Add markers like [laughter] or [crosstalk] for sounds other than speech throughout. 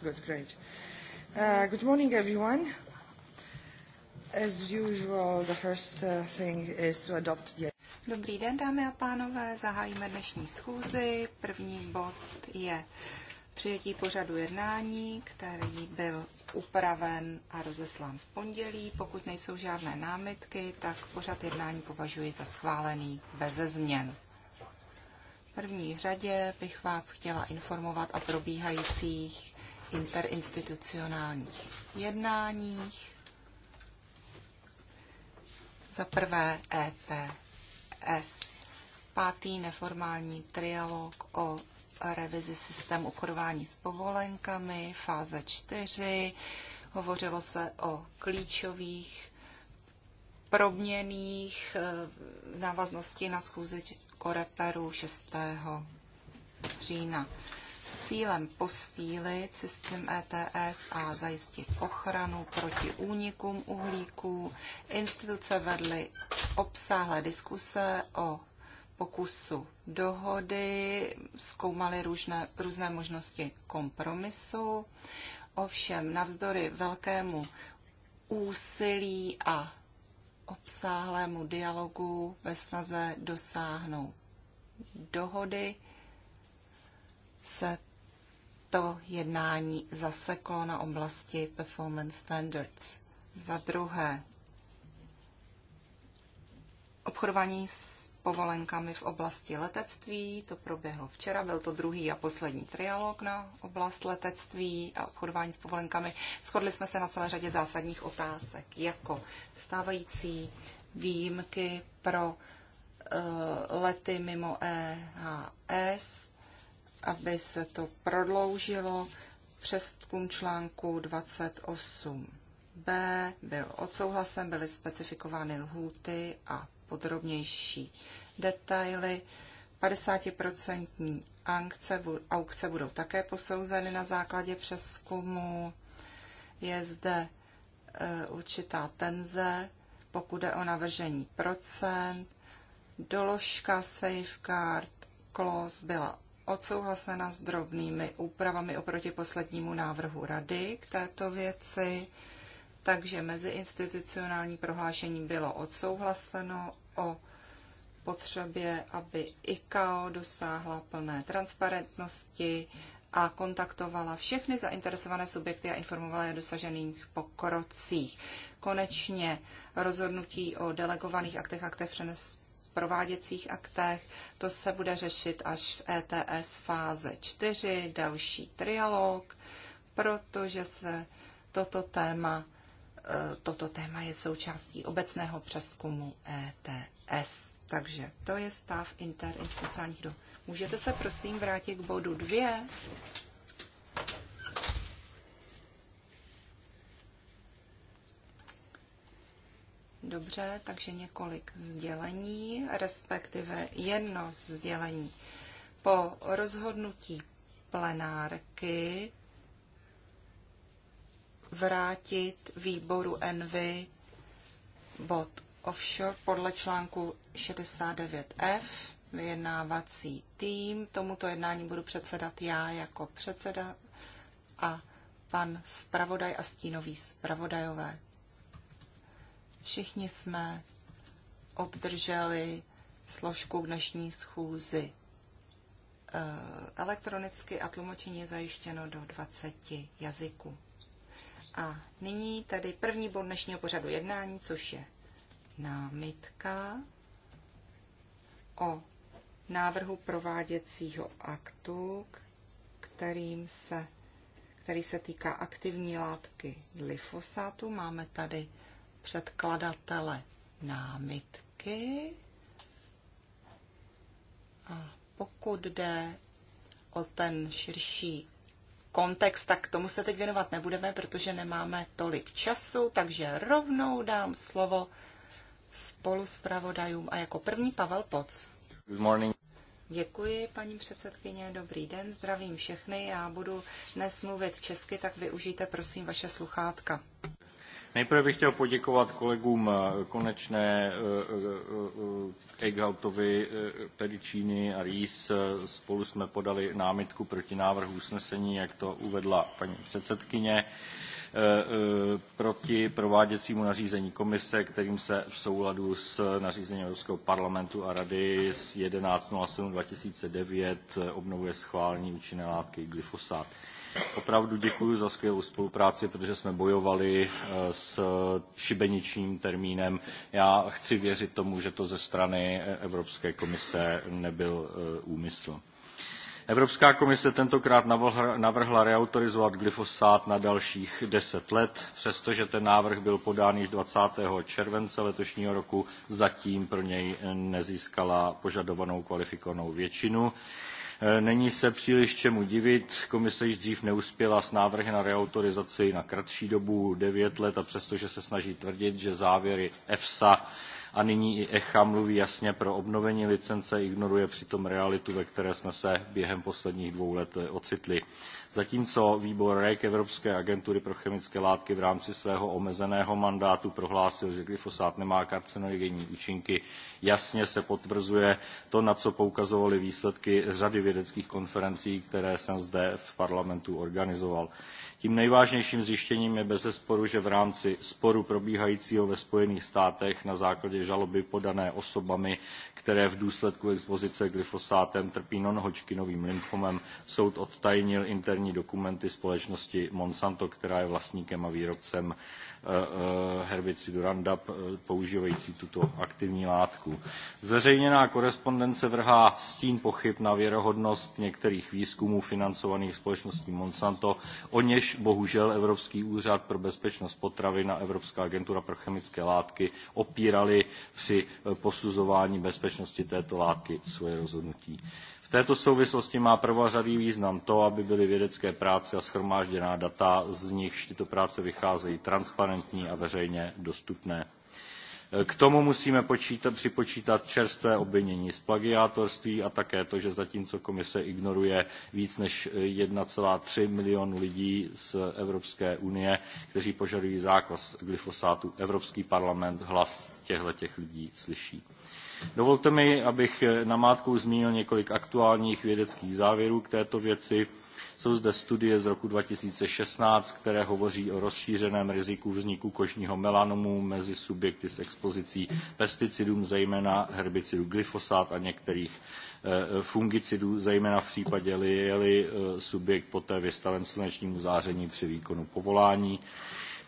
Good, great. Uh, good morning, everyone. As usual, the first uh, thing is to adopt the... Dobrý den, dámy a pánové, zahájíme dnešní schůzi. První bod je přijetí pořadu jednání, který byl upraven a rozeslán v pondělí. Pokud nejsou žádné námitky, tak pořad jednání považuji za schválený beze změn první řadě bych vás chtěla informovat o probíhajících interinstitucionálních jednáních. Za prvé ETS, pátý neformální trialog o revizi systému obchodování s povolenkami, fáze 4. Hovořilo se o klíčových proměných eh, návaznosti na schůzi Koreperu 6. října s cílem posílit systém ETS a zajistit ochranu proti únikům uhlíků. Instituce vedly obsáhlé diskuse o pokusu dohody, zkoumaly různé, různé možnosti kompromisu. Ovšem navzdory velkému úsilí a obsáhlému dialogu ve snaze dosáhnout dohody se to jednání zaseklo na oblasti performance standards. Za druhé, obchodování s povolenkami v oblasti letectví. To proběhlo včera, byl to druhý a poslední trialog na oblast letectví a obchodování s povolenkami. Shodli jsme se na celé řadě zásadních otázek, jako stávající výjimky pro uh, lety mimo EHS, aby se to prodloužilo. Přeskum článku 28b byl odsouhlasen, byly specifikovány lhůty a podrobnější detaily. 50% ankce, aukce budou také posouzeny na základě přeskumu. Je zde e, určitá tenze, pokud je o navržení procent. Doložka safeguard clause byla odsouhlasena s drobnými úpravami oproti poslednímu návrhu rady k této věci. Takže meziinstitucionální prohlášení bylo odsouhlaseno o potřebě, aby ICAO dosáhla plné transparentnosti a kontaktovala všechny zainteresované subjekty a informovala je o dosažených pokrocích. Konečně rozhodnutí o delegovaných aktech, aktech přenes prováděcích aktech, to se bude řešit až v ETS fáze 4, další trialog, protože se toto téma E, toto téma je součástí obecného přeskumu ETS. Takže to je stav interinstitucionálních dohod. Můžete se prosím vrátit k bodu dvě. Dobře, takže několik sdělení, respektive jedno sdělení. Po rozhodnutí plenárky vrátit výboru Envy bod offshore podle článku 69F vyjednávací tým. Tomuto jednání budu předsedat já jako předseda a pan zpravodaj a stínový zpravodajové. Všichni jsme obdrželi složku k dnešní schůzi eh, elektronicky a tlumočení je zajištěno do 20 jazyků. A nyní tady první bod dnešního pořadu jednání, což je námitka o návrhu prováděcího aktu, kterým se, který se týká aktivní látky glyfosátu. Máme tady předkladatele námitky. A pokud jde o ten širší kontext, tak tomu se teď věnovat nebudeme, protože nemáme tolik času, takže rovnou dám slovo spolu s pravodajům a jako první Pavel Poc. Good morning. Děkuji, paní předsedkyně, dobrý den, zdravím všechny. Já budu dnes mluvit česky, tak využijte prosím vaše sluchátka. Nejprve bych chtěl poděkovat kolegům eh, Konečné, eh, eh, Eichhautovi, Pedicini a Rýs. Spolu jsme podali námitku proti návrhu usnesení, jak to uvedla paní předsedkyně, proti prováděcímu nařízení komise, kterým se v souladu s nařízením Evropského parlamentu a rady z 11.07.2009 obnovuje schválení účinné látky glyfosát opravdu děkuji za skvělou spolupráci, protože jsme bojovali eh, s šibeničním termínem. Já chci věřit tomu, že to ze strany eh, Evropské komise nebyl eh, úmysl. Evropská komise tentokrát navrhla reautorizovat glyfosát na dalších deset let, přestože ten návrh byl podán již 20. července letošního roku, zatím pro něj nezískala požadovanou kvalifikovanou většinu. Eh, není se příliš čemu divit, komise již dřív neuspěla s návrhy na reautorizaci na kratší dobu 9 let a přestože se snaží tvrdit, že závěry EFSA a nyní i ECHA mluví jasně pro obnovení licence, ignoruje přitom realitu, ve které jsme se během posledních dvou let eh, ocitli. Zatímco výbor REC Evropské agentury pro chemické látky v rámci svého omezeného mandátu prohlásil, že glyfosát nemá karcinogenní účinky, jasně se potvrzuje to, na co poukazovaly výsledky řady vědeckých konferencí, které jsem zde v parlamentu organizoval. Tím nejvážnějším zjištěním je bezesporu, že v rámci sporu probíhajícího ve Spojených státech na základě žaloby podané osobami, které v důsledku expozice glyfosátem trpí non-Hodgkinovým lymfomem, soud odtajnil interní dokumenty společnosti Monsanto, která je vlastníkem a výrobcem eh, eh, herbicidu Roundup eh, používající tuto aktivní látku. Zveřejněná korespondence vrhá stín pochyb na věrohodnost některých výzkumů financovaných společností Monsanto, o něž když bohužel Evropský úřad pro bezpečnost potravin a Evropská agentura pro chemické látky opírali při e, posuzování bezpečnosti této látky svoje rozhodnutí. V této souvislosti má prvořadý význam to, aby byly vědecké práce a schromážděná data, z nichž tyto práce vycházejí, transparentní a veřejně dostupné. Eh, k tomu musíme počítat, připočítat čerstvé obvinění z plagiátorství a také to, že zatímco komise ignoruje víc než 1,3 eh, milionu lidí z Evropské unie, kteří požadují zákaz glyfosátu, Evropský parlament hlas těchto těch lidí slyší. Dovolte mi, abych eh, namátkou zmínil několik aktuálních vědeckých závěrů k této věci. Jsou zde studie z roku 2016, které hovoří o rozšířeném riziku vzniku kožního melanomu mezi subjekty s expozicí pesticidům, zejména herbicidu glyfosát a některých eh, fungicidů, zejména v případě, je-li eh, subjekt poté vystaven slunečnímu záření při výkonu povolání.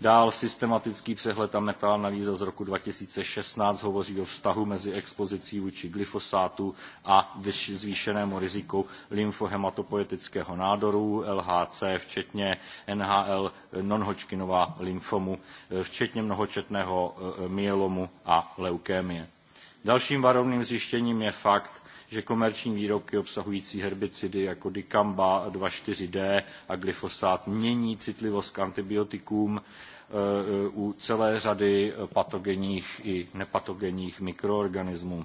Dál systematický přehled a metaanalýza z roku 2016 hovoří o vztahu mezi expozicí vůči glyfosátu a zvýšenému riziku lymfohematopoetického nádoru LHC, včetně NHL non lymfomu, včetně mnohočetného e, e, myelomu a leukémie. Dalším varovným zjištěním je fakt, že komerční výrobky obsahující herbicidy jako dikamba 2,4-D a glyfosát mění citlivost k antibiotikům e, e, u celé řady patogenních i nepatogenních mikroorganismů.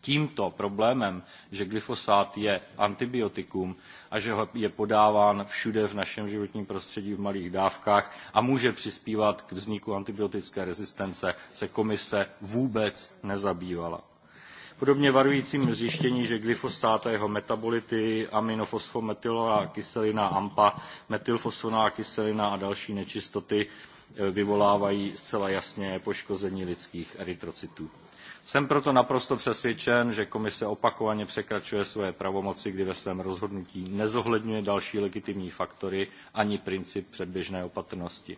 Tímto problémem, že glyfosát je antibiotikum a že je podáván všude v našem životním prostředí v malých dávkách a může přispívat k vzniku antibiotické rezistence, se komise vůbec nezabývala. Podobně varujícím zjištění, že glyfosát a jeho metabolity aminofosfometylová kyselina AMPA, metylfosfonová kyselina a další nečistoty eh, vyvolávají zcela jasně poškození lidských erytrocitů. Jsem proto naprosto přesvědčen, že komise opakovaně překračuje své pravomoci, kdy ve svém rozhodnutí nezohledňuje další legitimní faktory ani princip předběžné opatrnosti.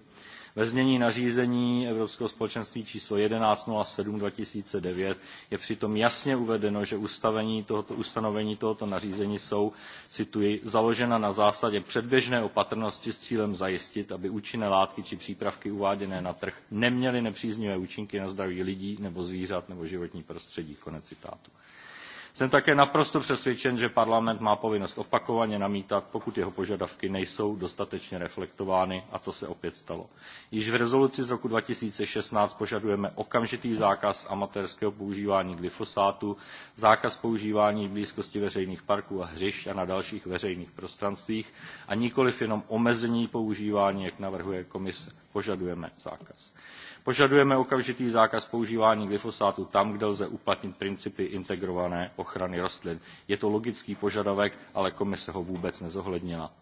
Ve znění nařízení Evropského společenství číslo 1107 2009 je přitom jasně uvedeno, že ustavení tohoto, ustanovení tohoto nařízení jsou, cituji, založena na zásadě předběžné opatrnosti s cílem zajistit, aby účinné látky či přípravky uváděné na trh neměly nepříznivé účinky na zdraví lidí nebo zvířat nebo životní prostředí. Konec citátu. Jsem také naprosto přesvědčen, že parlament má povinnost opakovaně namítat, pokud jeho požadavky nejsou dostatečně reflektovány, a to se opět stalo. Již v rezoluci z roku 2016 požadujeme okamžitý zákaz amatérského používání glyfosátu, zákaz používání v blízkosti veřejných parků a hřišť a na dalších veřejných prostranstvích a nikoliv jenom omezení používání, jak navrhuje komise. Požadujeme zákaz. Požadujeme okamžitý zákaz používání glyfosátu tam, kde lze uplatnit principy integrované ochrany rostlin. Je to logický požadavek, ale komise ho vůbec nezohlednila.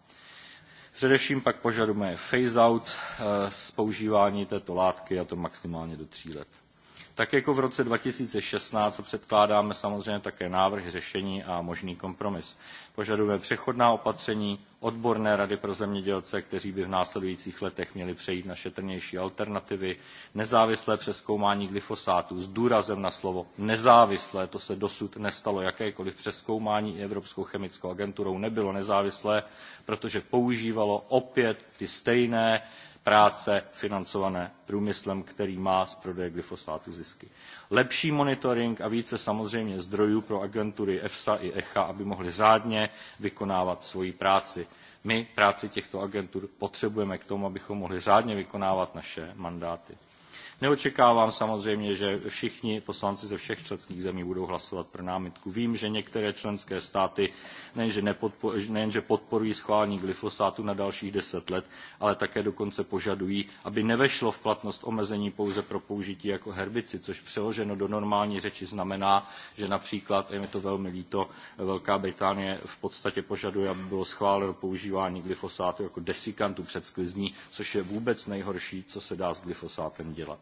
Především pak požadujeme phase-out eh, z používání této látky, a to maximálně do tří let. Tak jako v roce 2016 předkládáme samozřejmě také návrhy řešení a možný kompromis. Požadujeme přechodná opatření, odborné rady pro zemědělce, kteří by v následujících letech měli přejít na šetrnější alternativy, nezávislé přeskoumání glyfosátů s důrazem na slovo nezávislé, to se dosud nestalo, jakékoliv přeskoumání Evropskou chemickou agenturou nebylo nezávislé, protože používalo opět ty stejné práce financované průmyslem, který má z prodeje glyfosátu zisky. Lepší monitoring a více samozřejmě zdrojů pro agentury EFSA i ECHA, aby mohly řádně vykonávat svoji práci. My práci těchto agentur potřebujeme k tomu, abychom mohli řádně vykonávat naše mandáty. Neočekávám samozřejmě, že všichni poslanci ze všech členských zemí budou hlasovat pro námitku. Vím, že některé členské státy nejenže, nepodpo, nejenže podporují schválení glyfosátu na dalších deset let, ale také dokonce požadují, aby nevešlo v platnost omezení pouze pro použití jako herbici, což přeloženo do normální řeči znamená, že například, je mi to velmi líto, Velká Británie v podstatě požaduje, aby bylo schváleno používání glyfosátu jako desikantu před sklizní, což je vůbec nejhorší, co se dá s glyfosátem dělat.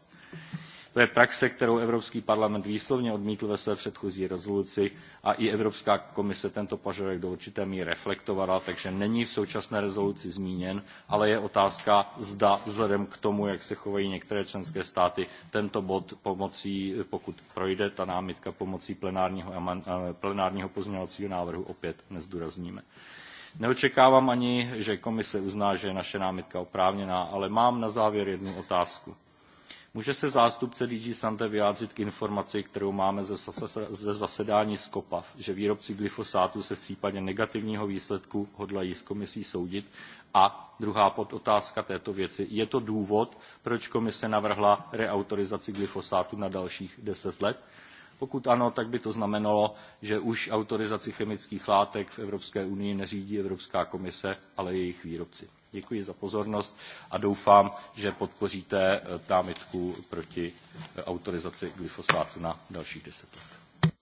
To je praxe, kterou Evropský parlament výslovně odmítl ve své předchozí rezoluci a i Evropská komise tento požadavek do určité míry reflektovala, takže není v současné rezoluci zmíněn, ale je otázka, zda vzhledem k tomu, jak se chovají některé členské státy, tento bod pomocí, pokud projde ta námitka pomocí plenárního, plenárního pozměňovacího návrhu, opět nezdůrazníme. Neočekávám ani, že komise uzná, že je naše námitka oprávněná, ale mám na závěr jednu otázku Může se zástupce DG Sante vyjádřit k informaci, kterou máme ze zasedání SCOPAV, že výrobci glyfosátu se v případě negativního výsledku hodlají s komisí soudit? A druhá podotázka této věci. Je to důvod, proč komise navrhla reautorizaci glyfosátu na dalších deset let? Pokud ano, tak by to znamenalo, že už autorizaci chemických látek v Evropské unii neřídí Evropská komise, ale jejich výrobci. Děkuji za pozornost a doufám, že podpoříte eh, námitku proti eh, autorizaci glyfosátu na dalších deset let.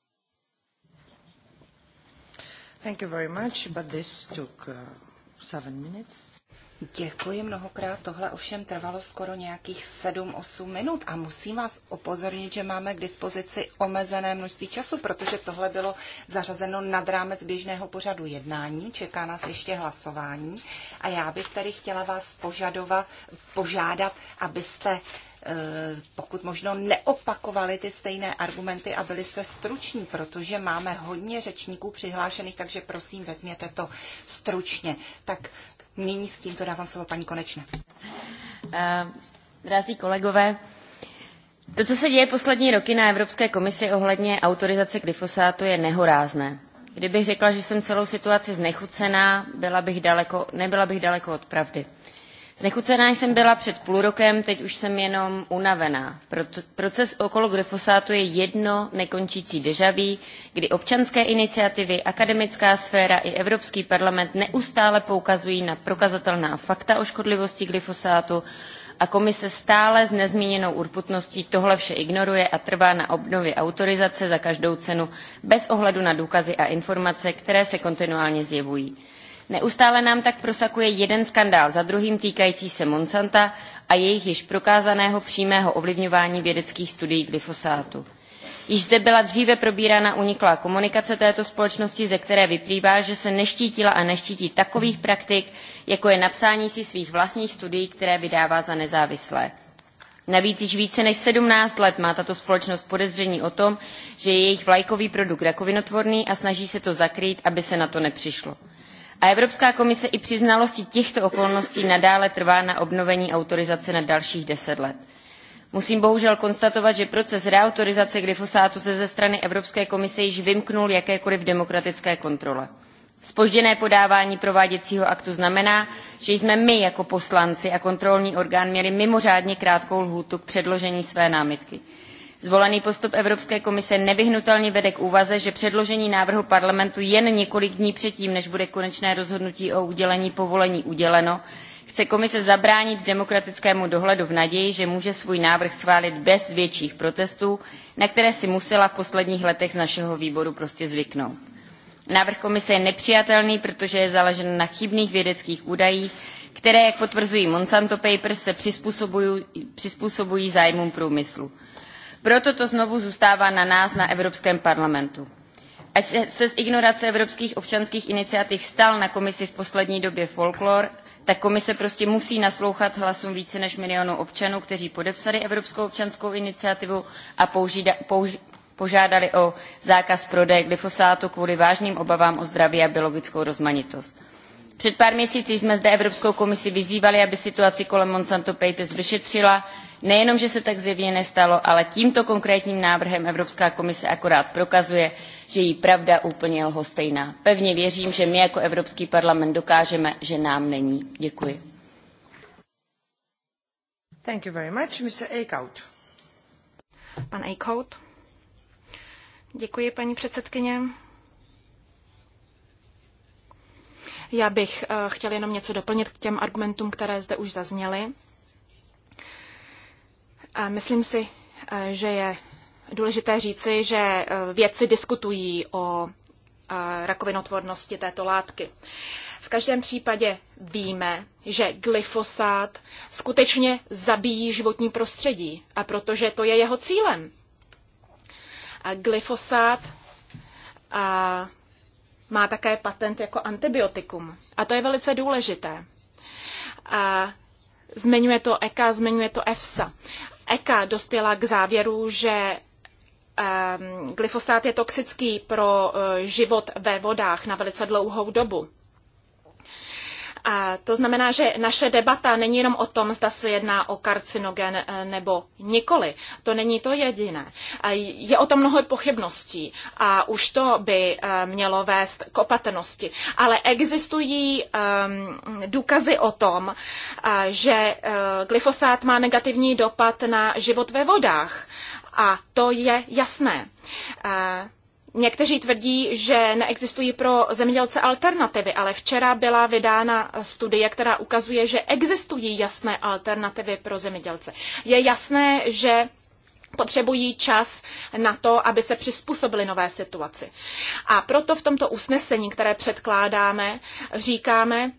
Thank you very much, but this took uh, seven minutes. Děkuji mnohokrát. Tohle ovšem trvalo skoro nějakých 7-8 minut a musím vás upozornit, že máme k dispozici omezené množství času, protože tohle bylo zařazeno nad rámec běžného pořadu jednání. Čeká nás ještě hlasování a já bych tady chtěla vás požadovat, požádat, abyste eh, pokud možno neopakovali ty stejné argumenty a byli jste struční, protože máme hodně řečníků přihlášených, takže prosím, vezměte to stručně. Tak mění. S tímto dávám slovo paní Konečné. Uh, drazí kolegové, to, co se děje poslední roky na Evropské komisi ohledně autorizace glyfosátu, je nehorázné. Kdybych řekla, že jsem celou situaci znechucená, byla bych daleko, nebyla bych daleko od pravdy. Znechucená jsem byla před půl rokem, teď už jsem jenom unavená. Proces okolo glyfosátu je jedno nekončící dežaví, kdy občanské iniciativy, akademická sféra i Evropský parlament neustále poukazují na prokazatelná fakta o škodlivosti glyfosátu a komise stále s nezmíněnou urputností tohle vše ignoruje a trvá na obnově autorizace za každou cenu bez ohledu na důkazy a informace, které se kontinuálně zjevují. Neustále nám tak prosakuje jeden skandál za druhým týkající se Monsanta a jejich již prokázaného přímého ovlivňování vědeckých studií glyfosátu. Již zde byla dříve probírána uniklá komunikace této společnosti, ze které vyplývá, že se neštítila a neštítí takových praktik, jako je napsání si svých vlastních studií, které vydává za nezávislé. Navíc již více než 17 let má tato společnost podezření o tom, že je jejich vlajkový produkt rakovinotvorný a snaží se to zakrýt, aby se na to nepřišlo a Evropská komise i při znalosti těchto okolností nadále trvá na obnovení autorizace na dalších deset let. Musím bohužel konstatovat, že proces reautorizace glyfosátu se ze strany Evropské komise již vymknul jakékoliv demokratické kontrole. Spožděné podávání prováděcího aktu znamená, že jsme my jako poslanci a kontrolní orgán měli mimořádně krátkou lhůtu k předložení své námitky. Zvolený postup Evropské komise nevyhnutelně vede k úvaze, že předložení návrhu parlamentu jen několik dní předtím, než bude konečné rozhodnutí o udělení povolení uděleno, chce komise zabránit demokratickému dohledu v naději, že může svůj návrh schválit bez větších protestů, na které si musela v posledních letech z našeho výboru prostě zvyknout. Návrh komise je nepřijatelný, protože je založen na chybných vědeckých údajích, které, jak potvrzují Monsanto Papers, se přizpůsobují, přizpůsobují zájmům průmyslu. Proto to znovu zůstává na nás, na Evropském parlamentu. Až se z ignorace evropských občanských iniciativ stal na komisi v poslední době folklor, tak komise prostě musí naslouchat hlasům více než milionu občanů, kteří podepsali Evropskou občanskou iniciativu a použ, požádali o zákaz prodeje glyfosátu kvůli vážným obavám o zdraví a biologickou rozmanitost. Před pár měsíci jsme zde Evropskou komisi vyzývali, aby situaci kolem Monsanto Papers vyšetřila Nejenom, že se tak zjevně nestalo, ale tímto konkrétním návrhem Evropská komise akorát prokazuje, že jí pravda úplně lhostejná. Pevně věřím, že my jako Evropský parlament dokážeme, že nám není. Děkuji. Thank you very much, Mr. Eichhout. Pan Eichhout. Děkuji, paní předsedkyně. Já bych eh, chtěl jenom něco doplnit k těm argumentům, které zde už zazněly. Myslím si, eh, že je důležité říci, že eh, vědci diskutují o eh, rakovinotvornosti této látky. V každém případě víme, že glyfosát skutečně zabíjí životní prostředí, a protože to je jeho cílem. A glyfosát a má také patent jako antibiotikum. A to je velice důležité. A zmiňuje to EKA, zmiňuje to EFSA. ECA dospěla k závěru, že ehm, glyfosát je toxický pro eh, život ve vodách na velice dlouhou dobu. A to znamená, že naše debata není jenom o tom, zda se jedná o karcinogen eh, nebo nikoli. To není to jediné. Je o tom mnoho pochybností a už to by eh, mělo vést k opatrnosti. Ale existují ehm, důkazy o tom, eh, že glyfosát má negativní dopad na život ve vodách. A to je jasné. Někteří tvrdí, že neexistují pro zemědělce alternativy, ale včera byla vydána studie, která ukazuje, že existují jasné alternativy pro zemědělce. Je jasné, že potřebují čas na to, aby se přizpůsobili nové situaci. A proto v tomto usnesení, které předkládáme, říkáme,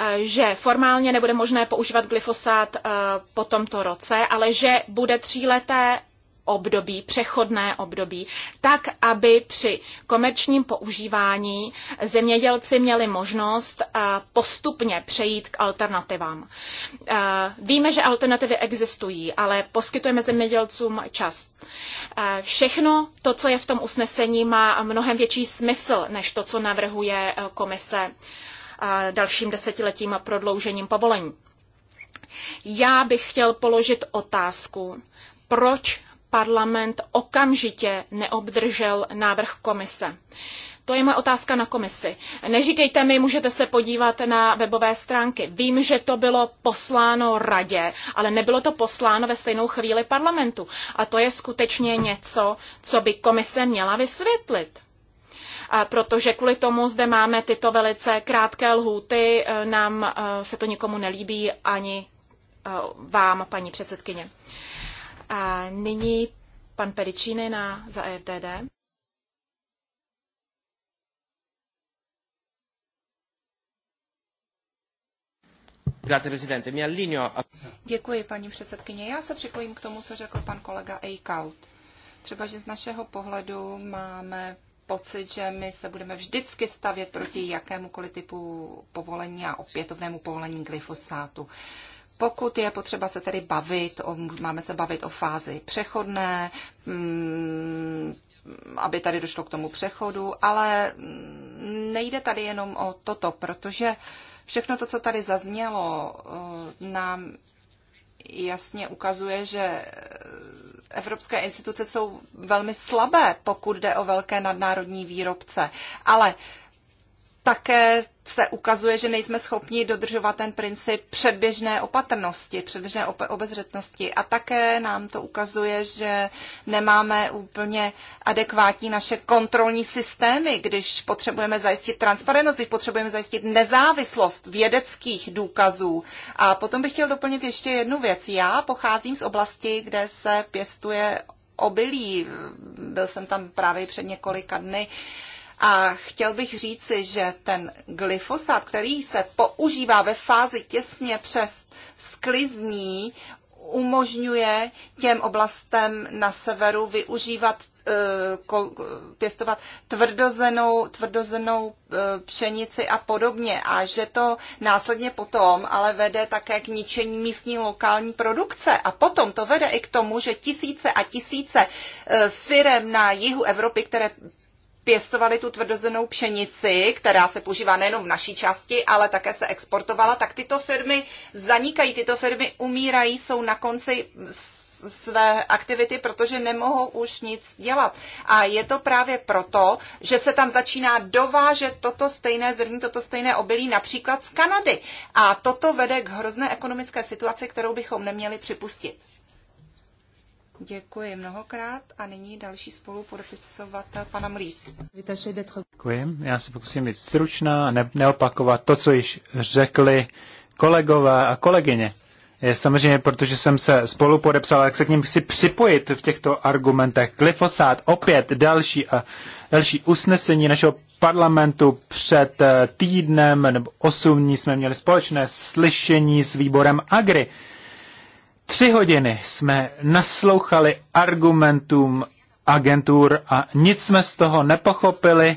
eh, že formálně nebude možné používat glyfosát eh, po tomto roce, ale že bude tříleté období, přechodné období, tak, aby při komerčním používání zemědělci měli možnost eh, postupně přejít k alternativám. Eh, víme, že alternativy existují, ale poskytujeme zemědělcům čas. Eh, všechno to, co je v tom usnesení, má mnohem větší smysl, než to, co navrhuje komise dalším desetiletím a prodloužením povolení. Já bych chtěl položit otázku, proč parlament okamžitě neobdržel návrh komise. To je moje otázka na komisi. Neříkejte mi, můžete se podívat na webové stránky. Vím, že to bylo posláno radě, ale nebylo to posláno ve stejnou chvíli parlamentu. A to je skutečně něco, co by komise měla vysvětlit. A protože kvůli tomu zde máme tyto velice krátké lhůty, eh, nám eh, se to nikomu nelíbí ani eh, vám, paní předsedkyně. A nyní pan Pericini na, za EFDD. Děkuji, paní předsedkyně. Já se připojím k tomu, co řekl pan kolega Eichaut. Třeba, že z našeho pohledu máme pocit, že my se budeme vždycky stavět proti jakémukoliv typu povolení a opětovnému povolení glyfosátu. Pokud je potřeba se tedy bavit, o, máme se bavit o fázi přechodné, mm, aby tady došlo k tomu přechodu, ale nejde tady jenom o toto, protože všechno to, co tady zaznělo, eh, nám jasně ukazuje, že evropské instituce jsou velmi slabé, pokud jde o velké nadnárodní výrobce. Ale uh, také se ukazuje, že nejsme schopni dodržovat ten princip předběžné opatrnosti, předběžné obezřetnosti. A také nám to ukazuje, že nemáme úplně adekvátní naše kontrolní systémy, když potřebujeme zajistit transparentnost, když potřebujeme zajistit nezávislost vědeckých důkazů. A potom bych chtěl doplnit ještě jednu věc. Já pocházím z oblasti, kde se pěstuje obilí. Byl jsem tam právě před několika dny. Uh, a chtěl bych říci, že ten glyfosát, který se používá ve fázi těsně přes sklizní, umožňuje těm oblastem na severu využívat eh, pěstovat tvrdozenou, tvrdozenou eh, pšenici a podobně. A že to následně potom ale vede také k ničení místní lokální produkce. A potom to vede i k tomu, že tisíce a tisíce eh, firem na jihu Evropy, které pěstovali tu tvrdozenou pšenici, která se používá nejenom v naší části, ale také se exportovala, tak tyto firmy zanikají, tyto firmy umírají, jsou na konci své aktivity, protože nemohou už nic dělat. A je to právě proto, že se tam začíná dovážet toto stejné zrní, toto stejné obilí například z Kanady. A toto vede k hrozné ekonomické situaci, kterou bychom neměli připustit. Děkuji mnohokrát a nyní další spolupodepisovatel pana Mlís. Děkuji. Já se pokusím být stručná a ne- neopakovat to, co již řekli kolegové a kolegyně. Je samozřejmě, protože jsem se spolu podepsal, tak se k ním chci připojit v těchto argumentech. Glyfosát opět další, a další usnesení našeho parlamentu před eh, týdnem nebo osm dní jsme měli společné slyšení s výborem Agri. Tři hodiny jsme naslouchali argumentům agentur a nic jsme z toho nepochopili,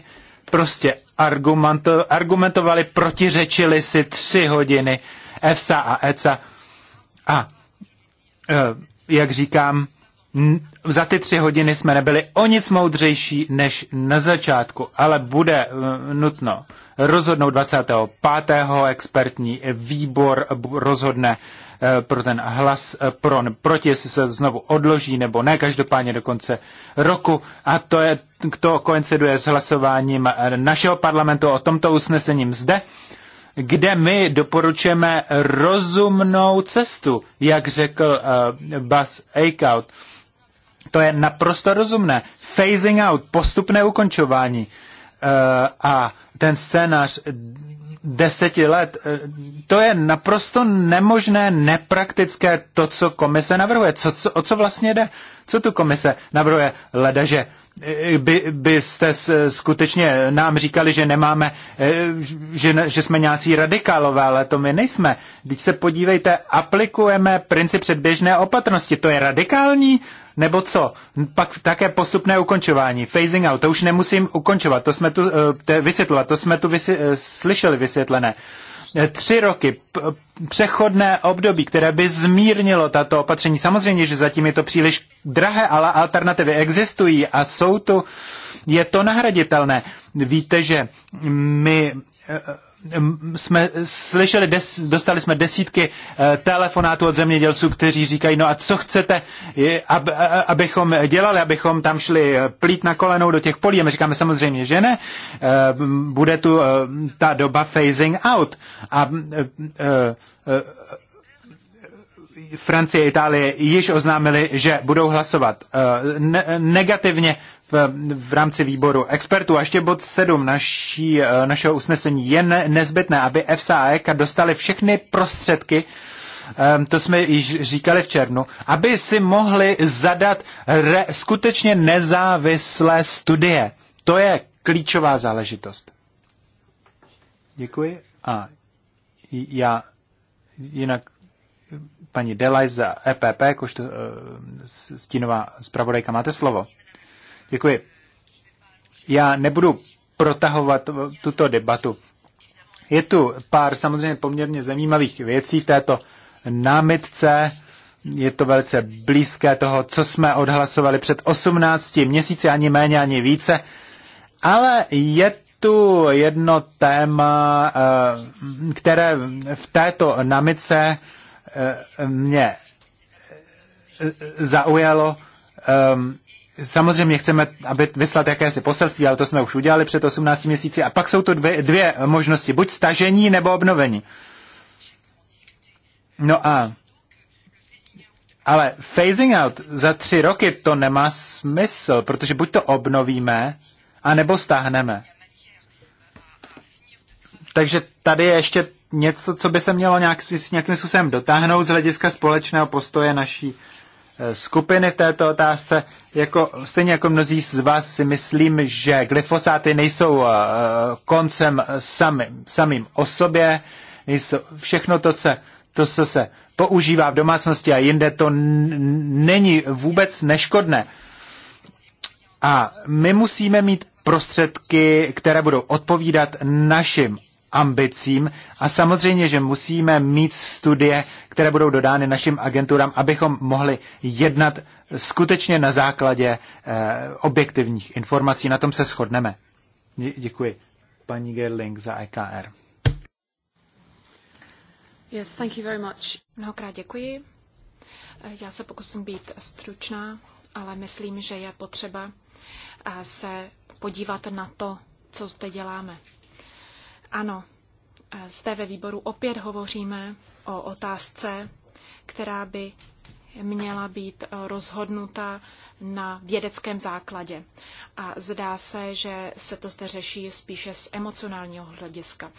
prostě argumento, argumentovali, protiřečili si tři hodiny EFSA a ECA. A e, jak říkám, za ty tři hodiny jsme nebyli o nic moudřejší než na začátku, ale bude e, nutno rozhodnout 25. expertní výbor rozhodne Eh, pro ten hlas eh, pro, proti, jestli se znovu odloží nebo ne, každopádně do konce roku. A to, je, to koinciduje s hlasováním eh, našeho parlamentu o tomto usnesením zde, kde my doporučujeme rozumnou cestu, jak řekl uh, Bas Eichhout. To je naprosto rozumné. Phasing out, postupné ukončování. Uh, a ten scénář deseti let. E, to je naprosto nemožné, nepraktické to, co komise navrhuje. Co, co, o co vlastně jde? Co tu komise navrhuje? Leda, že e, by, byste skutečně nám říkali, že nemáme, e, že, že jsme nějací radikálové, ale to my nejsme. Když se podívejte, aplikujeme princip předběžné opatrnosti. To je radikální? nebo co? Pak také postupné ukončování, phasing out, to už nemusím ukončovat, to jsme tu uh, vysvětlovat, to jsme tu vysvě, eh, slyšeli vysvětlené. Eh, tři roky, přechodné období, které by zmírnilo tato opatření. Samozřejmě, že zatím je to příliš drahé, ale alternativy existují a jsou tu, je to nahraditelné. Víte, že my jsme slyšeli, des, dostali jsme desítky eh, telefonátů od zemědělců, kteří říkají, no a co chcete, ab, abychom dělali, abychom tam šli eh, plít na kolenou do těch polí. A my říkáme samozřejmě, že ne, eh, bude tu ta doba phasing out. A Francie, Itálie již oznámili, že budou hlasovat negativně v, v rámci výboru expertů. A ještě bod 7 naší, eh, našeho usnesení. Je nezbytné, aby EFSA a EK dostali všechny prostředky, eh, to jsme již říkali v černu, aby si mohli zadat re, skutečně nezávislé studie. To je klíčová záležitost. Děkuji. A já jinak paní Delaj za EPP, jakožto eh, stínová zpravodajka, máte slovo. Děkuji. Já nebudu protahovat tuto debatu. Je tu pár samozřejmě poměrně zajímavých věcí v této námitce. Je to velice blízké toho, co jsme odhlasovali před 18 měsíci, ani méně, ani více. Ale je tu jedno téma, eh, které v této námitce eh, mě eh, zaujalo. Ehm, Samozřejmě chceme aby vyslat jakési poselství, ale to jsme už udělali před 18 měsíci. A pak jsou to dvě, dvě možnosti, buď stažení nebo obnovení. No a ale phasing out za tři roky to nemá smysl, protože buď to obnovíme, anebo stáhneme. Takže tady je ještě něco, co by se mělo nějak, nějakým způsobem dotáhnout z hlediska společného postoje naší Eh, skupiny v této otázce. Jako, stejně jako mnozí z vás si myslím, že glyfosáty nejsou eh, eh, koncem samým, samým o sobě. Nejsou, všechno to, co, to, co se používá v domácnosti a jinde, to není vůbec neškodné. A my musíme mít prostředky, které budou odpovídat našim ambicím a samozřejmě, že musíme mít studie, které budou dodány našim agenturám, abychom mohli jednat skutečně na základě eh, objektivních informací. Na tom se shodneme. Děkuji. Paní Gerling za EKR. Yes, thank you very much. Mnohokrát děkuji. Eh, já se pokusím být stručná, ale myslím, že je potřeba eh, se podívat na to, co zde děláme. Ano, eh, zde ve výboru opět hovoříme o otázce, která by měla být eh, rozhodnuta na vědeckém základě. A zdá se, že se to zde řeší spíše z emocionálního hlediska.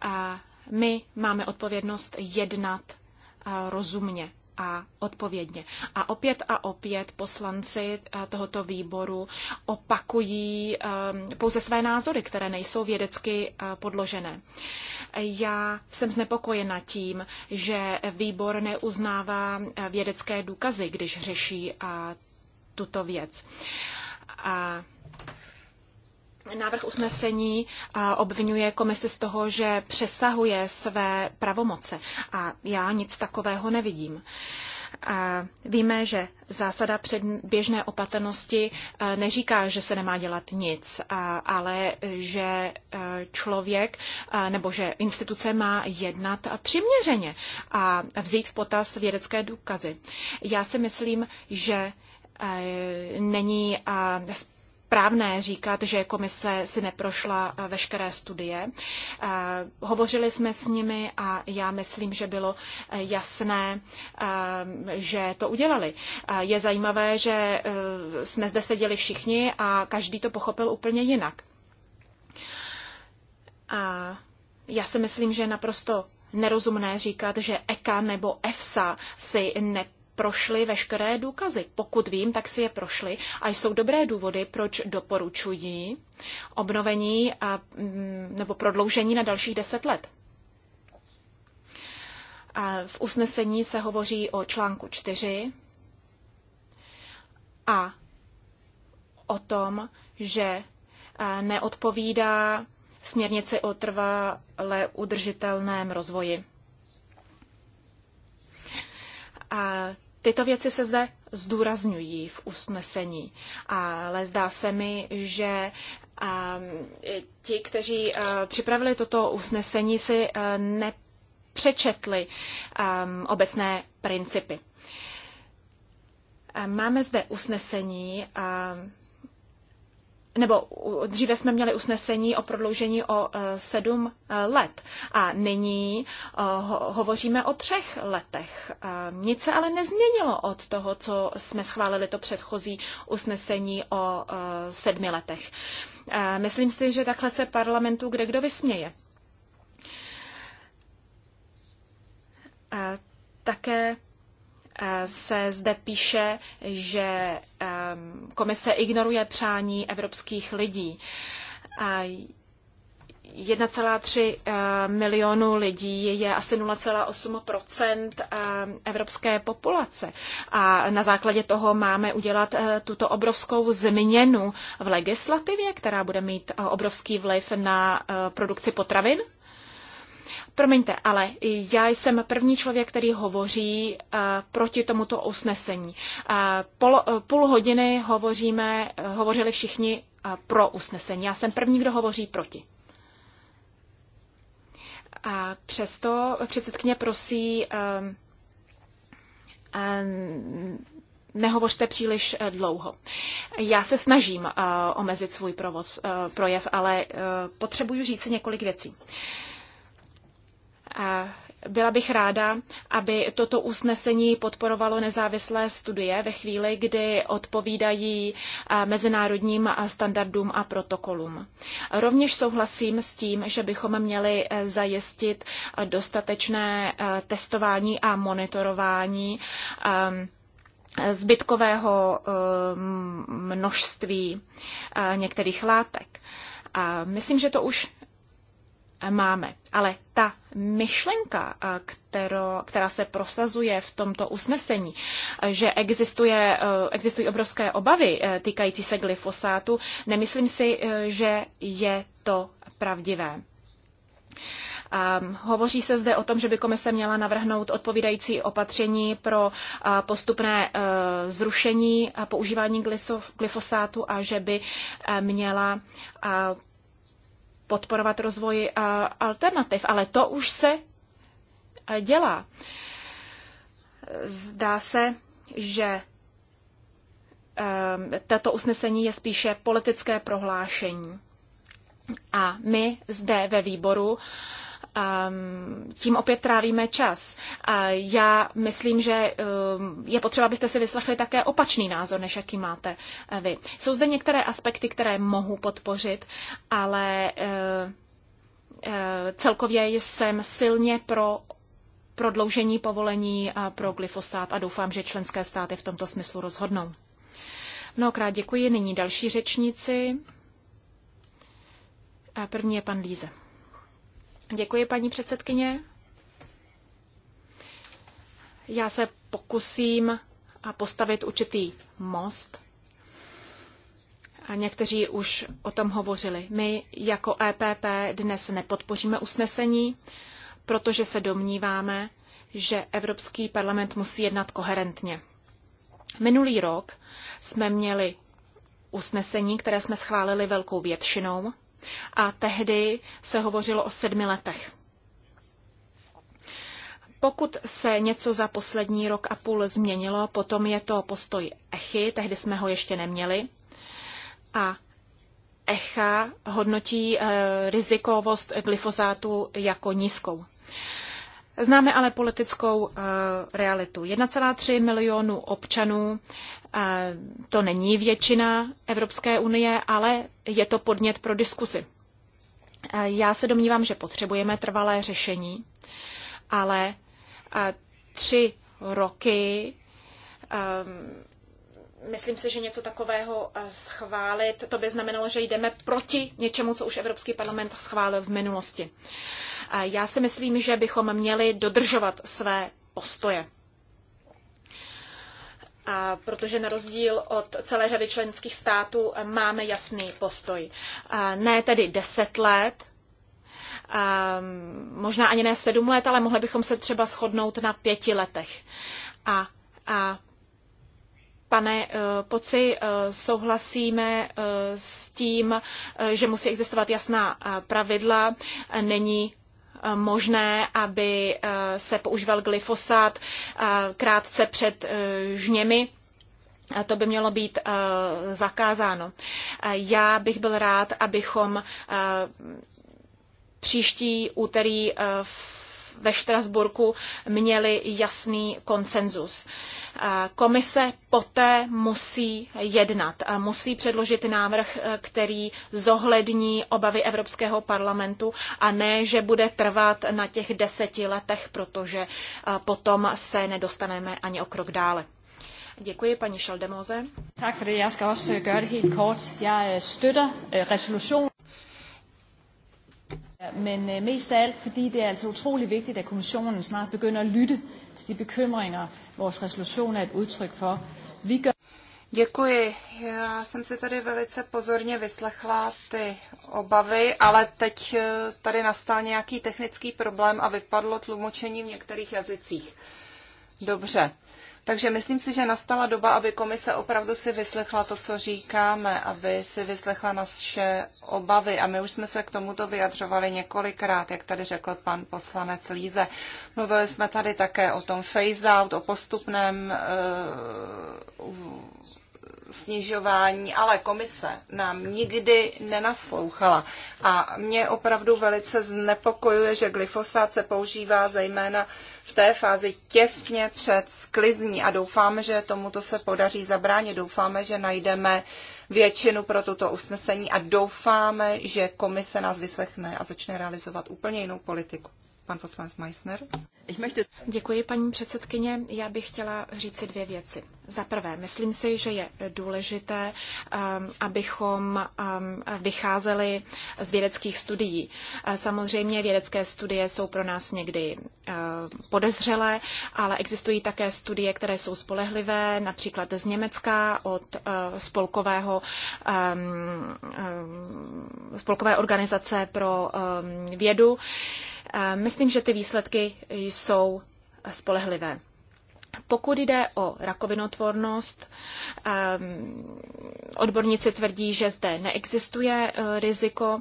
A my máme odpovědnost jednat eh, rozumně a odpovědně. A opět a opět poslanci eh, tohoto výboru opakují eh, pouze své názory, které nejsou vědecky eh, podložené. Já jsem znepokojena tím, že výbor neuznává vědecké důkazy, když řeší tuto věc. A Návrh usnesení obvinuje komisi z toho, že přesahuje své pravomoce a já nic takového nevidím. A víme, že zásada předběžné opatrnosti e, neříká, že se nemá dělat nic, ale že e, člověk e, nebo že instituce má jednat přiměřeně a vzít v potaz vědecké důkazy. Já si myslím, že není správné říkat, že komise si neprošla eh, veškeré studie. Eh, hovořili jsme s nimi a já myslím, že bylo eh, jasné, že to udělali. Je zajímavé, že jsme zde seděli všichni a každý to pochopil úplně jinak. A já si myslím, že naprosto nerozumné říkat, že EKA nebo EFSA si ne prošly veškeré důkazy. Pokud vím, tak si je prošly. a jsou dobré důvody, proč doporučují obnovení a, mm, nebo prodloužení na dalších deset let. A v usnesení se hovoří o článku 4 a o tom, že neodpovídá směrnici o trvalé udržitelném rozvoji. A Tyto věci se zde zdůrazňují v usnesení, ale zdá se mi, že ehm, ti, kteří eh, připravili toto usnesení, si eh, nepřečetli ehm, obecné principy. Ehm, máme zde usnesení nebo dříve jsme měli usnesení o prodloužení o e, sedm e, let a nyní e, hovoříme o třech letech. Nic se ale nezměnilo od toho, co jsme schválili to předchozí usnesení o sedmi letech. Myslím si, že takhle se parlamentu kde kdo vysměje. Také Eh, se zde píše, že komise ignoruje přání evropských lidí. 1,3 eh, eh, milionu lidí je asi 0,8 evropské populace. A na základě toho máme udělat tuto obrovskou změnu v legislativě, která bude mít obrovský vliv na produkci potravin? Promiňte, ale já jsem první člověk, který hovoří eh, proti tomuto usnesení. Eh, Pol, eh, půl hodiny hovoříme, hovořili všichni pro usnesení. Já jsem první, kdo hovoří proti. A přesto předsedkyně prosí, uh, uh, nehovořte příliš dlouho. Já se snažím uh, omezit svůj provoz, uh, projev, ale uh, potřebuju říct si několik věcí. Uh, byla bych ráda, aby toto usnesení podporovalo nezávislé studie ve chvíli, kdy odpovídají mezinárodním standardům a protokolům. Rovněž souhlasím s tím, že bychom měli e, zajistit e, dostatečné e, testování a monitorování zbytkového množství některých látek. A myslím, že to už máme. Ale ta myšlenka, kterou, která se prosazuje v tomto usnesení, že existuje, e, existují obrovské obavy e, týkající se glyfosátu, nemyslím si, e, že je to pravdivé. Um, hovoří se zde o tom, že by komise měla navrhnout odpovídající opatření pro uh, postupné uh, zrušení používání glysof, glyfosátu a že by uh, měla uh, podporovat rozvoj alternativ, ale to už se dělá. Zdá se, že um, tato usnesení je spíše politické prohlášení. A my zde ve výboru Ehm, tím opět trávíme čas. A já myslím, že ehm, je potřeba, abyste si vyslechli také opačný názor, než jaký máte eh, vy. Jsou zde některé aspekty, které mohu podpořit, ale eh, eh, celkově jsem silně pro prodloužení povolení pro glyfosát a doufám, že členské státy v tomto smyslu rozhodnou. Mnohokrát děkuji. Nyní další řečníci. První je pan Líze. Děkuji, paní předsedkyně. Já se pokusím postavit určitý most. A někteří už o tom hovořili. My jako EPP dnes nepodpoříme usnesení, protože se domníváme, že Evropský parlament musí jednat koherentně. Minulý rok jsme měli usnesení, které jsme schválili velkou většinou a tehdy se hovořilo o sedmi letech. Pokud se něco za poslední rok a půl změnilo, potom je to postoj Echy, tehdy jsme ho ještě neměli. A Echa hodnotí e, rizikovost glyfozátu jako nízkou. Známe ale politickou eh, realitu. 1,3 milionu občanů, eh, to není většina Evropské unie, ale je to podnět pro Uh, Já se domnívám, že potřebujeme trvalé řešení, ale tři roky myslím si, že něco takového eh, schválit, to by znamenalo, že jdeme proti něčemu, co už Evropský parlament schválil v minulosti. Já si myslím, že bychom měli dodržovat své postoje. A protože na rozdíl od celé řady členských států eh, máme jasný postoj. ne tedy deset let, mm, možná ani ne sedm let, ale mohli bychom se třeba shodnout na pěti letech. A, a Pane eh, Poci, eh, souhlasíme eh, s tím, že musí existovat jasná pravidla. Není možné, aby se používal glyfosát krátce před žněmi. to by mělo být zakázáno. Já bych byl rád, abychom příští úterý v ve Štrasburku měli jasný konsenzus. Komise poté musí jednat, musí předložit návrh, e, který zohlední obavy Evropského parlamentu a ne, že bude trvat na těch deseti letech, protože e, potom se nedostaneme ani o krok dále. Děkuji, paní Šaldemoze. Tak for det. Jeg skal også øh, gøre det helt kort. Jeg øh, støtter øh, resolution. Men øh, mest af alt, fordi det er altså utrolig vigtigt, at kommissionen snart begynder at lytte til de bekymringer, vores resolution er et udtryk for. Vi gør Děkuji. Já jsem si tady velice pozorně vyslechla ty obavy, ale teď eh, tady nastal nějaký technický problém a vypadlo tlumočení v některých jazycích. Dobře. Takže myslím si, že nastala doba, aby komise opravdu si vyslechla to, co říkáme, aby si vyslechla naše obavy. A my už jsme se k tomuto vyjadřovali několikrát, jak tady řekl pan poslanec Líze. Mluvili jsme tady také o tom phase-out, o postupném uh, snižování, ale komise nám nikdy nenaslouchala. A mě opravdu velice znepokojuje, že glyfosát se používá zejména v té fázi těsně před sklizní a doufáme, že tomuto se podaří zabránit. Doufáme, že najdeme většinu pro toto usnesení a doufáme, že komise nás vyslechne a začne realizovat úplně jinou politiku. Pan poslanec Meissner. Děkuji, paní předsedkyně. Já bych chtěla říci dvě věci. Za prvé, myslím si, že je důležité, um, abychom um, vycházeli z vědeckých studií. Samozřejmě vědecké studie jsou pro nás někdy uh, podezřelé, ale existují také studie, které jsou spolehlivé, například z Německa od uh, spolkového, um, spolkové organizace pro vědu. Myslím, že ty výsledky jsou spolehlivé. Pokud jde o rakovinotvornost, ehm, odborníci tvrdí, že zde neexistuje eh, riziko,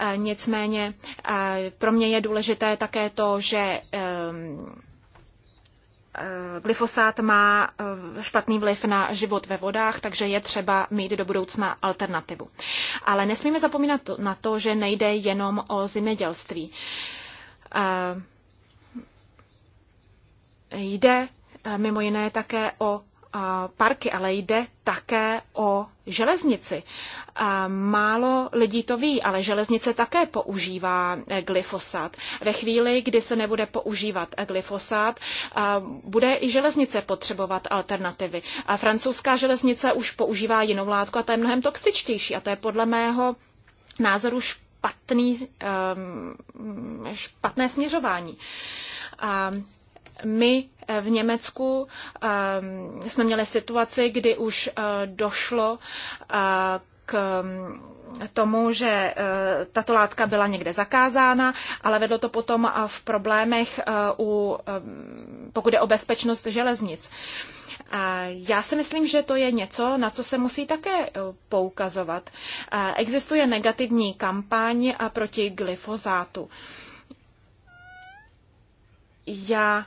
eh, nicméně eh, pro mě je důležité také to, že ehm, glyfosát má špatný vliv na život ve vodách, takže je třeba mít do budoucna alternativu. Ale nesmíme zapomínat na to, že nejde jenom o zemědělství. Jde mimo jiné také o parky, ale jde také o železnici. Málo lidí to ví, ale železnice také používá glyfosát. Ve chvíli, kdy se nebude používat glyfosát, bude i železnice potřebovat alternativy. Francouzská železnice už používá jinou látku a ta je mnohem toxičtější a to je podle mého názoru špatné špatný, ehm, špatné směřování. Ehm, my v Německu ehm, jsme měli situaci, kdy už eh, došlo eh, k tomu, že eh, tato látka byla někde zakázána, ale vedlo to potom v problémech, u, pokud je o bezpečnost železnic. Já si myslím, že to je něco, na co se musí také eh, poukazovat. Existuje negativní kampaň eh, proti glyfozátu. Já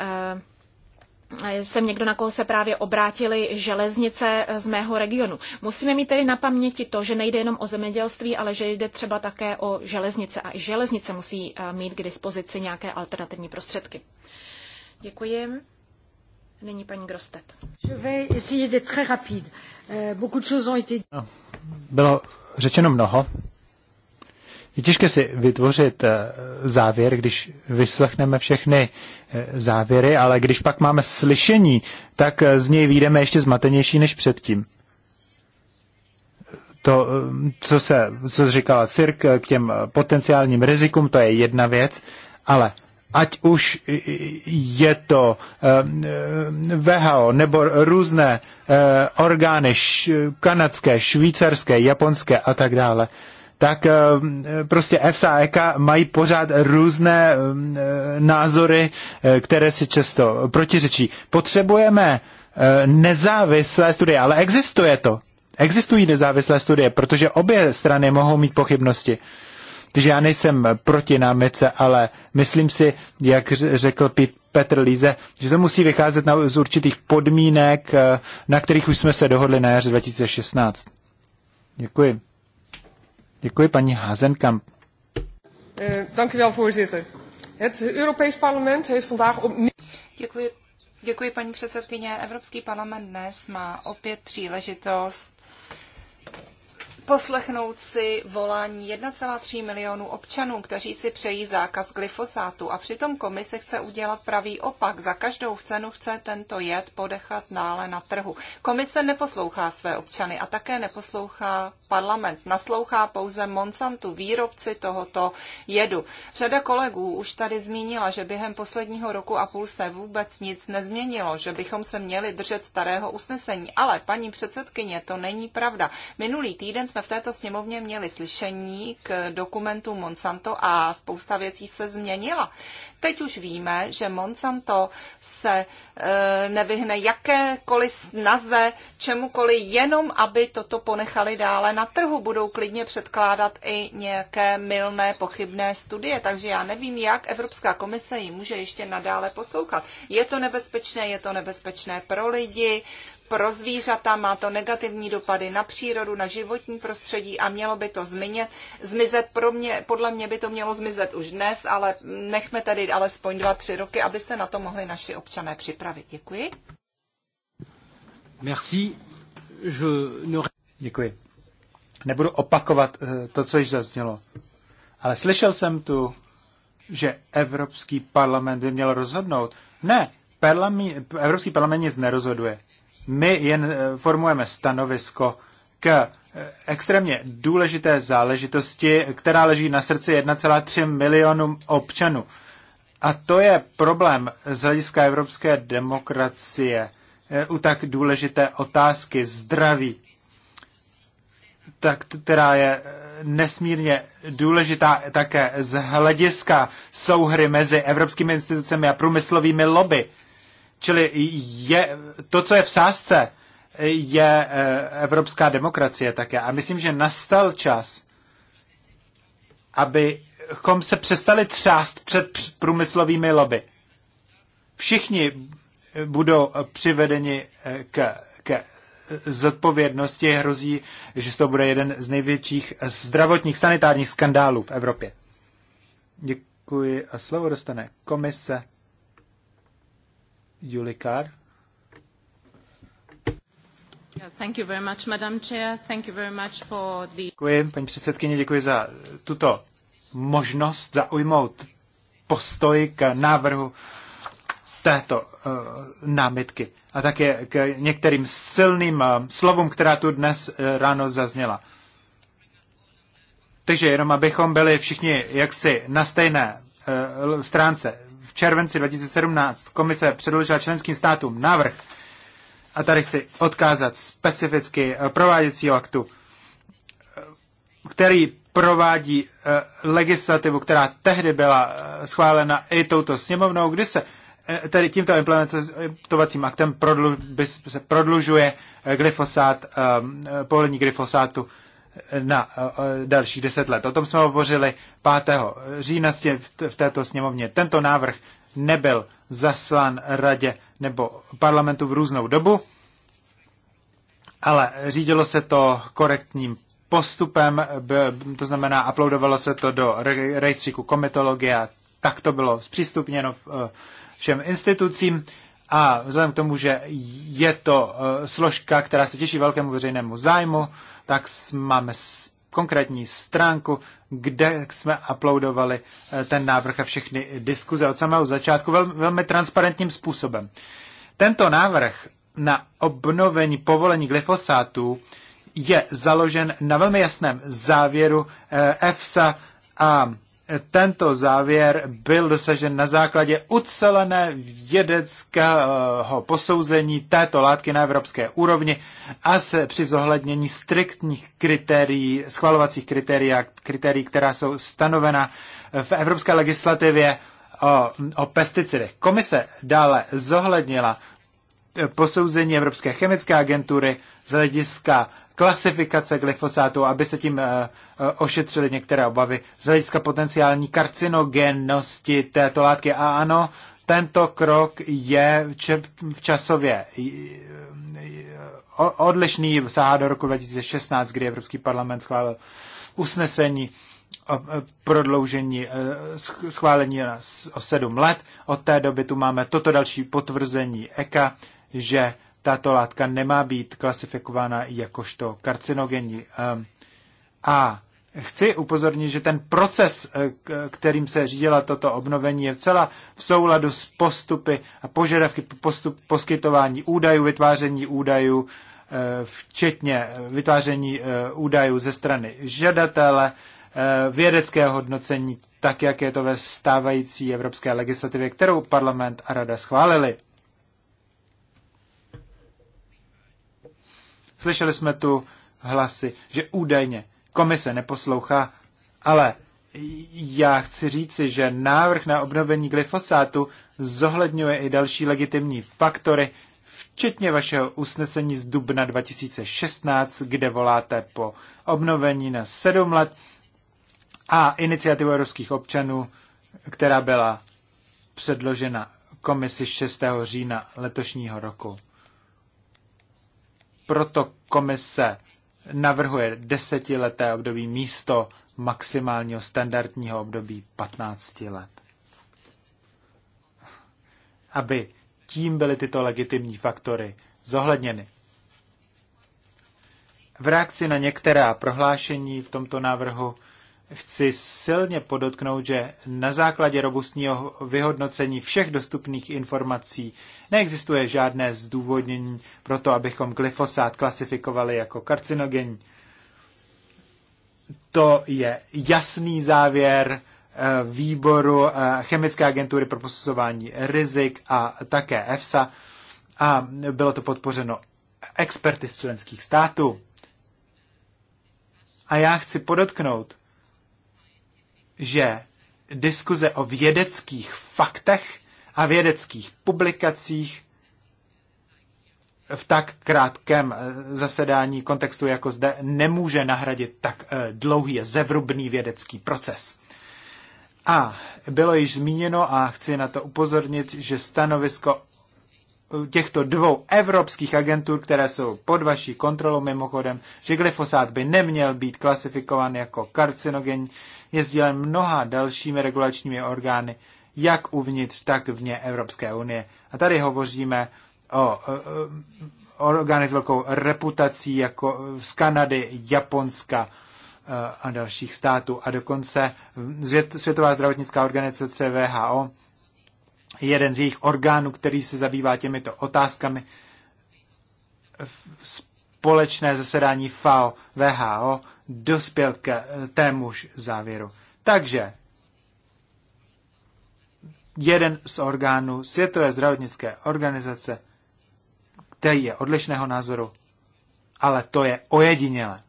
eh, jsem někdo, na koho se právě obrátili železnice z mého regionu. Musíme mít tedy na paměti to, že nejde jenom o zemědělství, ale že jde třeba také o železnice a i železnice musí mít k dispozici nějaké alternativní prostředky. Děkuji. Nyní paní Grostet. Euh, no, bylo řečeno mnoho. Je těžké si vytvořit eh, závěr, když vyslechneme všechny eh, závěry, ale když pak máme slyšení, tak eh, z něj výjdeme ještě zmatenější než předtím. To, co se co říkala Sirk k těm potenciálním rizikům, to je jedna věc, ale ať už je to eh, VHO nebo různé eh, orgány kanadské, švýcarské, japonské a tak dále, tak eh, prostě EFSA a EKA mají pořád různé názory, které si často protiřečí. Potřebujeme nezávislé studie, ale existuje to. Existují nezávislé studie, protože obě strany mohou mít pochybnosti. Uh, takže já nejsem proti námice, ale myslím si, jak řekl Petr Líze, že to musí vycházet na, z určitých podmínek, eh, na kterých už jsme se dohodli na jaře 2016. Děkuji. Děkuji, paní Hazenkamp. Eh, děkuji u wel, voorzitter. Het Europees Parlement heeft vandaag Děkuji, děkuji, paní předsedkyně. Evropský parlament dnes má opět příležitost poslechnout si volání 1,3 milionů občanů, kteří si přejí zákaz glyfosátu a přitom komise chce udělat pravý opak. Za každou cenu chce tento jed podechat nále na trhu. Komise neposlouchá své občany a také neposlouchá parlament. Naslouchá pouze Monsantu, výrobci tohoto jedu. Řada kolegů už tady zmínila, že během posledního roku a půl se vůbec nic nezměnilo, že bychom se měli držet starého usnesení. Ale paní předsedkyně, to není pravda. Minulý týden jsme v této sněmovně měli slyšení k dokumentu Monsanto a spousta věcí se změnila. Teď už víme, že Monsanto se e, nevyhne jakékoliv snaze, čemukoliv, jenom aby toto ponechali dále na trhu. Budou klidně předkládat i nějaké milné, pochybné studie, takže já nevím, jak Evropská komise ji může ještě nadále poslouchat. Je to nebezpečné, je to nebezpečné pro lidi, pro zvířata, má to negativní dopady na přírodu, na životní prostředí a mělo by to zmizet. zmizet pro mě, podle mě by to mělo zmizet už dnes, ale nechme tady alespoň dva, tři roky, aby se na to mohli naši občané připravit. Děkuji. Merci. Je ne... Děkuji. Nebudu opakovat eh, to, co již zaznělo. Ale slyšel jsem tu, že Evropský parlament by měl rozhodnout. Ne, Evropský parlament nic nerozhoduje. My jen eh, formujeme stanovisko k eh, extrémně důležité záležitosti, která leží na srdci 1,3 milionům občanů. A to je problém z hlediska evropské demokracie eh, u tak důležité otázky zdraví, tak, která je nesmírně důležitá také z hlediska souhry mezi evropskými institucemi a průmyslovými lobby. Čili je, to, co je v sázce, je e, evropská demokracie také. A myslím, že nastal čas, abychom se přestali třást před průmyslovými lobby. Všichni budou přivedeni e, k, k zodpovědnosti. Hrozí, že to bude jeden z největších zdravotních sanitárních skandálů v Evropě. Děkuji a slovo dostane komise. Julikar. Děkuji, paní předsedkyně, děkuji za tuto možnost zaujmout postoj k návrhu této uh, námitky a také k některým silným uh, slovům, která tu dnes uh, ráno zazněla. Takže jenom abychom byli všichni jaksi na stejné uh, stránce červenci 2017 komise předložila členským státům návrh, a tady chci odkázat specificky eh, prováděcího aktu, eh, který provádí eh, legislativu, která tehdy byla schválena i touto sněmovnou, kdy se tedy tímto implementovacím aktem prodlu, by se prodlužuje glyfosát, povolení glyfosátu na eh, eh, další deset let. O tom jsme hovořili 5. října v této sněmovně. Tento návrh nebyl zaslan radě nebo parlamentu v různou dobu, ale řídilo se to korektním postupem, to znamená, uploadovalo se to do rejstříku komitologie a tak to bylo zpřístupněno eh, všem institucím. A vzhledem k tomu, že je to eh, složka, která se těší velkému veřejnému zájmu, tak máme konkrétní stránku, kde jsme uploadovali eh, ten návrh a všechny diskuze od samého začátku velmi, velmi transparentním způsobem. Tento návrh na obnovení povolení glyfosátů je založen na velmi jasném závěru eh, EFSA a tento závěr byl dosažen na základě ucelené vědeckého posouzení této látky na evropské úrovni a se při zohlednění striktních kritérií, schvalovacích kritérií, kritérií, která jsou stanovena v evropské legislativě o, o pesticidech. Komise dále zohlednila posouzení Evropské chemické agentury z hlediska klasifikace glyfosátu, aby se tím eh, eh, ošetřily některé obavy z hlediska potenciální karcinogennosti této látky. A ano, tento krok je v časově eh, odlišný, sahá do roku 2016, kdy Evropský parlament schválil usnesení o prodloužení schválení o sedm let. Od té doby tu máme toto další potvrzení EKA, že tato látka nemá být klasifikována jakožto karcinogenní. Ehm, a chci upozornit, že ten proces, eh, kterým se řídila toto obnovení, je celá v souladu s postupy a požadavky postup, poskytování údajů, vytváření údajů, eh, včetně eh, vytváření údajů ze strany žadatele, vědecké hodnocení, tak jak je to ve stávající evropské legislativě, kterou parlament a rada schválili. Slyšeli jsme tu hlasy, že údajně komise neposlouchá, ale já chci říci, že návrh na obnovení glyfosátu zohledňuje i další legitimní faktory, včetně vašeho usnesení z dubna 2016, kde voláte po obnovení na sedm let a iniciativu evropských občanů, která byla předložena komisi 6. října letošního roku. Proto komise navrhuje desetileté období místo maximálního standardního období 15 let. Aby tím byly tyto legitimní faktory zohledněny. V reakci na některá prohlášení v tomto návrhu chci silně podotknout, že na základě robustního vyhodnocení všech dostupných informací neexistuje žádné zdůvodnění pro to, abychom glyfosát klasifikovali jako karcinogen. To je jasný závěr eh, výboru eh, Chemické agentury pro posuzování rizik a také EFSA a bylo to podpořeno experty z členských států. A já chci podotknout, že diskuze o vědeckých faktech a vědeckých publikacích v tak krátkém eh, zasedání kontextu jako zde nemůže nahradit tak eh, dlouhý a zevrubný vědecký proces. A bylo již zmíněno a chci na to upozornit, že stanovisko těchto dvou evropských agentur, které jsou pod vaší kontrolou mimochodem, že glyfosát by neměl být klasifikován jako karcinogen, je sdílen mnoha dalšími regulačními orgány, jak uvnitř, tak vně Evropské unie. A tady hovoříme o, o orgány s velkou reputací jako z Kanady, Japonska e, a dalších států. A dokonce Světová zdravotnická organizace VHO jeden z jejich orgánů, který se zabývá těmito otázkami, společné zasedání FAO, VHO dospěl k eh, témuž závěru. Takže jeden z orgánů Světové zdravotnické organizace, který je odlišného názoru, ale to je ojedinělé.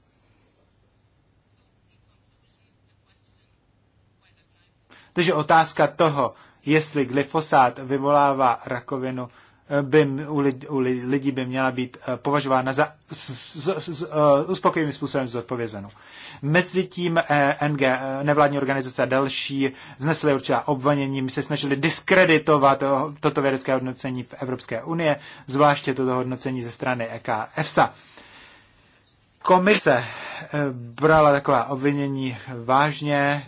Takže otázka toho, jestli glyfosát vyvolává rakovinu, eh, by u, lidi, u lidí by měla být eh, považována za eh, uspokojivým způsobem zodpovězenou. Mezitím NG, nevládní organizace a další vznesly určitá obvanění, se snažili diskreditovat toto vědecké hodnocení v Evropské unie, zvláště toto hodnocení ze strany EKFSa. E Komise brala taková obvinění vážně,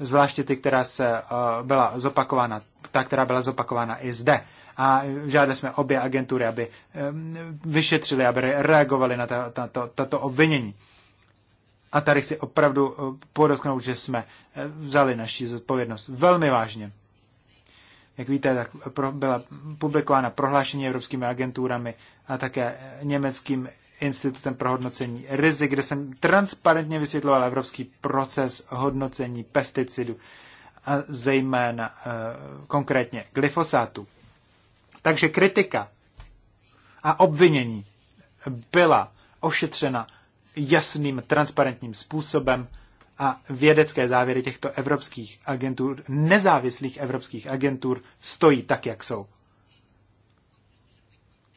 zvláště ty, která se eh, byla zopakována, ta, která byla zopakována i zde. A žádali jsme obě agentury, aby ehm, vyšetřili, aby reagovali na tato, tato obvinění. A tady chci opravdu eh, podotknout, že jsme eh, vzali naši zodpovědnost velmi vážně. Jak víte, tak byla publikována prohlášení evropskými agenturami a také německým institutem pro hodnocení rizik, kde jsem transparentně vysvětloval evropský proces hodnocení pesticidů, a zejména e, konkrétně glyfosátu. Takže kritika a obvinění byla ošetřena jasným, transparentním způsobem a vědecké závěry těchto evropských agentur, nezávislých evropských agentur, stojí tak, jak jsou.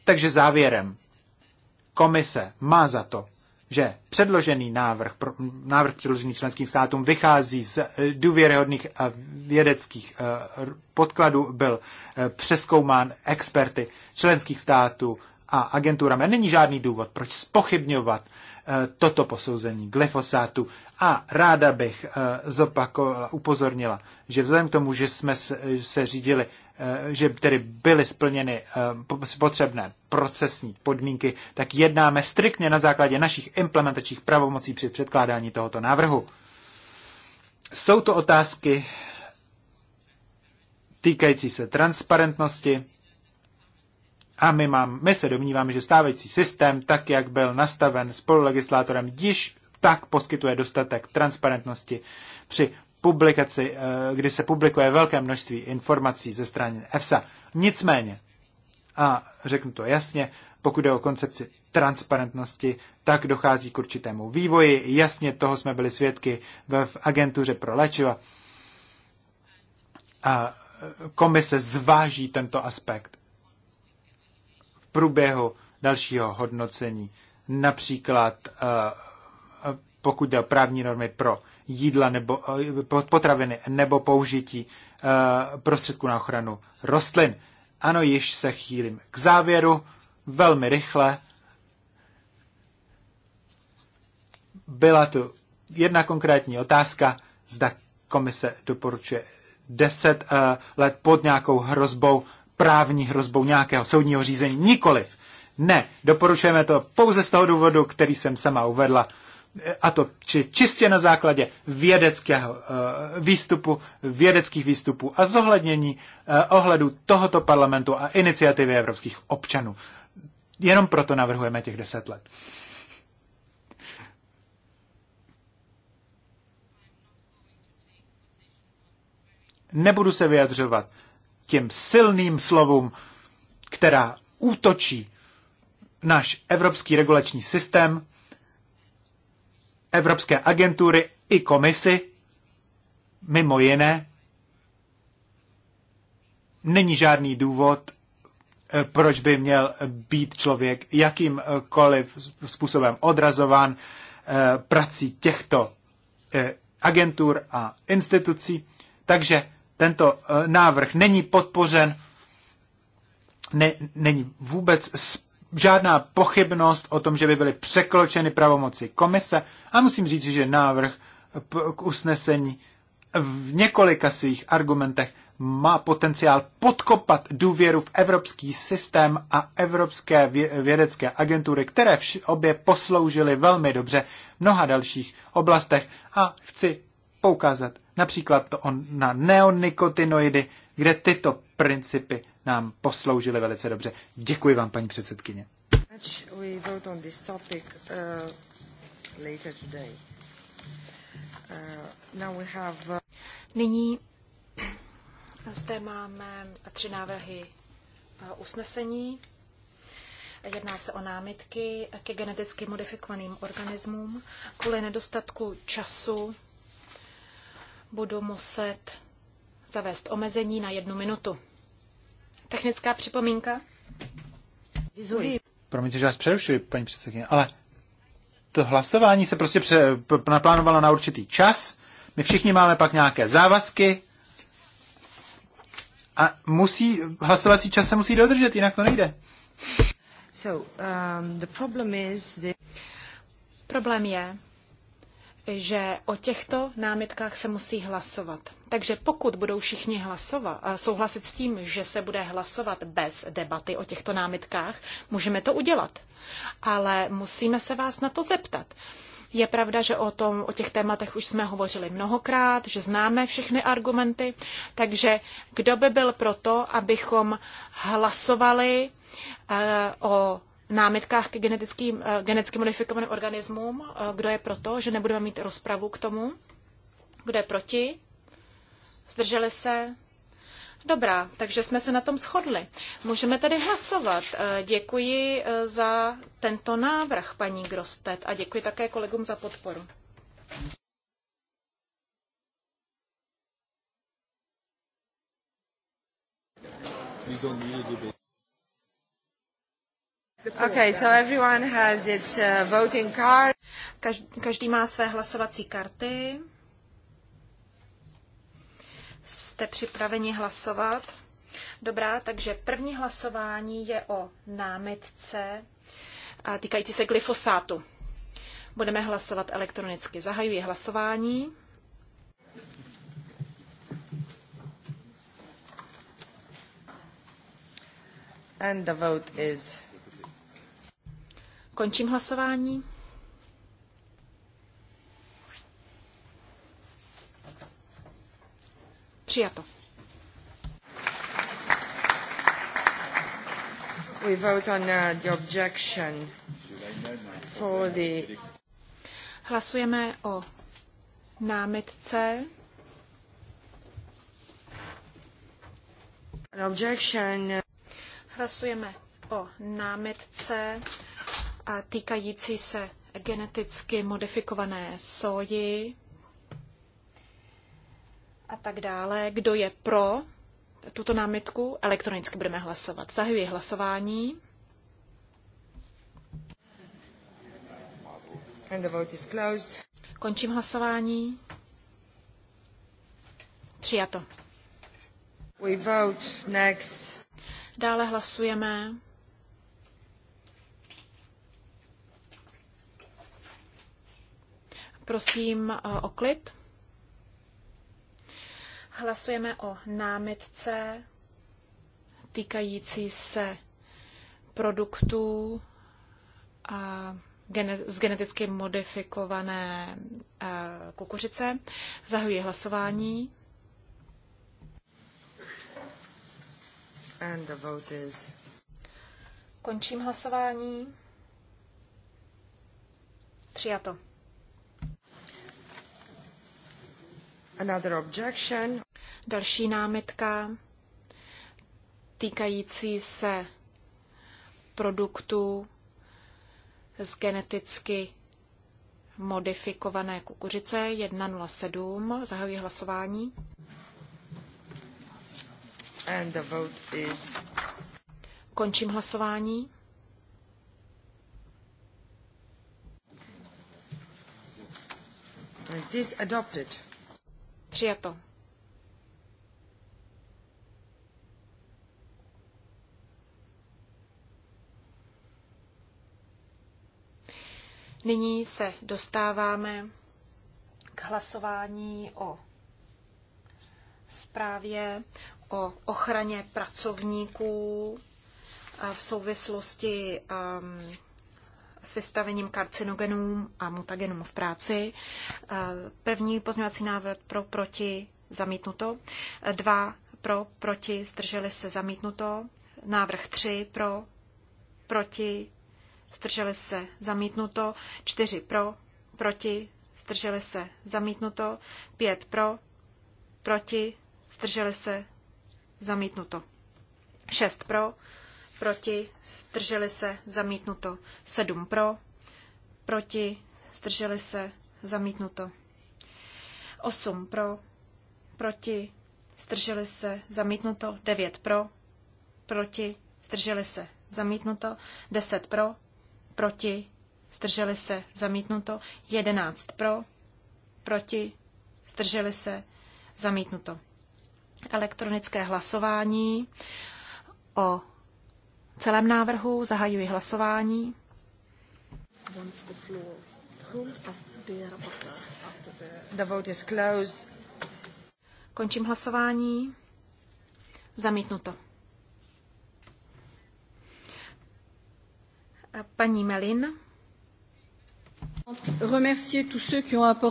Takže závěrem komise má za to, že předložený návrh, návrh předložený členským státům vychází z eh, důvěryhodných eh, vědeckých eh, podkladů, byl přeskoumán experty členských států a agenturami. Není žádný důvod, proč spochybňovat toto posouzení glyfosátu. A ráda bych zopakovala, upozornila, že vzhledem k tomu, že jsme se řídili Eh, že tedy byly splněny eh, potřebné procesní podmínky, tak jednáme striktně na základě našich implementačních pravomocí při předkládání tohoto návrhu. Jsou to otázky týkající se transparentnosti a my, mám, my se domníváme, že stávající systém, tak jak byl nastaven spolulegislátorem, již tak poskytuje dostatek transparentnosti při publikaci, eh, kdy se publikuje velké množství informací ze strany EFSA. Nicméně, a řeknu to jasně, pokud jde o koncepci transparentnosti, tak dochází k určitému vývoji. Jasně, toho jsme byli svědky v agentuře pro léčiva. A eh, komise zváží tento aspekt v průběhu dalšího hodnocení, například eh, pokud jde o právní normy pro jídla nebo eh, potraviny nebo použití eh, prostředků na ochranu rostlin. Ano, již se chýlím k závěru, velmi rychle. Byla tu jedna konkrétní otázka, zda komise doporučuje 10 eh, let pod nějakou hrozbou, právní hrozbou nějakého soudního řízení. Nikoliv. Ne, doporučujeme to pouze z toho důvodu, který jsem sama uvedla a to či čistě na základě vědeckého eh, výstupu, vědeckých výstupů a zohlednění eh, ohledu tohoto parlamentu a iniciativy evropských občanů. Jenom proto navrhujeme těch deset let. Nebudu se vyjadřovat těm silným slovům, která útočí náš evropský regulační systém, Evropské agentury i komisy, mimo jiné, není žádný důvod, eh, proč by měl být člověk jakýmkoliv způsobem odrazován eh, prací těchto eh, agentur a institucí. Takže tento návrh není podpořen, ne, není vůbec žádná pochybnost o tom, že by byly překročeny pravomoci komise a musím říct, že návrh k usnesení v několika svých argumentech má potenciál podkopat důvěru v evropský systém a evropské vědecké agentury, které vš- obě posloužily velmi dobře v mnoha dalších oblastech. A chci poukázat například to on, na neonikotinoidy, kde tyto principy nám posloužily velice dobře. Děkuji vám, paní předsedkyně. Uh, uh, uh, Nyní zde máme tři návrhy usnesení. Jedná se o námitky ke geneticky modifikovaným organismům. Kvůli nedostatku času budu muset zavést omezení na jednu minutu. Technická připomínka? Promiňte, že vás přerušuji, paní předsedkyně, ale to hlasování se prostě pře- naplánovalo na určitý čas. My všichni máme pak nějaké závazky a musí, hlasovací čas se musí dodržet, jinak to nejde. So, um, the problem is the... Problém je, že o těchto námitkách se musí hlasovat. Takže pokud budou všichni hlasovat, eh, souhlasit s tím, že se bude hlasovat bez debaty o těchto námitkách, můžeme to udělat. Ale musíme se vás na to zeptat. Je pravda, že o, tom, o těch tématech už jsme hovořili mnohokrát, že známe všechny argumenty, takže kdo by byl proto, abychom hlasovali eh, o námitkách k genetickým, eh, geneticky modifikovaným organismům. Eh, kdo je proto, že nebudeme mít rozpravu k tomu? Kdo je proti? Zdrželi se? Dobrá, takže jsme se na tom shodli. Můžeme tedy hlasovat. Eh, děkuji za tento návrh, paní Grostet, a děkuji také kolegům za podporu. We don't need a debate. Okay, so everyone has its uh, voting card. Každý má své hlasovací karty. Jste připraveni hlasovat? Dobrá, takže první hlasování je o námitce týkající se glyfosátu. Budeme hlasovat elektronicky. Zahajuji hlasování. And the vote is Končím hlasování. Přijato. We vote on uh, the objection for the... Hlasujeme o námitce. objection. Hlasujeme o námitce týkající se geneticky modifikované soji a tak dále. Kdo je pro tuto námitku? Elektronicky budeme hlasovat. Zahajuji hlasování. And the vote is closed. Končím hlasování. Přijato. We vote next. Dále hlasujeme Prosím eh, o klid. Hlasujeme o námitce týkající se produktů eh, z geneticky modifikované eh, kukuřice. Zahajuji hlasování. And the vote is... Končím hlasování. Přijato. Another objection. Další námitka týkající se produktů z geneticky modifikované kukuřice 107. Zahajuji hlasování. And the vote is... Končím hlasování. It is adopted. Přijato. Nyní se dostáváme k hlasování o zprávě o ochraně pracovníků v souvislosti um, s vystavením karcinogenům a mutagenům v práci. Eh, první pozměňovací návrh pro proti zamítnuto. Eh, dva pro proti strželi se zamítnuto. Návrh tři pro proti strželi se zamítnuto. čtyři pro proti strželi se zamítnuto. pět pro proti strželi se zamítnuto. šest pro proti, zdrželi se, zamítnuto. 7 pro, proti, zdrželi se, zamítnuto. 8 pro, proti, zdrželi se, zamítnuto. 9 pro, proti, zdrželi se, zamítnuto. 10 pro, proti, zdrželi se, zamítnuto. 11 pro, proti, zdrželi se, zamítnuto. Elektronické hlasování o celém návrhu, zahajuji hlasování. Končím hlasování. Zamítnuto. paní Melin.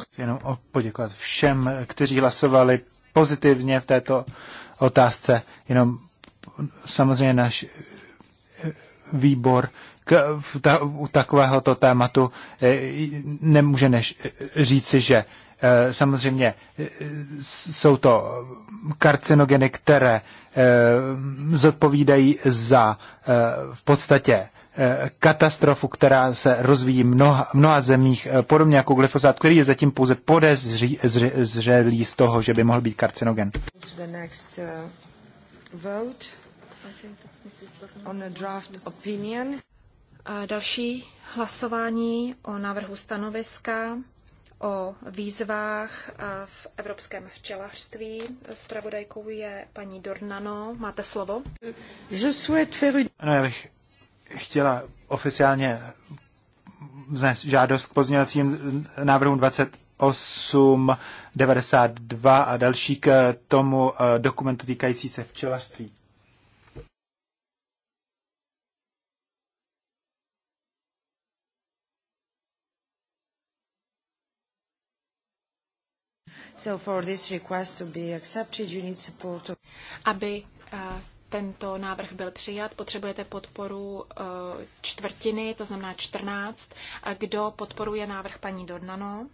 Chci jenom poděkovat všem, kteří hlasovali pozitivně v této otázce. Jenom samozřejmě naš výbor k, ta, u takovéhoto tématu e, nemůže než e, říci, že e, samozřejmě jsou to karcinogeny, které zodpovídají za v podstatě katastrofu, která se rozvíjí v mnoha, mnoha zemích, podobně jako glyfosát, který je zatím pouze podezřelý z toho, že by mohl být karcinogen. Uh, on a draft opinion. A další hlasování o návrhu stanoviska o výzvách v evropském včelařství. Spravodajkou je paní Dornano. Máte slovo. Je Ano, já bych chtěla oficiálně vznést žádost k pozměňovacím návrhům 28, 92 a další k tomu eh, dokumentu týkající se včelařství. Aby eh, tento návrh byl přijat, potřebujete podporu eh, čtvrtiny, to znamená 14. Kdo podporuje návrh paní Dornano?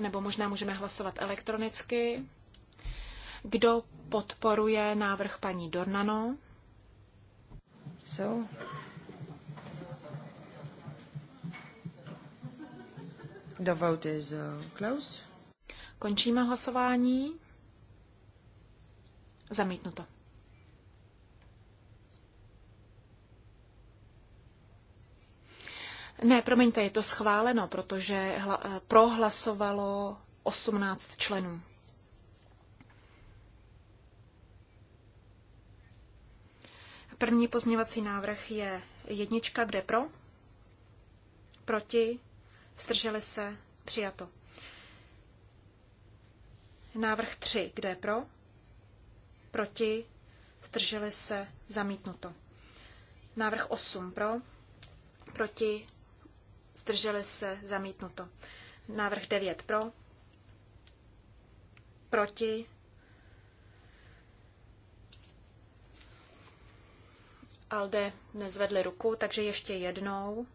Nebo možná můžeme hlasovat elektronicky. Kdo podporuje návrh paní Dornano? So. The vote is uh, closed. Končíme hlasování. Zamítnuto. Ne, promiňte, je to schváleno, protože hla, eh, prohlasovalo 18 členů. První pozměňovací návrh je jednička, kde pro, proti, strželi se, přijato. Návrh 3. Kdo je pro? Proti? Zdrželi se? Zamítnuto. Návrh 8. Pro? Proti? Zdrželi se? Zamítnuto. Návrh 9. Pro? Proti? Alde nezvedli ruku, takže ještě jednou.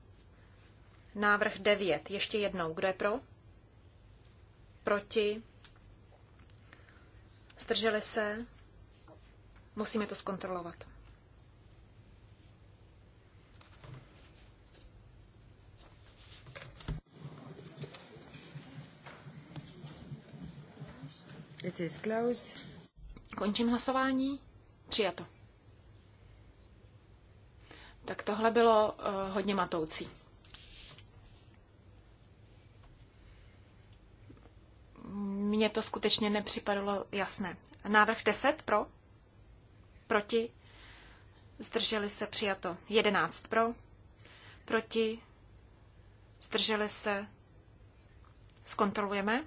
Návrh 9. Ještě jednou. Kdo je pro? Proti? Zdrželi se? Musíme to zkontrolovat. It is closed. Končím hlasování. Přijato. Tak tohle bylo uh, hodně matoucí. Mně to skutečně nepřipadalo jasné. Návrh 10 pro, proti, zdrželi se přijato. 11 pro, proti, zdrželi se, zkontrolujeme.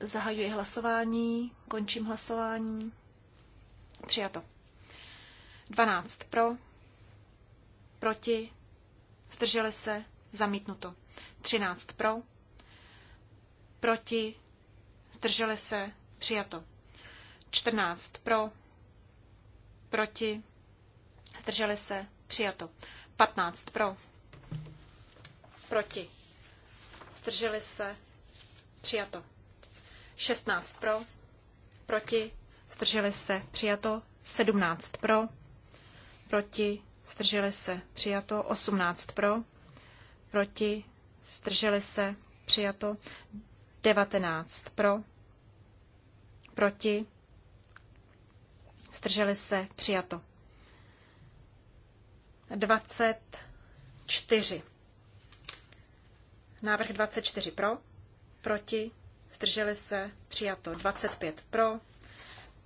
Zahajuji hlasování, končím hlasování. Přijato. 12 pro, proti, zdrželi se, zamítnuto. 13 pro, proti, zdrželi se, přijato. 14 pro, proti, zdrželi se, přijato. 15 pro, proti, zdrželi se, přijato. 16 pro, proti, zdrželi se, přijato. 17 pro, proti, zdrželi se, přijato. 18 pro, proti, zdrželi se, přijato 19 pro, proti, zdrželi se, přijato 24. Návrh 24 pro, proti, zdrželi se, přijato 25 pro,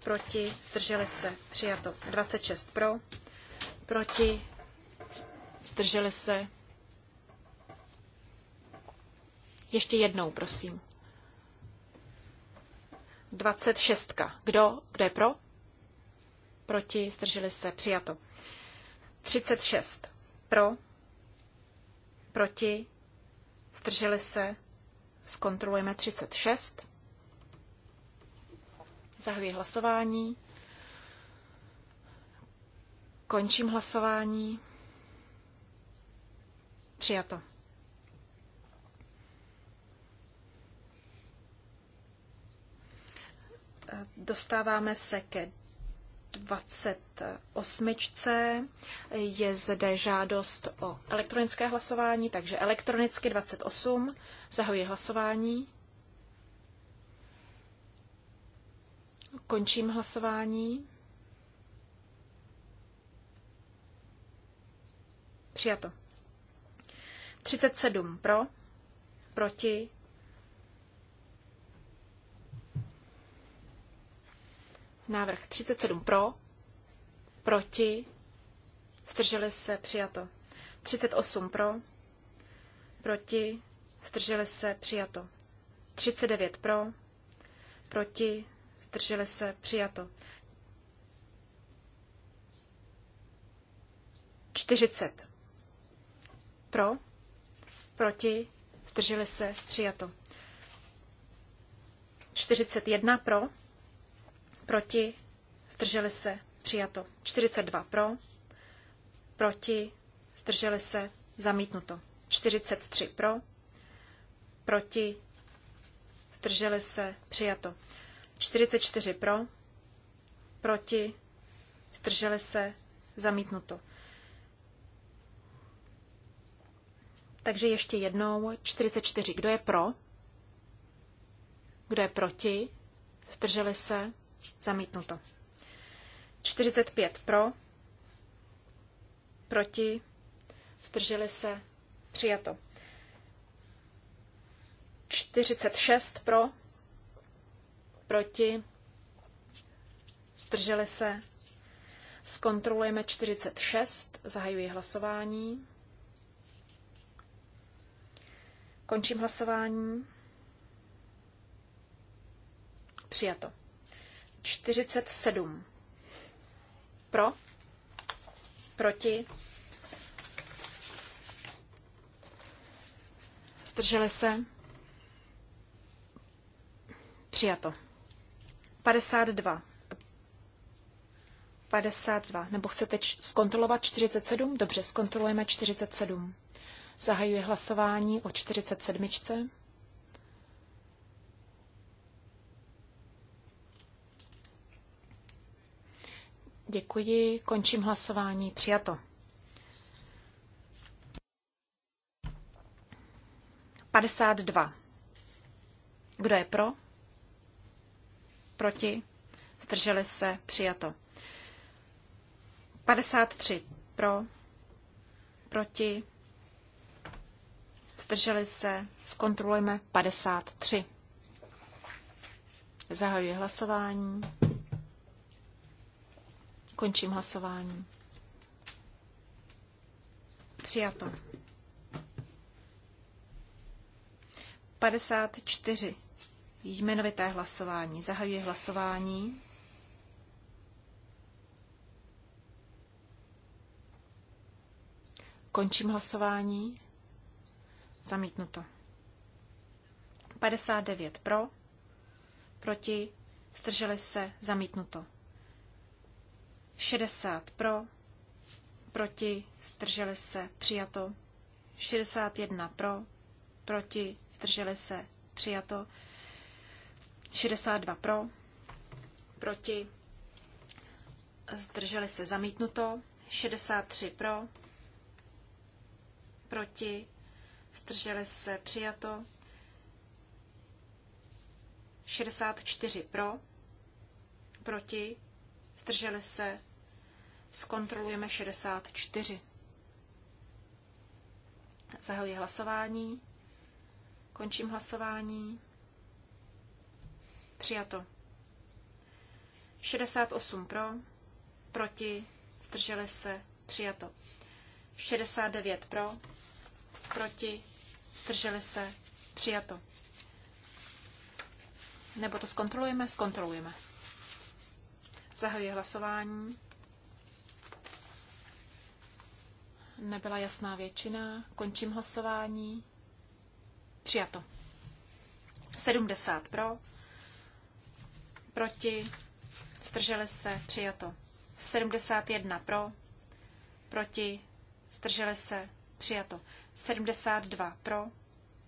proti, zdrželi se, přijato 26 pro, proti, zdrželi se, Ještě jednou, prosím. 26. Kdo, kdo je pro? Proti, zdrželi se, přijato. 36. Pro, proti, zdrželi se, zkontrolujeme 36. Zahajuji hlasování. Končím hlasování. Přijato. Dostáváme se ke 28. Je zde žádost o elektronické hlasování, takže elektronicky 28. Zahoji hlasování. Končím hlasování. Přijato. 37 pro, proti, Návrh 37 pro, proti, zdrželi se, přijato. 38 pro, proti, zdrželi se, přijato. 39 pro, proti, zdrželi se, přijato. 40 pro, proti, zdrželi se, přijato. 41 pro, proti, zdrželi se, přijato. 42 pro, proti, zdrželi se, zamítnuto. 43 pro, proti, zdrželi se, přijato. 44 pro, proti, zdrželi se, zamítnuto. Takže ještě jednou 44. Kdo je pro? Kdo je proti? Zdrželi se? Zamítnuto. 45 pro, proti, zdrželi se, přijato. 46 pro, proti, zdrželi se. Zkontrolujeme 46, zahajuji hlasování. Končím hlasování. Přijato. 47. Pro? Proti? Zdrželi se? Přijato. 52. 52. Nebo chcete zkontrolovat 47? Dobře, zkontrolujeme 47. Zahajuje hlasování o 47. Děkuji, končím hlasování. Přijato. 52. Kdo je pro? Proti? Zdrželi se? Přijato. 53. Pro? Proti? Zdrželi se? Zkontrolujeme 53. Zahajuji hlasování. Končím hlasování. Přijato. 54. Jmenovité hlasování. Zahajuji hlasování. Končím hlasování. Zamítnuto. 59 pro, proti, strželi se, zamítnuto. 60 pro, proti, zdrželi se, přijato. 61 pro, proti, zdrželi se, přijato. 62 pro, proti, zdrželi se, zamítnuto. 63 pro, proti, zdrželi se, přijato. 64 pro, proti, zdrželi se, Zkontrolujeme 64. Zahajuji hlasování. Končím hlasování. Přijato. 68 pro, proti, zdrželi se, přijato. 69 pro, proti, zdrželi se, přijato. Nebo to zkontrolujeme? Zkontrolujeme. Zahajuji hlasování. Nebyla jasná většina. Končím hlasování. Přijato. 70 pro. Proti. strželi se. Přijato. 71 pro. Proti. strželi se. Přijato. 72 pro.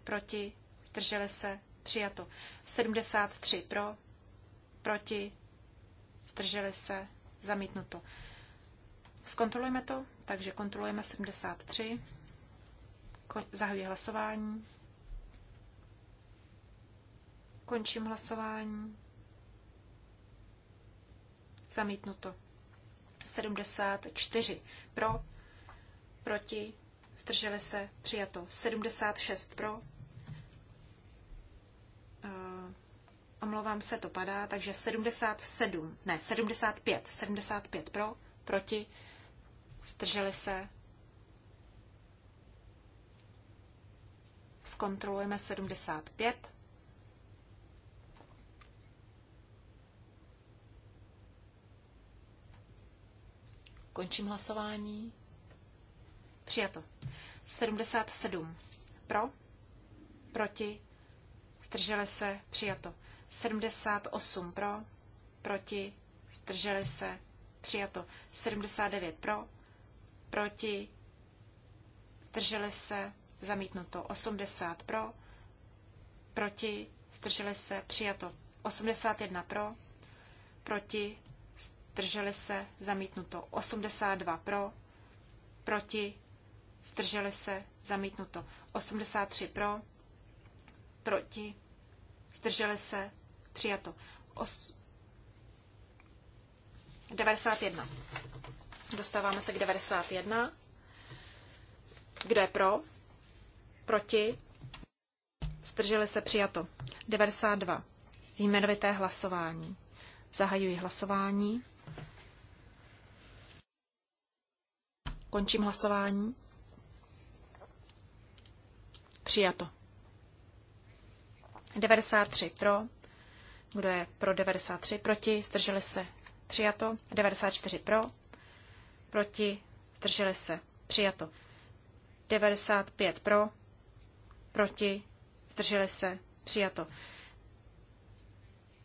Proti. strželi se. Přijato. 73 pro. Proti. strželi se. Zamítnuto. Zkontrolujeme to takže kontrolujeme 73. Zahajuji hlasování. Končím hlasování. Zamítnuto. 74 pro, proti, zdrželi se, přijato. 76 pro, eh, omlouvám se, to padá, takže 77, ne, 75, 75 pro, proti, Zdrželi se? Zkontrolujeme 75. Končím hlasování. Přijato. 77. Pro? Proti? Zdrželi se? Přijato. 78 pro, proti, zdrželi se, přijato. 79 pro, proti, zdrželi se, zamítnuto 80 pro, proti, zdrželi se, přijato 81 pro, proti, zdrželi se, zamítnuto 82 pro, proti, zdrželi se, zamítnuto 83 pro, proti, zdrželi se, přijato Os... 91. Dostáváme se k 91. Kdo je pro? Proti? Zdrželi se přijato. 92. Jmenovité hlasování. Zahajuji hlasování. Končím hlasování. Přijato. 93 pro. Kdo je pro 93? Proti? Zdrželi se. Přijato. 94 pro proti, zdrželi se, přijato. 95 pro, proti, zdrželi se, přijato.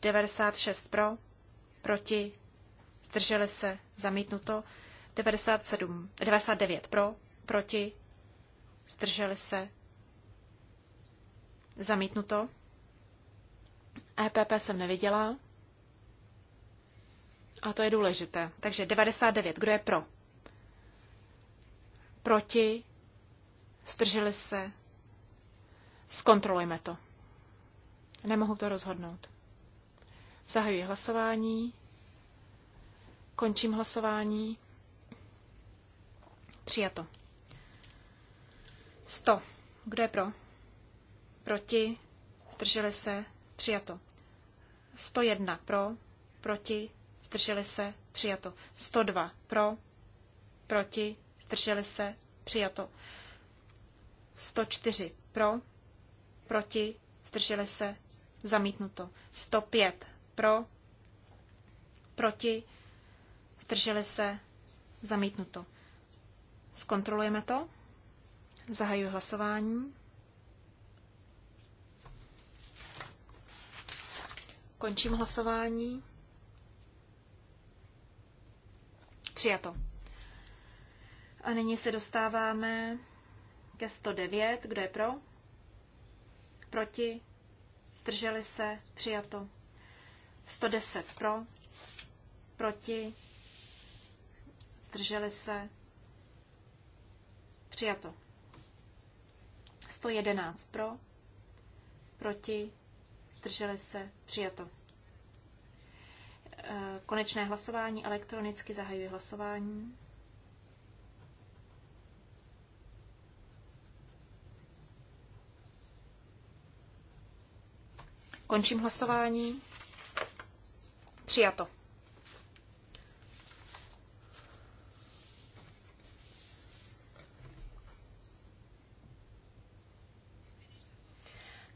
96 pro, proti, zdrželi se, zamítnuto. 97, 99 pro, proti, zdrželi se, zamítnuto. EPP jsem neviděla. A to je důležité. Takže 99, kdo je pro? proti, stržili se, zkontrolujme to. Nemohu to rozhodnout. Zahajuji hlasování, končím hlasování, přijato. 100. Kdo je pro? Proti, zdrželi se, přijato. 101 pro, proti, zdrželi se, přijato. 102 pro, proti, zdrželi se, přijato. 104 pro, proti, zdrželi se, zamítnuto. 105 pro, proti, zdrželi se, zamítnuto. Zkontrolujeme to. Zahajuji hlasování. Končím hlasování. Přijato. A nyní se dostáváme ke 109. Kdo je pro? Proti? Zdrželi se? Přijato. 110 pro? Proti? Zdrželi se? Přijato. 111 pro? Proti? Zdrželi se? Přijato. E, konečné hlasování. Elektronicky zahajuje hlasování. Končím hlasování. Přijato.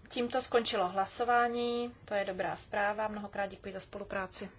Tímto skončilo hlasování, to je dobrá zpráva, mnohokrát děkuji za spolupráci.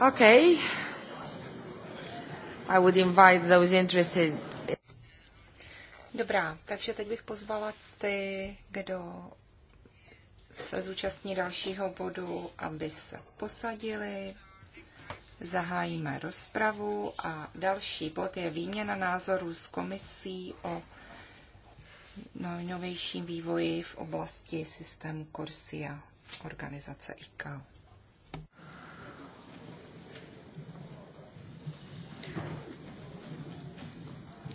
Okay. I would invite those interested. Dobrá, takže teď bych pozvala ty, kdo se zúčastní dalšího bodu, aby se posadili. Zahájíme rozpravu a další bod je výměna názorů s komisí o novějším vývoji v oblasti systému Corsia organizace ICAO.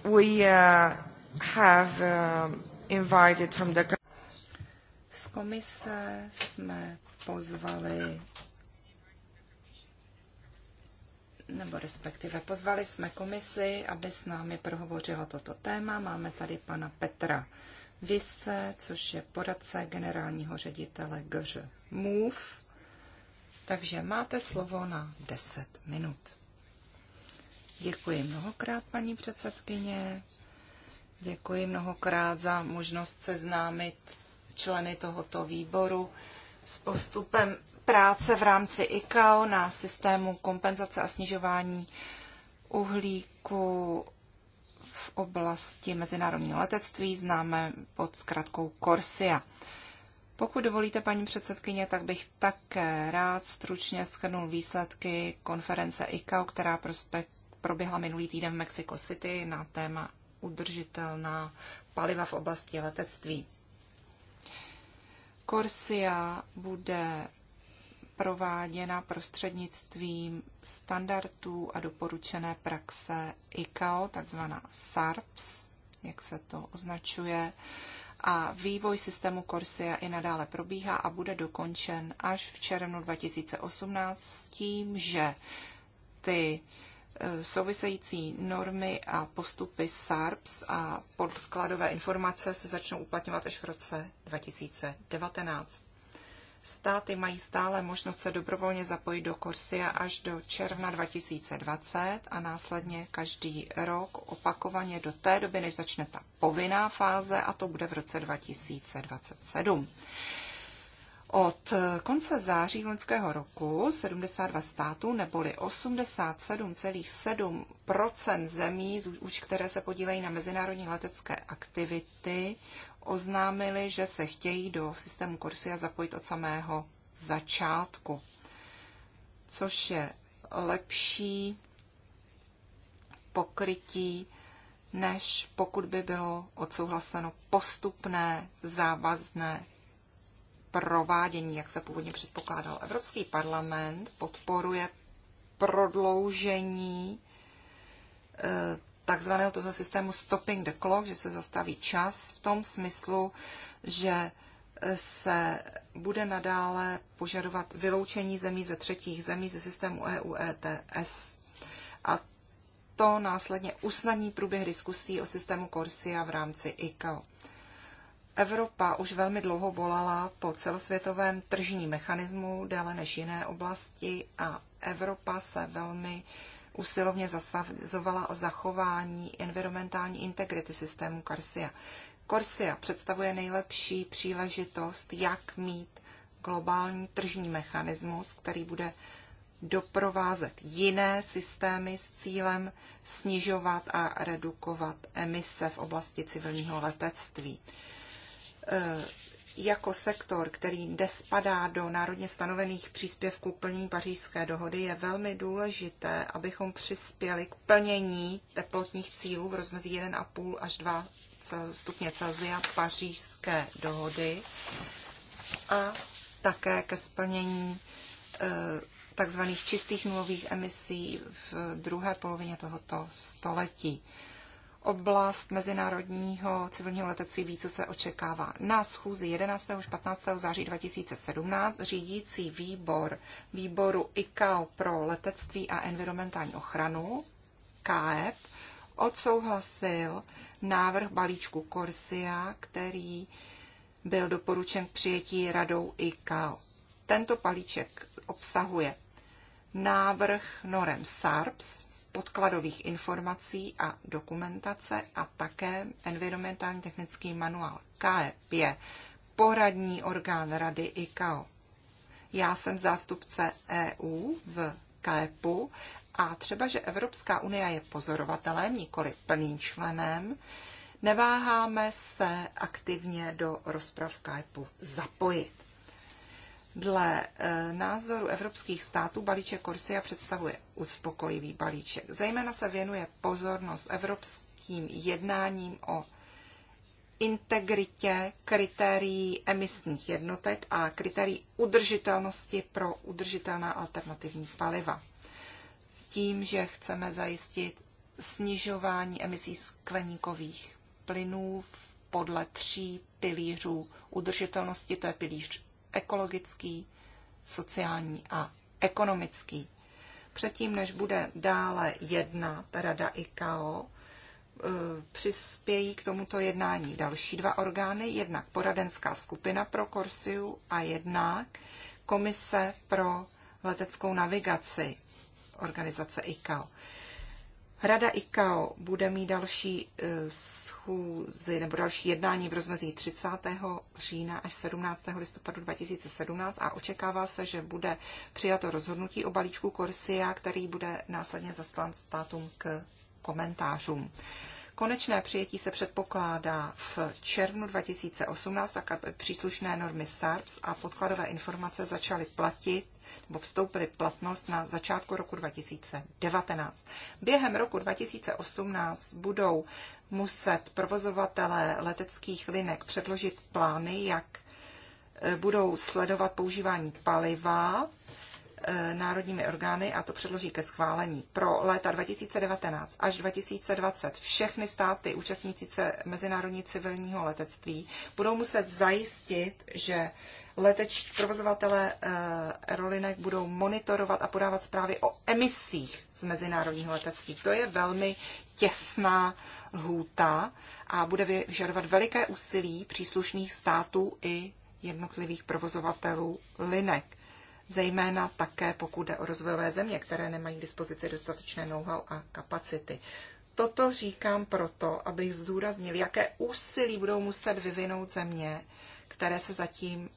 we uh, have uh, invited from the z komise jsme pozvali nebo respektive pozvali jsme komisi, aby s námi prohovořila toto téma. Máme tady pana Petra Vise, což je poradce generálního ředitele GŽ MOVE. Takže máte slovo na 10 minut. Děkuji mnohokrát, paní předsedkyně. Děkuji mnohokrát za možnost seznámit členy tohoto výboru s postupem práce v rámci ICAO na systému kompenzace a snižování uhlíku v oblasti mezinárodního letectví známe pod zkratkou Corsia. Pokud dovolíte, paní předsedkyně, tak bych také rád stručně schrnul výsledky konference ICAO, která prospekt proběhla minulý týden v Mexico City na téma udržitelná paliva v oblasti letectví. Corsia bude prováděna prostřednictvím standardů a doporučené praxe ICAO, takzvaná SARPS, jak se to označuje. A vývoj systému Corsia i nadále probíhá a bude dokončen až v červnu 2018 s tím, že ty Eh, související normy a postupy SARPS a podkladové informace se začnou uplatňovat až v roce 2019. Státy mají stále možnost se dobrovolně zapojit do Korsia až do června 2020 a následně každý rok opakovaně do té doby, než začne ta povinná fáze a to bude v roce 2027. Od konce září loňského roku 72 států neboli 87,7 zemí, už které se podílejí na mezinárodní letecké aktivity, oznámili, že se chtějí do systému Corsia zapojit od samého začátku, což je lepší pokrytí, než pokud by bylo odsouhlaseno postupné závazné provádění, jak se původně předpokládal. Evropský parlament podporuje prodloužení eh, takzvaného toho systému stopping the clock, že se zastaví čas v tom smyslu, že eh, se bude nadále požadovat vyloučení zemí ze třetích zemí ze systému EU ETS. A to následně usnadní průběh diskusí o systému Corsia v rámci ICAO. Evropa už velmi dlouho volala po celosvětovém tržním mechanismu déle než jiné oblasti a Evropa se velmi usilovně zasazovala o zachování environmentální integrity systému Corsia. Corsia představuje nejlepší příležitost, jak mít globální tržní mechanismus, který bude doprovázet jiné systémy s cílem snižovat a redukovat emise v oblasti civilního letectví. Eh, jako sektor, který despadá do národně stanovených příspěvků plnění pařížské dohody, je velmi důležité, abychom přispěli k plnění teplotních cílů v rozmezí 1,5 až 2 stupně Celsia pařížské dohody a také ke splnění eh, takzvaných čistých nulových emisí v druhé polovině tohoto století oblast mezinárodního civilního letectví ví, co se očekává. Na schůzi 11. až 15. září 2017 řídící výbor výboru ICAO pro letectví a environmentální ochranu KF e odsouhlasil návrh balíčku Corsia, který byl doporučen k přijetí radou ICAO. Tento balíček obsahuje návrh norem SARPS, podkladových informací a dokumentace a také environmentální technický manuál KEP je poradní orgán Rady ICAO. Já jsem zástupce EU v KEPu a třeba, že Evropská unie je pozorovatelem, nikoli plným členem, neváháme se aktivně do rozprav KEPu zapojit. Dle eh, názoru evropských států balíček Corsia představuje uspokojivý balíček. Zejména se věnuje pozornost evropským jednáním o integritě kritérií emisních jednotek a kritérií udržitelnosti pro udržitelná alternativní paliva. S tím, že chceme zajistit snižování emisí skleníkových plynů podle tří pilířů udržitelnosti, to je pilíř ekologický, sociální a ekonomický. Předtím, než bude dále jednat Rada ICAO, eh, přispějí k tomuto jednání další dva orgány, jednak poradenská skupina pro Korsiu a jednak komise pro leteckou navigaci organizace ICAO. Rada ICAO bude mít další eh, schůzi nebo další jednání v rozmezí 30. října až 17. listopadu 2017 a očekává se, že bude přijato rozhodnutí o balíčku Corsia, který bude následně zaslán státům k komentářům. Konečné přijetí se předpokládá v červnu 2018, tak aby příslušné normy SARPS a podkladové informace začaly platit nebo vstoupily v platnost na začátku roku 2019. Během roku 2018 budou muset provozovatelé leteckých linek předložit plány, jak e, budou sledovat používání paliva e, národními orgány a to předloží ke schválení. Pro léta 2019 až 2020 všechny státy účastníci Mezinárodní civilního letectví budou muset zajistit, že leteč, provozovatele eh, aerolinek budou monitorovat a podávat zprávy o emisích z mezinárodního letectví. To je velmi těsná lhůta a bude vyžadovat veliké úsilí příslušných států i jednotlivých provozovatelů linek. Zejména také pokud jde o rozvojové země, které nemají k dispozici dostatečné know-how a kapacity. Toto říkám proto, abych zdůraznil, jaké úsilí budou muset vyvinout země, které se zatím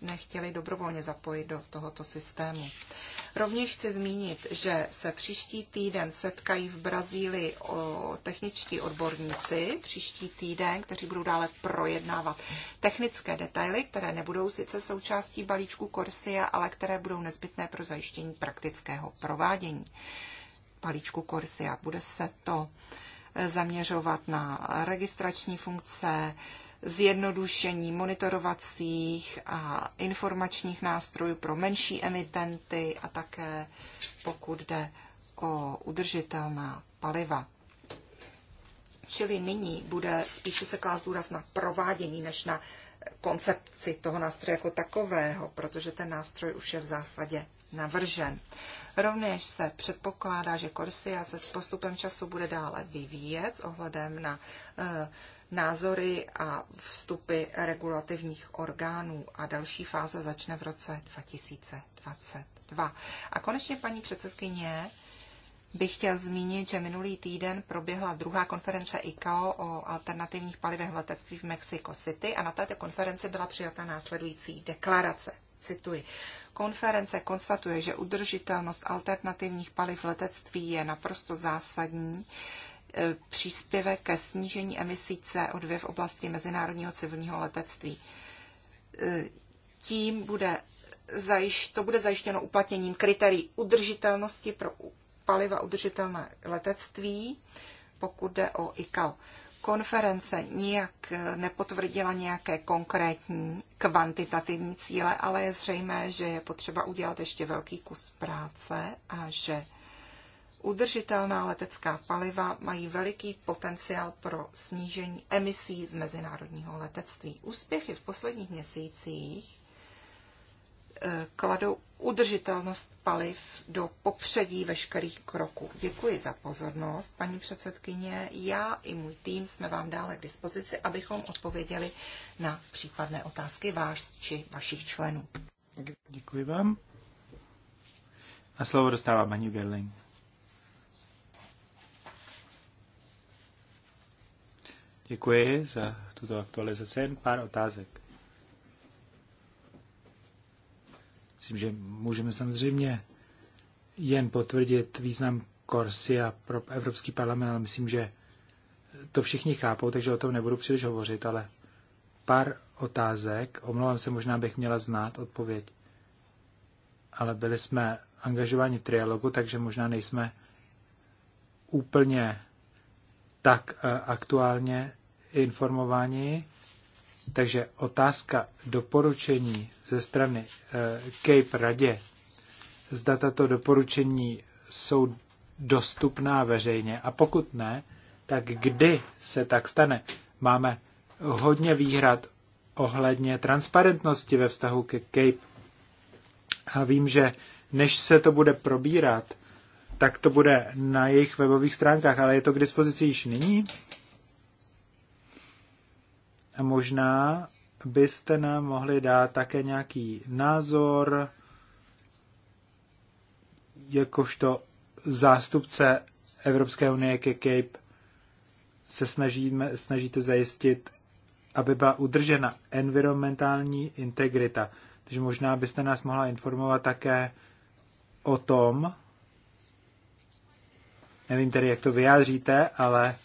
nechtěly dobrovolně zapojit do tohoto systému. Rovněž chci zmínit, že se příští týden setkají v Brazílii o techničtí odborníci, příští týden, kteří budou dále projednávat technické detaily, které nebudou sice součástí balíčku Corsia, ale které budou nezbytné pro zajištění praktického provádění balíčku Corsia. Bude se to zaměřovat na registrační funkce, zjednodušení monitorovacích a informačních nástrojů pro menší emitenty a také pokud jde o udržitelná paliva. Čili nyní bude spíše se klást důraz na provádění než na koncepci toho nástroje jako takového, protože ten nástroj už je v zásadě navržen. Rovněž se předpokládá, že Corsia se s postupem času bude dále vyvíjet s ohledem na uh, názory a vstupy regulativních orgánů a další fáze začne v roce 2022. A konečně, paní předsedkyně, bych chtěl zmínit, že minulý týden proběhla druhá konference ICAO o alternativních palivech v letectví v Mexico City a na této konferenci byla přijata následující deklarace. Cituji. Konference konstatuje, že udržitelnost alternativních paliv v letectví je naprosto zásadní E, příspěvek ke snížení emisí CO2 v oblasti mezinárodního civilního letectví. E, tím bude zajiš, to bude zajištěno uplatněním kritérií udržitelnosti pro paliva udržitelné letectví, pokud jde o ICAO. Konference nijak e, nepotvrdila nějaké konkrétní kvantitativní cíle, ale je zřejmé, že je potřeba udělat ještě velký kus práce a že Udržitelná letecká paliva mají veliký potenciál pro snížení emisí z mezinárodního letectví. Úspěchy v posledních měsících eh, kladou udržitelnost paliv do popředí veškerých kroků. Děkuji za pozornost, paní předsedkyně. Já i můj tým jsme vám dále k dispozici, abychom odpověděli na případné otázky váš či vašich členů. Děkuji vám. A slovo dostává paní Gerling. Děkuji za tuto aktualizaci. Jen pár otázek. Myslím, že můžeme samozřejmě jen potvrdit význam Korsia pro Evropský parlament, ale myslím, že to všichni chápou, takže o tom nebudu příliš hovořit, ale pár otázek. Omlouvám se, možná bych měla znát odpověď. Ale byli jsme angažováni v trialogu, takže možná nejsme úplně tak eh, aktuálně informováni. Takže otázka doporučení ze strany eh, Cape Radě, zda tato doporučení jsou dostupná veřejně a pokud ne, tak kdy se tak stane? Máme hodně výhrad ohledně transparentnosti ve vztahu ke Cape. A vím, že než se to bude probírat, tak to bude na jejich webových stránkách, ale je to k dispozici již nyní? možná byste nám mohli dát také nějaký názor, jakožto zástupce Evropské unie ke Cape se snažíme, snažíte zajistit, aby byla udržena environmentální integrita. Takže možná byste nás mohla informovat také o tom, nevím tedy, jak to vyjádříte, ale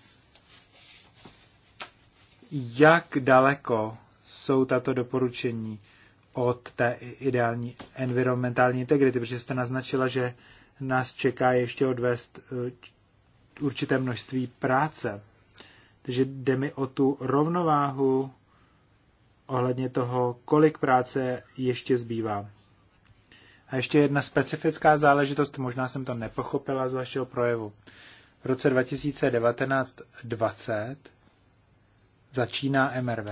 jak daleko jsou tato doporučení od té ideální environmentální integrity, protože jste naznačila, že nás čeká ještě odvést eh, určité množství práce. Takže jde mi o tu rovnováhu ohledně toho, kolik práce ještě zbývá. A ještě jedna specifická záležitost, možná jsem to nepochopila z vašeho projevu. V roce 2019-20 začíná MRV.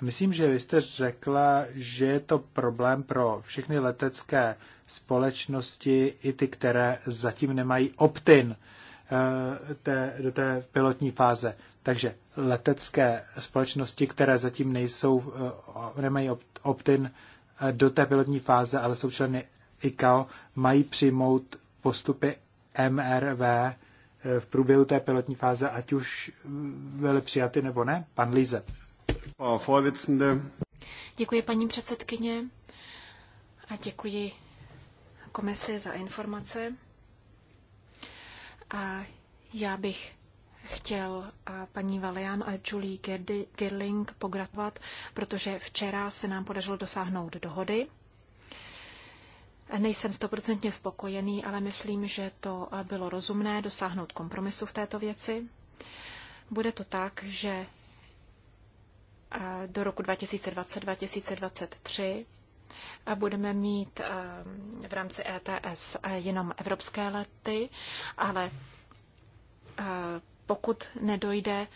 Myslím, že vy jste řekla, že je to problém pro všechny letecké společnosti, i ty, které zatím nemají optin eh, té, do té pilotní fáze. Takže letecké společnosti, které zatím nejsou, eh, nemají optin eh, do té pilotní fáze, ale jsou členy ICAO, mají přijmout postupy MRV v průběhu té pilotní fáze, ať už byly přijaty nebo ne? Pan Líze. Děkuji paní předsedkyně a děkuji komisi za informace. A já bych chtěl paní Valian a Julie Gerling pogratulovat, protože včera se nám podařilo dosáhnout dohody Nejsem stoprocentně spokojený, ale myslím, že to bylo rozumné dosáhnout kompromisu v této věci. Bude to tak, že eh, do roku 2020-2023 eh, budeme mít eh, v rámci ETS jenom evropské lety, ale pokud nedojde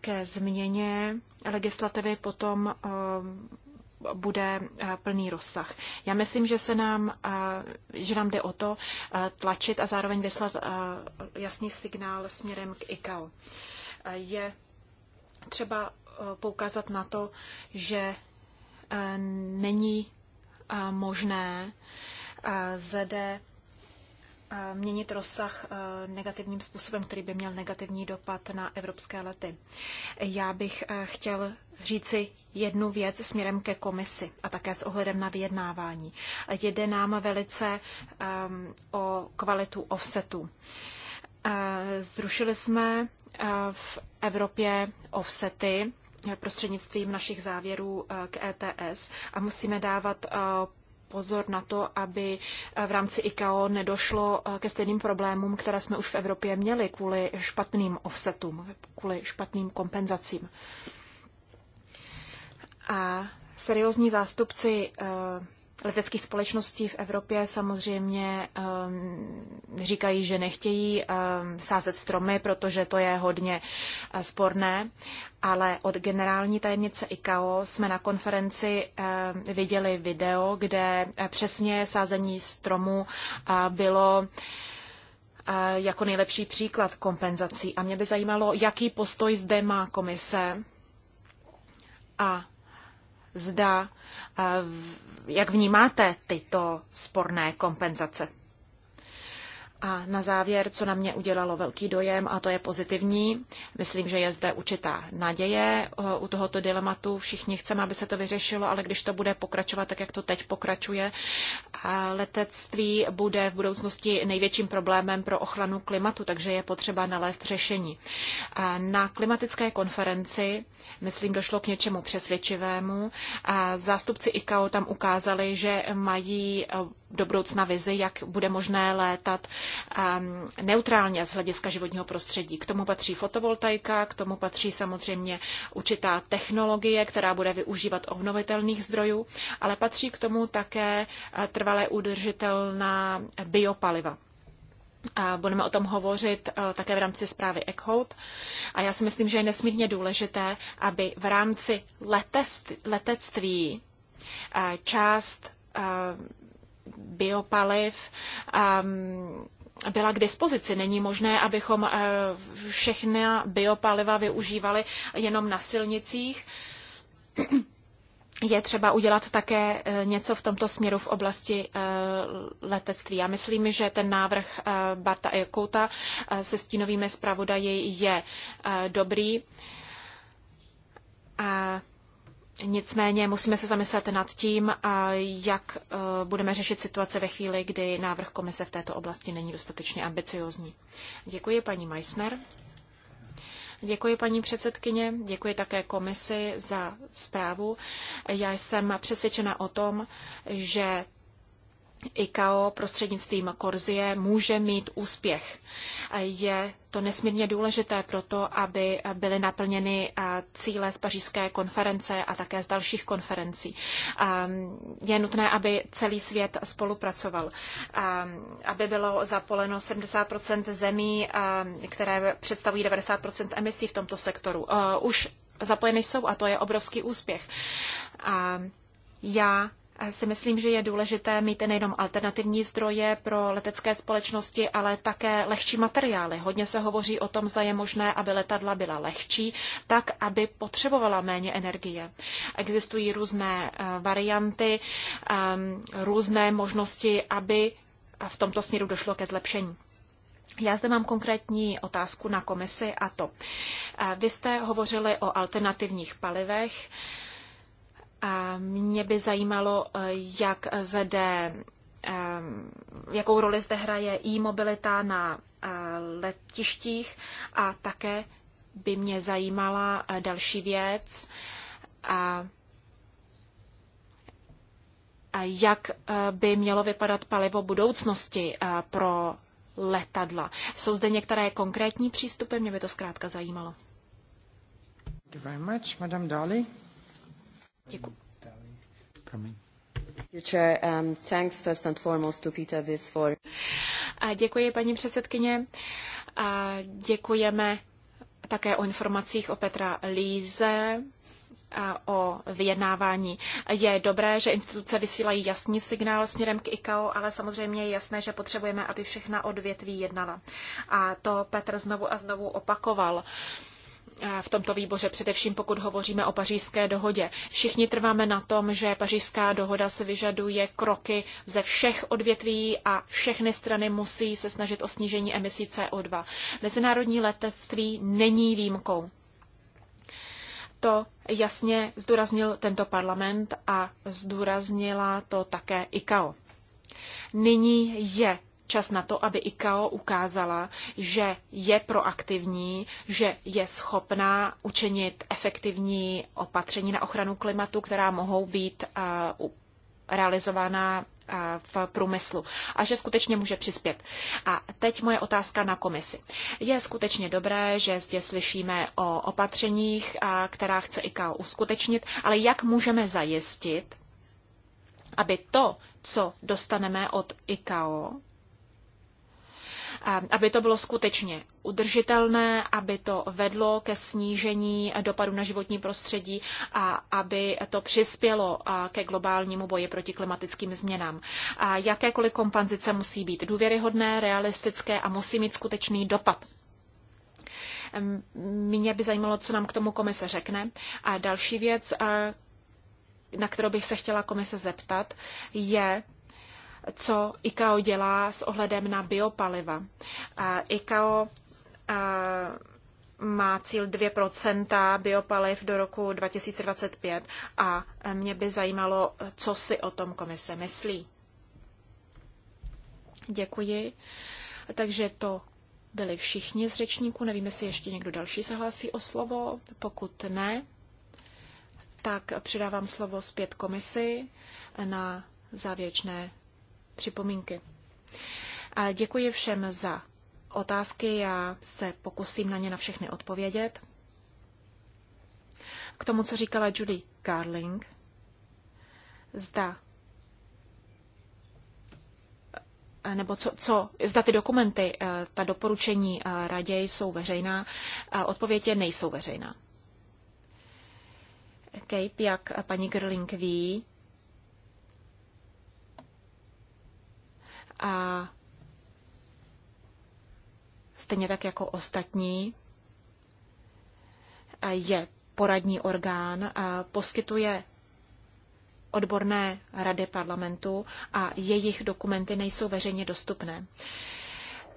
ke změně legislativy, potom bude eh, plný rozsah. Já myslím, že se nám, eh, že nám jde o to eh, tlačit a zároveň vyslat jasný signál směrem k ICAO. Je třeba poukázat na to, že není možné zde měnit rozsah negativním způsobem, který by měl negativní dopad na evropské lety. Já bych chtěl říci jednu věc směrem ke komisi a také s ohledem na vyjednávání. Jde nám velice um, o kvalitu offsetu. Uh, zrušili jsme uh, v Evropě offsety prostřednictvím našich závěrů uh, k ETS a musíme dávat pozor na to, aby v rámci ICAO nedošlo ke stejným problémům, které jsme už v Evropě měli kvůli špatným offsetům, kvůli špatným kompenzacím. A seriózní zástupci eh, leteckých společností v Evropě samozřejmě eh, říkají, že nechtějí eh, sázet stromy, protože to je hodně sporné, ale od generální tajemnice ICAO jsme na konferenci viděli video, kde přesně sázení stromu bylo jako nejlepší příklad kompenzací. A mě by zajímalo, jaký postoj zde má komise a zda, eh, jak vnímáte tyto sporné kompenzace. A na závěr, co na mě udělalo velký dojem, a to je pozitivní, myslím, že je zde určitá naděje u tohoto dilematu. Všichni chceme, aby se to vyřešilo, ale když to bude pokračovat tak, jak to teď pokračuje, letectví bude v budoucnosti největším problémem pro ochranu klimatu, takže je potřeba nalézt řešení. Na klimatické konferenci, myslím, došlo k něčemu přesvědčivému. Zástupci ICAO tam ukázali, že mají do budoucna vizi, jak bude možné létat ehm, neutrálně z hlediska životního prostředí. K tomu patří fotovoltaika, k tomu patří samozřejmě určitá technologie, která bude využívat obnovitelných zdrojů, ale patří k tomu také eh, trvalé udržitelná biopaliva. A budeme o tom hovořit eh, také v rámci zprávy ECHOUT. A já si myslím, že je nesmírně důležité, aby v rámci letest, letectví eh, část biopaliv ehm, byla k dispozici. Není možné, abychom eh, všechny biopaliva využívali jenom na silnicích. Je třeba udělat také eh, něco v tomto směru v oblasti eh, letectví. Já myslím, že ten návrh Barta Ekouta se stínovými zpravodaji je dobrý. A Nicméně musíme se zamyslet nad tím, jak e, budeme řešit situace ve chvíli, kdy návrh komise v této oblasti není dostatečně ambiciozní. Děkuji paní Meissner. Děkuji paní předsedkyně, děkuji také komisi za zprávu. Já jsem přesvědčena o tom, že ICAO prostřednictvím Korzie může mít úspěch. Je to nesmírně důležité pro to, aby byly naplněny cíle z pařížské konference a také z dalších konferencí. Je nutné, aby celý svět spolupracoval, aby bylo zapoleno 70 zemí, které představují 90 emisí v tomto sektoru. Už zapojeny jsou a to je obrovský úspěch. Já si myslím, že je důležité mít nejenom alternativní zdroje pro letecké společnosti, ale také lehčí materiály. Hodně se hovoří o tom, zda je možné, aby letadla byla lehčí, tak, aby potřebovala méně energie. Existují různé eh, varianty, ehm, různé možnosti, aby v tomto směru došlo ke zlepšení. Já zde mám konkrétní otázku na komisi a to. Eh, vy jste hovořili o alternativních palivech. A mě by zajímalo, eh, jak zde, eh, jakou roli zde hraje e-mobilita na eh, letištích a také by mě zajímala další věc, a, a jak by mělo vypadat palivo budoucnosti pro letadla. Jsou zde některé konkrétní přístupy, mě by to zkrátka zajímalo. Thank you very much, Madame Dali. Děkuji. Promiň. A děkuji, paní předsedkyně. A děkujeme také o informacích o Petra Líze a o vyjednávání. Je dobré, že instituce vysílají jasný signál směrem k ICAO, ale samozřejmě je jasné, že potřebujeme, aby všechna odvětví jednala. A to Petr znovu a znovu opakoval v tomto výboře, především pokud hovoříme o pařížské dohodě. Všichni trváme na tom, že pařížská dohoda se vyžaduje kroky ze všech odvětví a všechny strany musí se snažit o snížení emisí CO2. Mezinárodní letectví není výjimkou. To jasně zdůraznil tento parlament a zdůraznila to také ICAO. Nyní je čas na to, aby ICAO ukázala, že je proaktivní, že je schopná učinit efektivní opatření na ochranu klimatu, která mohou být uh, realizována eh, v průmyslu a že skutečně může přispět. A teď moje otázka na komisi. Je skutečně dobré, že zde slyšíme o opatřeních, eh, která chce ICAO uskutečnit, ale jak můžeme zajistit, aby to, co dostaneme od ICAO, aby to bylo skutečně udržitelné, aby to vedlo ke snížení dopadu na životní prostředí a aby to přispělo ke globálnímu boji proti klimatickým změnám. A jakékoliv kompenzice musí být důvěryhodné, realistické a musí mít skutečný dopad. Mě by zajímalo, co nám k tomu komise řekne. A další věc, na kterou bych se chtěla komise zeptat, je, co ICAO dělá s ohledem na biopaliva. ICAO má cíl 2% biopaliv do roku 2025 a mě by zajímalo, co si o tom komise myslí. Děkuji. Takže to byli všichni z řečníků. Nevím, jestli ještě někdo další se hlásí o slovo. Pokud ne, tak předávám slovo zpět komisi na závěrečné připomínky. A děkuji všem za otázky, já se pokusím na ně na všechny odpovědět. K tomu, co říkala Judy Garling, zda nebo co, co, zda ty dokumenty, eh, ta doporučení eh, radě jsou veřejná, eh, odpověď je nejsou veřejná. Cape, jak paní Gerling ví, a stejně tak jako ostatní, je poradní orgán, poskytuje odborné rady parlamentu a jejich dokumenty nejsou veřejně dostupné.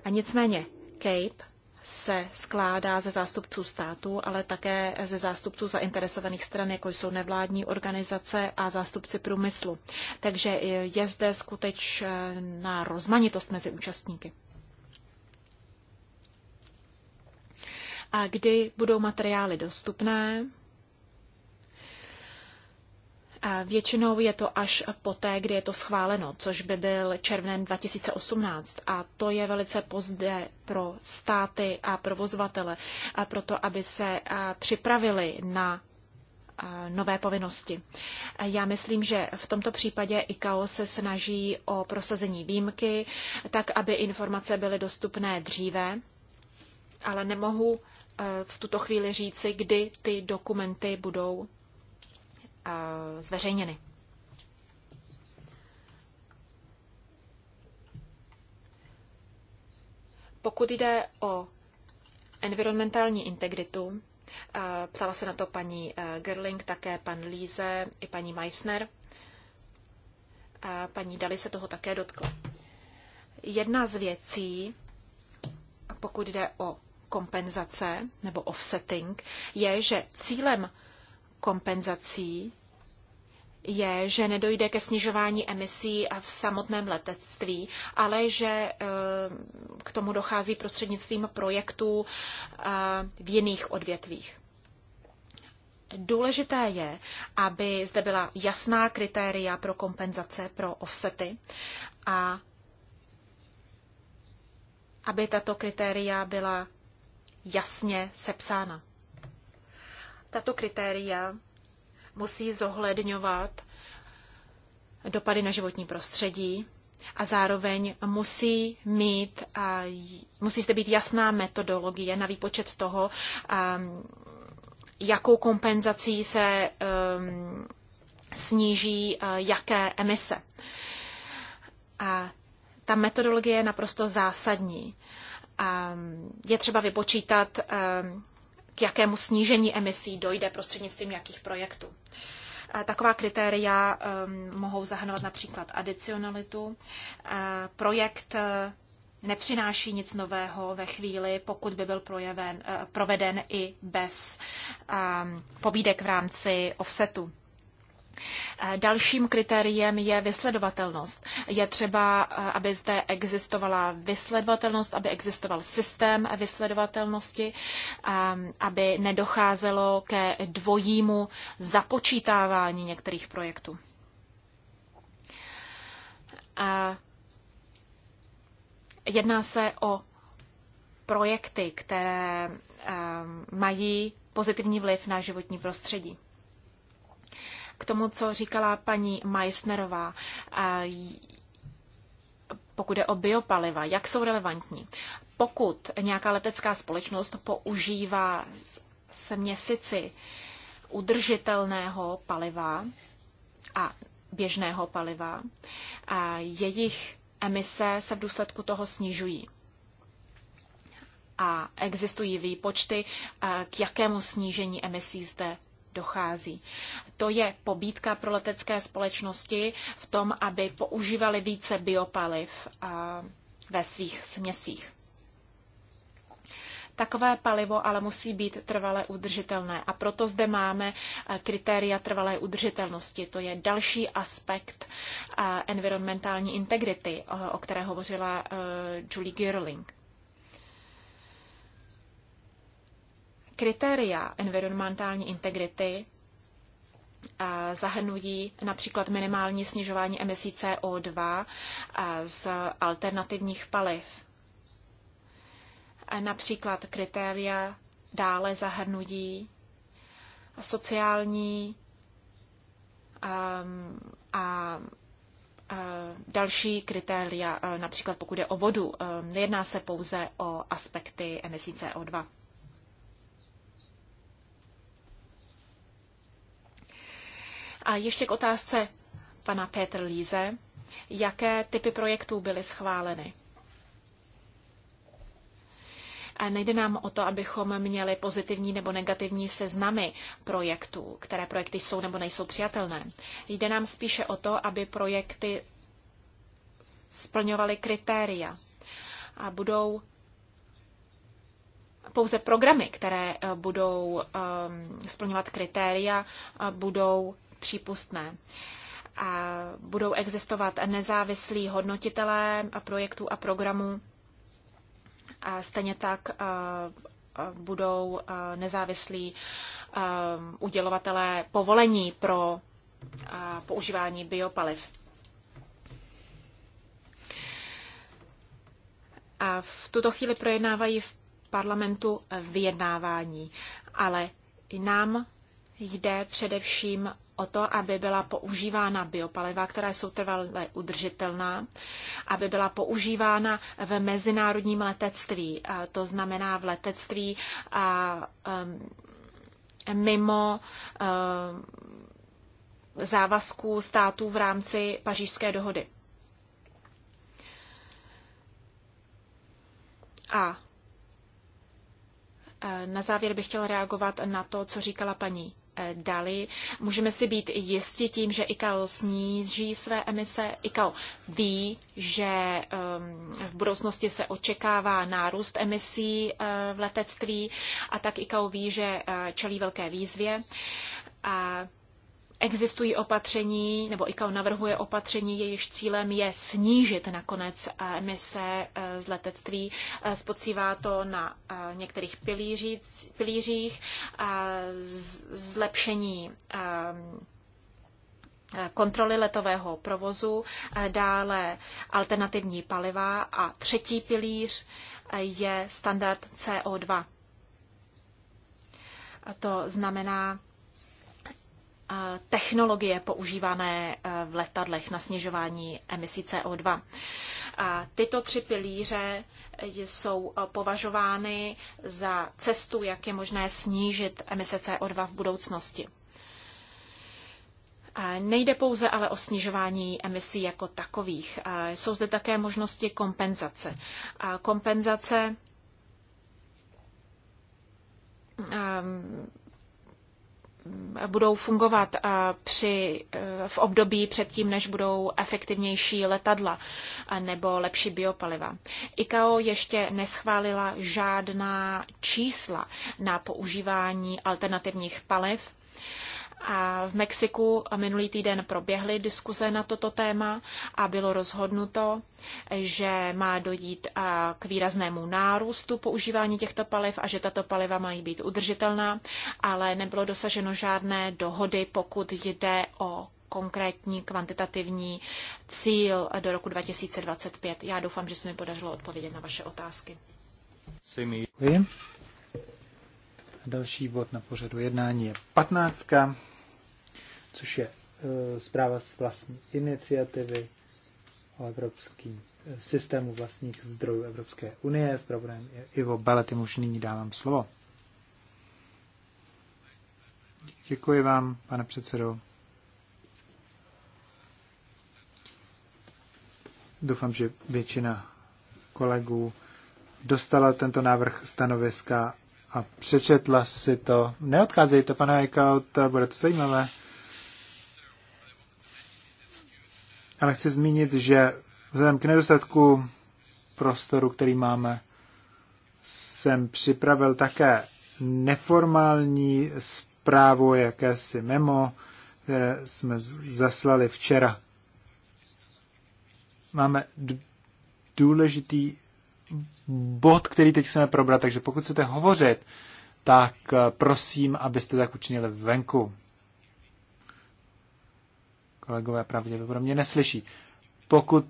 A nicméně CAPE se skládá ze zástupců státu, ale také ze zástupců zainteresovaných stran, jako jsou nevládní organizace a zástupci průmyslu. Takže je zde skutečná rozmanitost mezi účastníky. A kdy budou materiály dostupné? Většinou je to až poté, kdy je to schváleno, což by byl červnen 2018. A to je velice pozdě pro státy a provozovatele, a proto aby se připravili na nové povinnosti. Já myslím, že v tomto případě ICAO se snaží o prosazení výjimky, tak aby informace byly dostupné dříve, ale nemohu v tuto chvíli říci, kdy ty dokumenty budou zveřejněny. Pokud jde o environmentální integritu, ptala se na to paní Gerling, také pan Líze i paní Meissner. Paní Dali se toho také dotkla. Jedna z věcí, pokud jde o kompenzace nebo offsetting, je, že cílem kompenzací je, že nedojde ke snižování emisí v samotném letectví, ale že eh, k tomu dochází prostřednictvím projektů eh, v jiných odvětvích. Důležité je, aby zde byla jasná kritéria pro kompenzace pro offsety a aby tato kritéria byla jasně sepsána. Tato kritéria musí zohledňovat dopady na životní prostředí a zároveň musí mít, musí zde být jasná metodologie na výpočet toho, jakou kompenzací se um, sníží jaké emise. A ta metodologie je naprosto zásadní. Je třeba vypočítat um, k jakému snížení emisí dojde prostřednictvím jakých projektů. Taková kritéria um, mohou zahrnovat například adicionalitu. Projekt uh, nepřináší nic nového ve chvíli, pokud by byl projeven, uh, proveden i bez um, pobídek v rámci offsetu. Eh, dalším kritériem je vysledovatelnost. Je třeba, eh, aby zde existovala vysledovatelnost, aby existoval systém vysledovatelnosti, ehm, aby nedocházelo ke dvojímu započítávání některých projektů. Eh, jedná se o projekty, které ehm, mají pozitivní vliv na životní prostředí. K tomu, co říkala paní Meissnerová, eh, pokud je o biopaliva, jak jsou relevantní? Pokud nějaká letecká společnost používá měsici udržitelného paliva a běžného paliva, a eh, jejich emise se v důsledku toho snižují. A existují výpočty, eh, k jakému snížení emisí zde dochází. To je pobídka pro letecké společnosti v tom, aby používali více biopaliv ve svých směsích. Takové palivo ale musí být trvalé, udržitelné a proto zde máme kritéria trvalé udržitelnosti. To je další aspekt environmentální integrity, o které hovořila e, Julie Girling. Kritéria environmentální integrity eh, zahrnují například minimální snižování emisí CO2 eh, z alternativních paliv. Eh, například kritéria dále zahrnují sociální ehm, a, a, a další kritéria, například pokud je o vodu. Nejedná se pouze o aspekty emisí CO2. A ještě k otázce pana Petr Líze. Jaké typy projektů byly schváleny? A nejde nám o to, abychom měli pozitivní nebo negativní seznamy projektů, které projekty jsou nebo nejsou přijatelné. Jde nám spíše o to, aby projekty splňovaly kritéria a budou pouze programy, které eh, budou ehm, splňovat kritéria, budou přípustné. A budou existovat nezávislí hodnotitelé projektů a programů. A stejně tak eh, budou eh, nezávislí eh, udělovatelé povolení pro používání biopaliv. A v tuto chvíli projednávají v parlamentu vyjednávání, ale nám jde především o to, aby byla používána biopaliva, která jsou trvale udržitelná, aby byla používána v mezinárodním letectví, to znamená v letectví a, mimo závazků států v rámci pařížské dohody. A e, na závěr bych chtěla reagovat na to, co říkala paní Eh, dali. Můžeme si být jisti tím, že ICAO sníží své emise. ICAO ví, že ehm, v budoucnosti se očekává nárůst emisí eh, v letectví a tak ICAO ví, že eh, čelí velké výzvě. A Existují opatření, nebo ICAO navrhuje opatření, jejichž cílem je snížit nakonec emise eh, z letectví. Eh, Spocívá to na eh, některých pilířích, zlepšení kontroly letového provozu, dále alternativní paliva a třetí pilíř je standard CO2. A to znamená technologie používané eh, v letadlech na snižování emisí CO2. A tyto tři pilíře eh, jsou eh, považovány za cestu, jak je možné snížit emise CO2 v budoucnosti. Nejde pouze ale o snižování emisí jako takových. Jsou zde také možnosti kompenzace. Kompenzace ehm, budou fungovat eh, při, eh, v období předtím, než budou efektivnější letadla eh, nebo lepší biopaliva. ICAO ještě neschválila žádná čísla na používání alternativních paliv. A v Mexiku minulý týden proběhly diskuze na toto téma a bylo rozhodnuto, že má dojít k výraznému nárůstu používání těchto paliv a že tato paliva mají být udržitelná, ale nebylo dosaženo žádné dohody, pokud jde o konkrétní kvantitativní cíl do roku 2025. Já doufám, že se mi podařilo odpovědět na vaše otázky. Další bod na pořadu jednání je 15, což je e, zpráva z vlastní iniciativy o evropském e, systému vlastních zdrojů Evropské unie. Zpravodajem Ivo Belety, už nyní dávám slovo. Děkuji vám, pane předsedo. Doufám, že většina kolegů dostala tento návrh stanoviska a přečetla si to. to, pane Eichaut, bude to zajímavé. Ale chci zmínit, že vzhledem k nedostatku prostoru, který máme, jsem připravil také neformální zprávu, jakési memo, které jsme zaslali včera. Máme důležitý bod, který teď chceme probrat, takže pokud chcete hovořit, tak eh, prosím, abyste tak učinili venku. Kolegové pravděpodobně neslyší. Pokud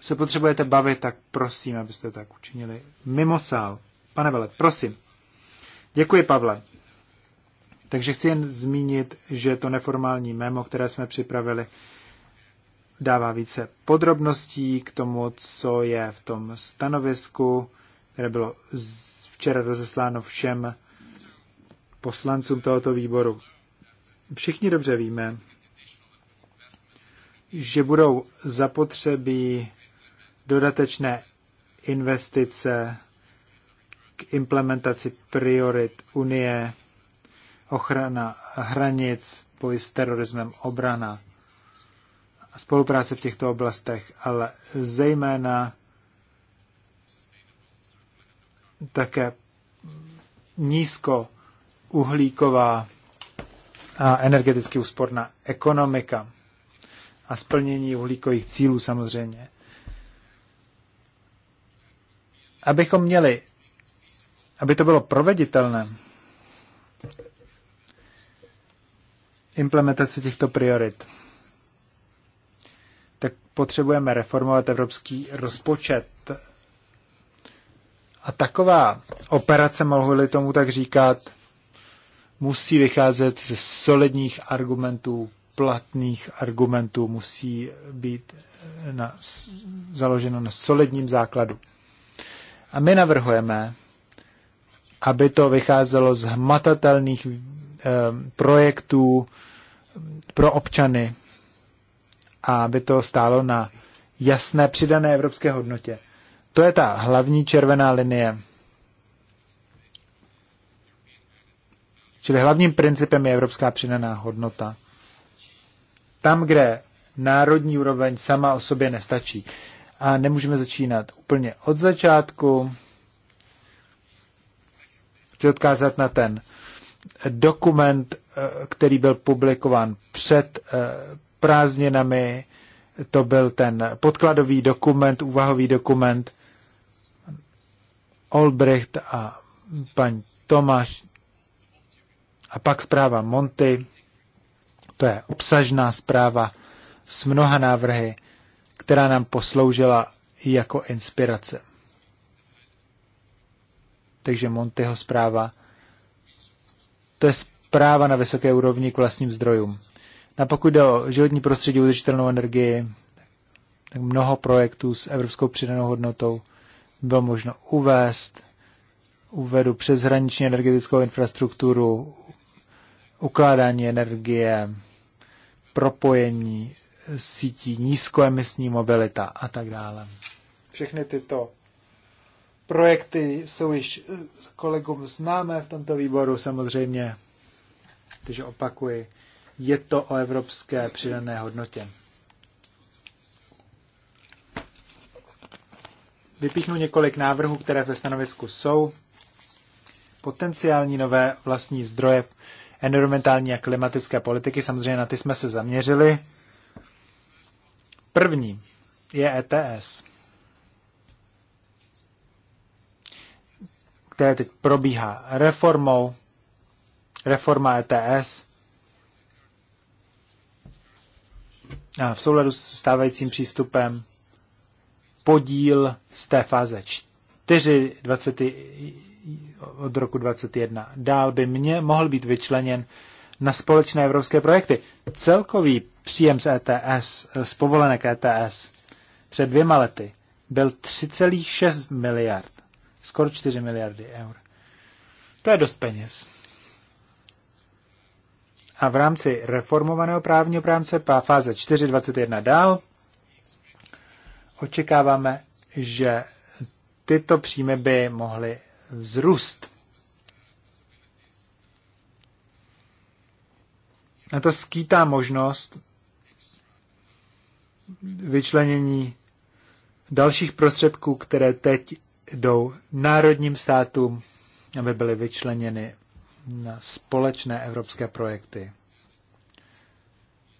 se potřebujete bavit, tak prosím, abyste tak učinili mimo sál. Pane Velet, prosím. Děkuji, Pavle. Takže chci jen zmínit, že to neformální memo, které jsme připravili, dává více podrobností k tomu, co je v tom stanovisku, které bylo včera rozesláno všem poslancům tohoto výboru. Všichni dobře víme, že budou zapotřebí dodatečné investice k implementaci priorit Unie, ochrana hranic, boj s terorismem, obrana a spolupráce v těchto oblastech, ale zejména také nízko uhlíková a energeticky úsporná ekonomika a splnění uhlíkových cílů samozřejmě. Abychom měli, aby to bylo proveditelné, implementace těchto priorit tak potřebujeme reformovat evropský rozpočet. A taková operace, mohu-li tomu tak říkat, musí vycházet ze solidních argumentů, platných argumentů, musí být na, založeno na solidním základu. A my navrhujeme, aby to vycházelo z hmatatelných eh, projektů pro občany, a aby to stálo na jasné přidané evropské hodnotě. To je ta hlavní červená linie. Čili hlavním principem je evropská přidaná hodnota. Tam, kde národní úroveň sama o sobě nestačí. A nemůžeme začínat úplně od začátku. Chci odkázat na ten dokument, eh, který byl publikován před eh, prázdninami. To byl ten podkladový dokument, úvahový dokument. Olbricht a pan Tomáš a pak zpráva Monty. To je obsažná zpráva s mnoha návrhy, která nám posloužila jako inspirace. Takže Montyho zpráva, to je zpráva na vysoké úrovni k vlastním zdrojům. A pokud jde o životní prostředí, udržitelnou energii, tak mnoho projektů s evropskou přidanou hodnotou bylo možno uvést. Uvedu přeshraniční energetickou infrastrukturu, ukládání energie, propojení sítí, nízkoemisní mobilita a tak dále. Všechny tyto projekty jsou již kolegům známé v tomto výboru samozřejmě, takže opakuji, je to o evropské přidané hodnotě. Vypíchnu několik návrhů, které ve stanovisku jsou. Potenciální nové vlastní zdroje environmentální a klimatické politiky, samozřejmě na ty jsme se zaměřili. První je ETS, které teď probíhá reformou. Reforma ETS v souladu s stávajícím přístupem podíl z té fáze 4 20, od roku 2021, Dál by mě mohl být vyčleněn na společné evropské projekty. Celkový příjem z ETS, z povolenek ETS před dvěma lety byl 3,6 miliard, skoro 4 miliardy eur. To je dost peněz. A v rámci reformovaného právního rámce fáze 4.21 dál očekáváme, že tyto příjmy by mohly vzrůst. A to skýtá možnost vyčlenění dalších prostředků, které teď jdou národním státům, aby byly vyčleněny na společné evropské projekty,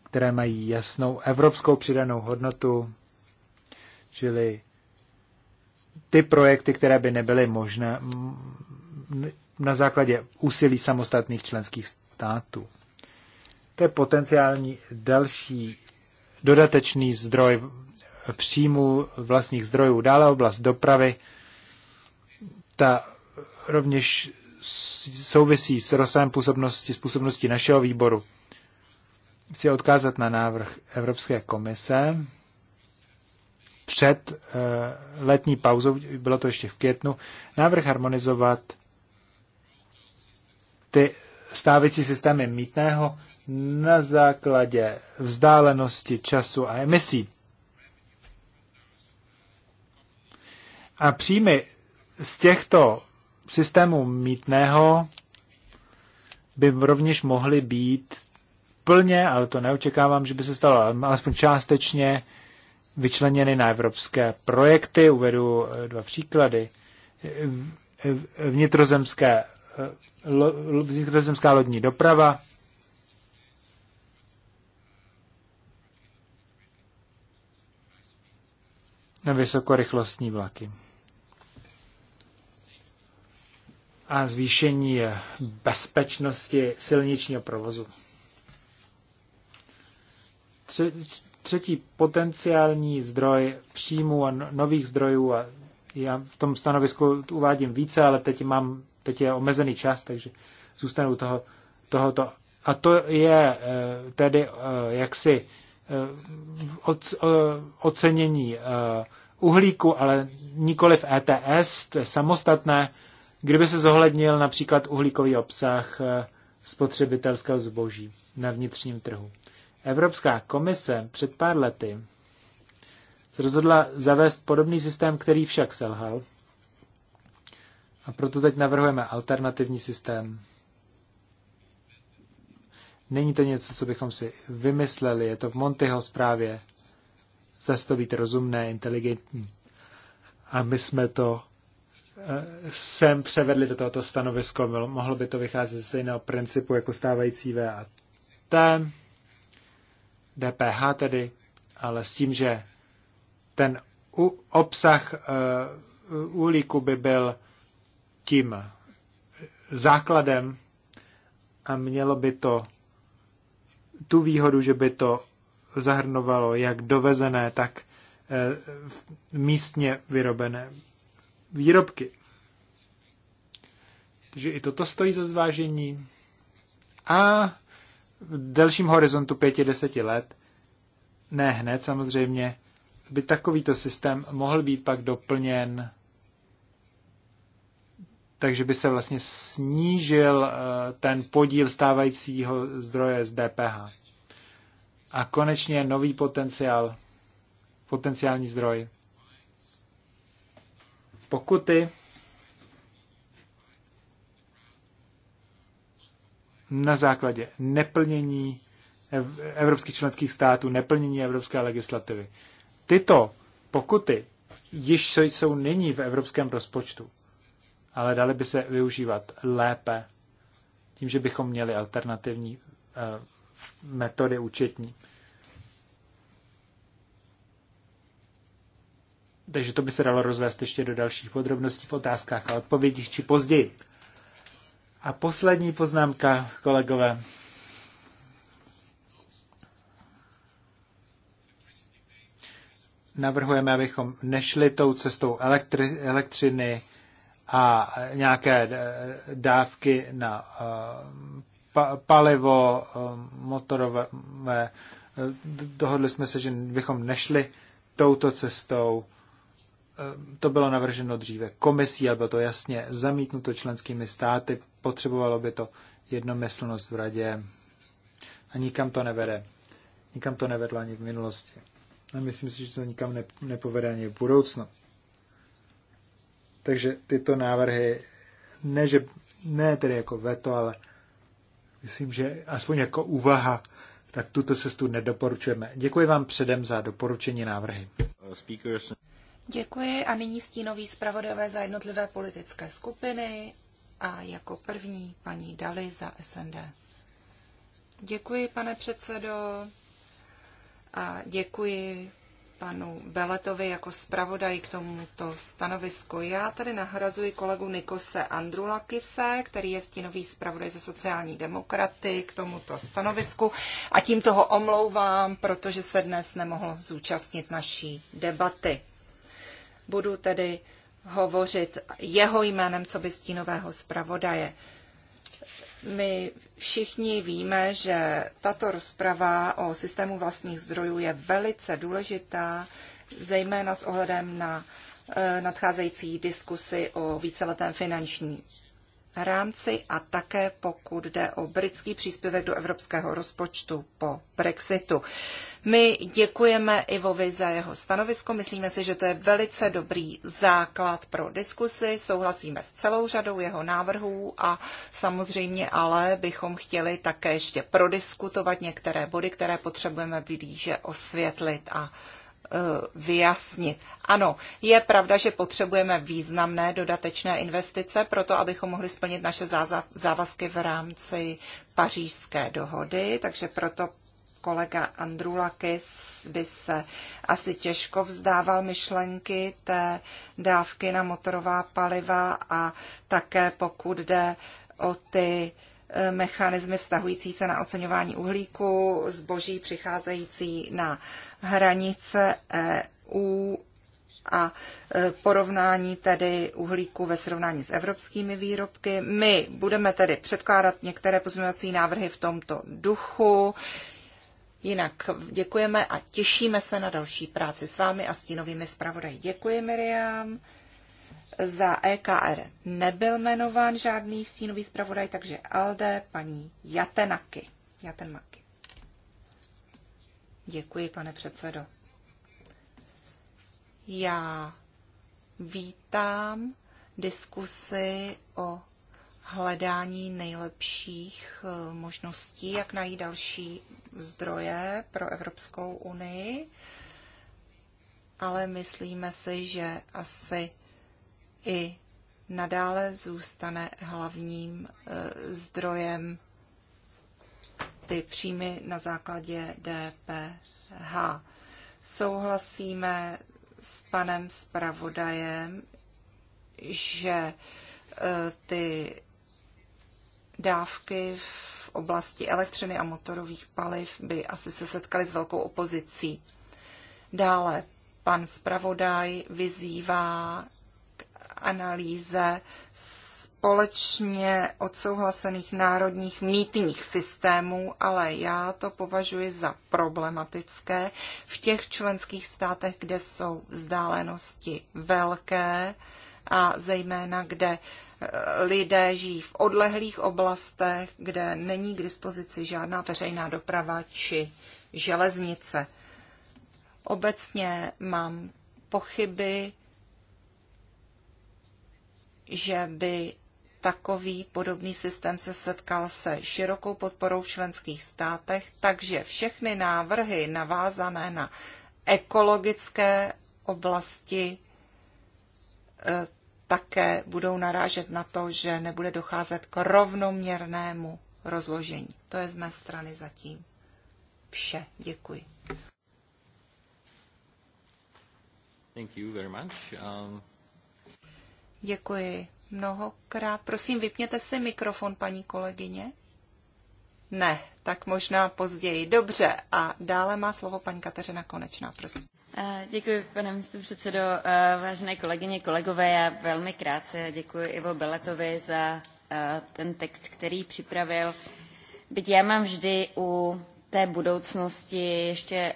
které mají jasnou evropskou přidanou hodnotu, čili ty projekty, které by nebyly možné na základě úsilí samostatných členských států. To je potenciální další dodatečný zdroj příjmu vlastních zdrojů. Dále oblast dopravy, ta rovněž souvisí s rozsahem působnosti, s působností našeho výboru. Chci odkázat na návrh Evropské komise. Před eh, letní pauzou, bylo to ještě v květnu, návrh harmonizovat ty stávající systémy mítného na základě vzdálenosti času a emisí. A příjmy z těchto systému mítného by rovněž mohly být plně, ale to neočekávám, že by se stalo alespoň částečně vyčleněny na evropské projekty. Uvedu eh, dva příklady. Vnitrozemské, eh, vnitrozemská lodní doprava, na vysokorychlostní vlaky. a zvýšení bezpečnosti silničního provozu. Třetí potenciální zdroj příjmu a no, nových zdrojů, a já v tom stanovisku uvádím více, ale teď, mám, teď je omezený čas, takže zůstanu u toho, tohoto. A to je eh, tedy eh, jaksi eh, ocenění uhlíku, ale nikoli v ETS, to je samostatné kdyby se zohlednil například uhlíkový obsah eh, spotřebitelského zboží na vnitřním trhu. Evropská komise před pár lety se rozhodla zavést podobný systém, který však selhal. A proto teď navrhujeme alternativní systém. Není to něco, co bychom si vymysleli, je to v Montyho zprávě. Zase to být rozumné, inteligentní. A my jsme to sem převedli do tohoto stanovisko. Mohlo by to vycházet ze stejného principu jako stávající VAT. DPH tedy, ale s tím, že ten obsah úlíku eh, by byl tím základem a mělo by to tu výhodu, že by to zahrnovalo jak dovezené, tak eh, místně vyrobené výrobky. Takže i toto stojí za zvážení. A v delším horizontu 5-10 let, ne hned samozřejmě, by takovýto systém mohl být pak doplněn, takže by se vlastně snížil eh, ten podíl stávajícího zdroje z DPH. A konečně nový potenciál, potenciální zdroj pokuty na základě neplnění evropských členských států, neplnění evropské legislativy. Tyto pokuty již jsou nyní v evropském rozpočtu, ale daly by se využívat lépe tím, že bychom měli alternativní eh, metody účetní. Takže to by se dalo rozvést ještě do dalších podrobností v otázkách a odpovědích či později. A poslední poznámka, kolegové. Navrhujeme, abychom nešli tou cestou elektri- elektřiny a nějaké eh, dávky na eh, pa- palivo eh, motorové. Dohodli jsme se, že bychom nešli touto cestou Eh, to bylo navrženo dříve komisí, ale bylo to jasně zamítnuto členskými státy, potřebovalo by to jednomyslnost v radě a nikam to nevede. Nikam to nevedlo ani v minulosti. A myslím si, že to nikam nepovede ani v budoucnu. Takže tyto návrhy, ne, že, ne tedy jako veto, ale myslím, že aspoň jako úvaha, tak tuto cestu nedoporučujeme. Děkuji vám předem za doporučení návrhy. Uh, Děkuji a nyní stínový zpravodajové za jednotlivé politické skupiny a jako první paní Dali za SND. Děkuji, pane předsedo, a děkuji panu Beletovi jako zpravodaji k tomuto stanovisku. Já tady nahrazuji kolegu Nikose Andrulakise, který je stínový zpravodaj ze sociální demokraty k tomuto stanovisku a tím toho omlouvám, protože se dnes nemohl zúčastnit naší debaty. Budu tedy hovořit jeho jménem, co by stínového zpravodaje. My všichni víme, že tato rozprava o systému vlastních zdrojů je velice důležitá, zejména s ohledem na e, nadcházející diskusy o víceletém finančním rámci a také pokud jde o britský příspěvek do evropského rozpočtu po Brexitu. My děkujeme Ivovi za jeho stanovisko, myslíme si, že to je velice dobrý základ pro diskusy, souhlasíme s celou řadou jeho návrhů a samozřejmě ale bychom chtěli také ještě prodiskutovat některé body, které potřebujeme blíže osvětlit a e, vyjasnit. Ano, je pravda, že potřebujeme významné dodatečné investice pro to, abychom mohli splnit naše závazky v rámci pařížské dohody, takže proto kolega Andrulakis by se asi těžko vzdával myšlenky té dávky na motorová paliva a také pokud jde o ty e, mechanismy vztahující se na oceňování uhlíku, zboží přicházející na hranice EU a e, porovnání tedy uhlíku ve srovnání s evropskými výrobky. My budeme tedy předkládat některé pozměňovací návrhy v tomto duchu. Jinak děkujeme a těšíme se na další práci s vámi a stínovými zpravodaji. Děkuji, Miriam. Za EKR nebyl jmenován žádný stínový zpravodaj, takže Alde paní Jatenaky. Jatenmaky. Děkuji, pane předsedo. Já vítám diskusi o hledání nejlepších eh, možností, jak najít další zdroje pro Evropskou unii, ale myslíme si, že asi i nadále zůstane hlavním eh, zdrojem ty příjmy na základě DPH. Souhlasíme s panem zpravodajem, že eh, ty dávky v oblasti elektřiny a motorových paliv by asi se setkali s velkou opozicí. Dále pan zpravodaj vyzývá k analýze společně odsouhlasených národních mítních systémů, ale já to považuji za problematické v těch členských státech, kde jsou vzdálenosti velké a zejména kde lidé žijí v odlehlých oblastech, kde není k dispozici žádná veřejná doprava či železnice. Obecně mám pochyby, že by takový podobný systém se setkal se širokou podporou v členských státech, takže všechny návrhy navázané na ekologické oblasti eh, také budou narážet na to, že nebude docházet k rovnoměrnému rozložení. To je z mé strany zatím vše. Děkuji. Thank you very much. Um... Děkuji mnohokrát. Prosím, vypněte si mikrofon, paní kolegyně. Ne, tak možná později. Dobře, a dále má slovo paní Kateřina Konečná, prosím. Eh, děkuji, pane místo předsedo. Eh, vážené kolegyně, kolegové, já velmi krátce děkuji Ivo Belatovi za eh, ten text, který připravil. Byť já mám vždy u té budoucnosti ještě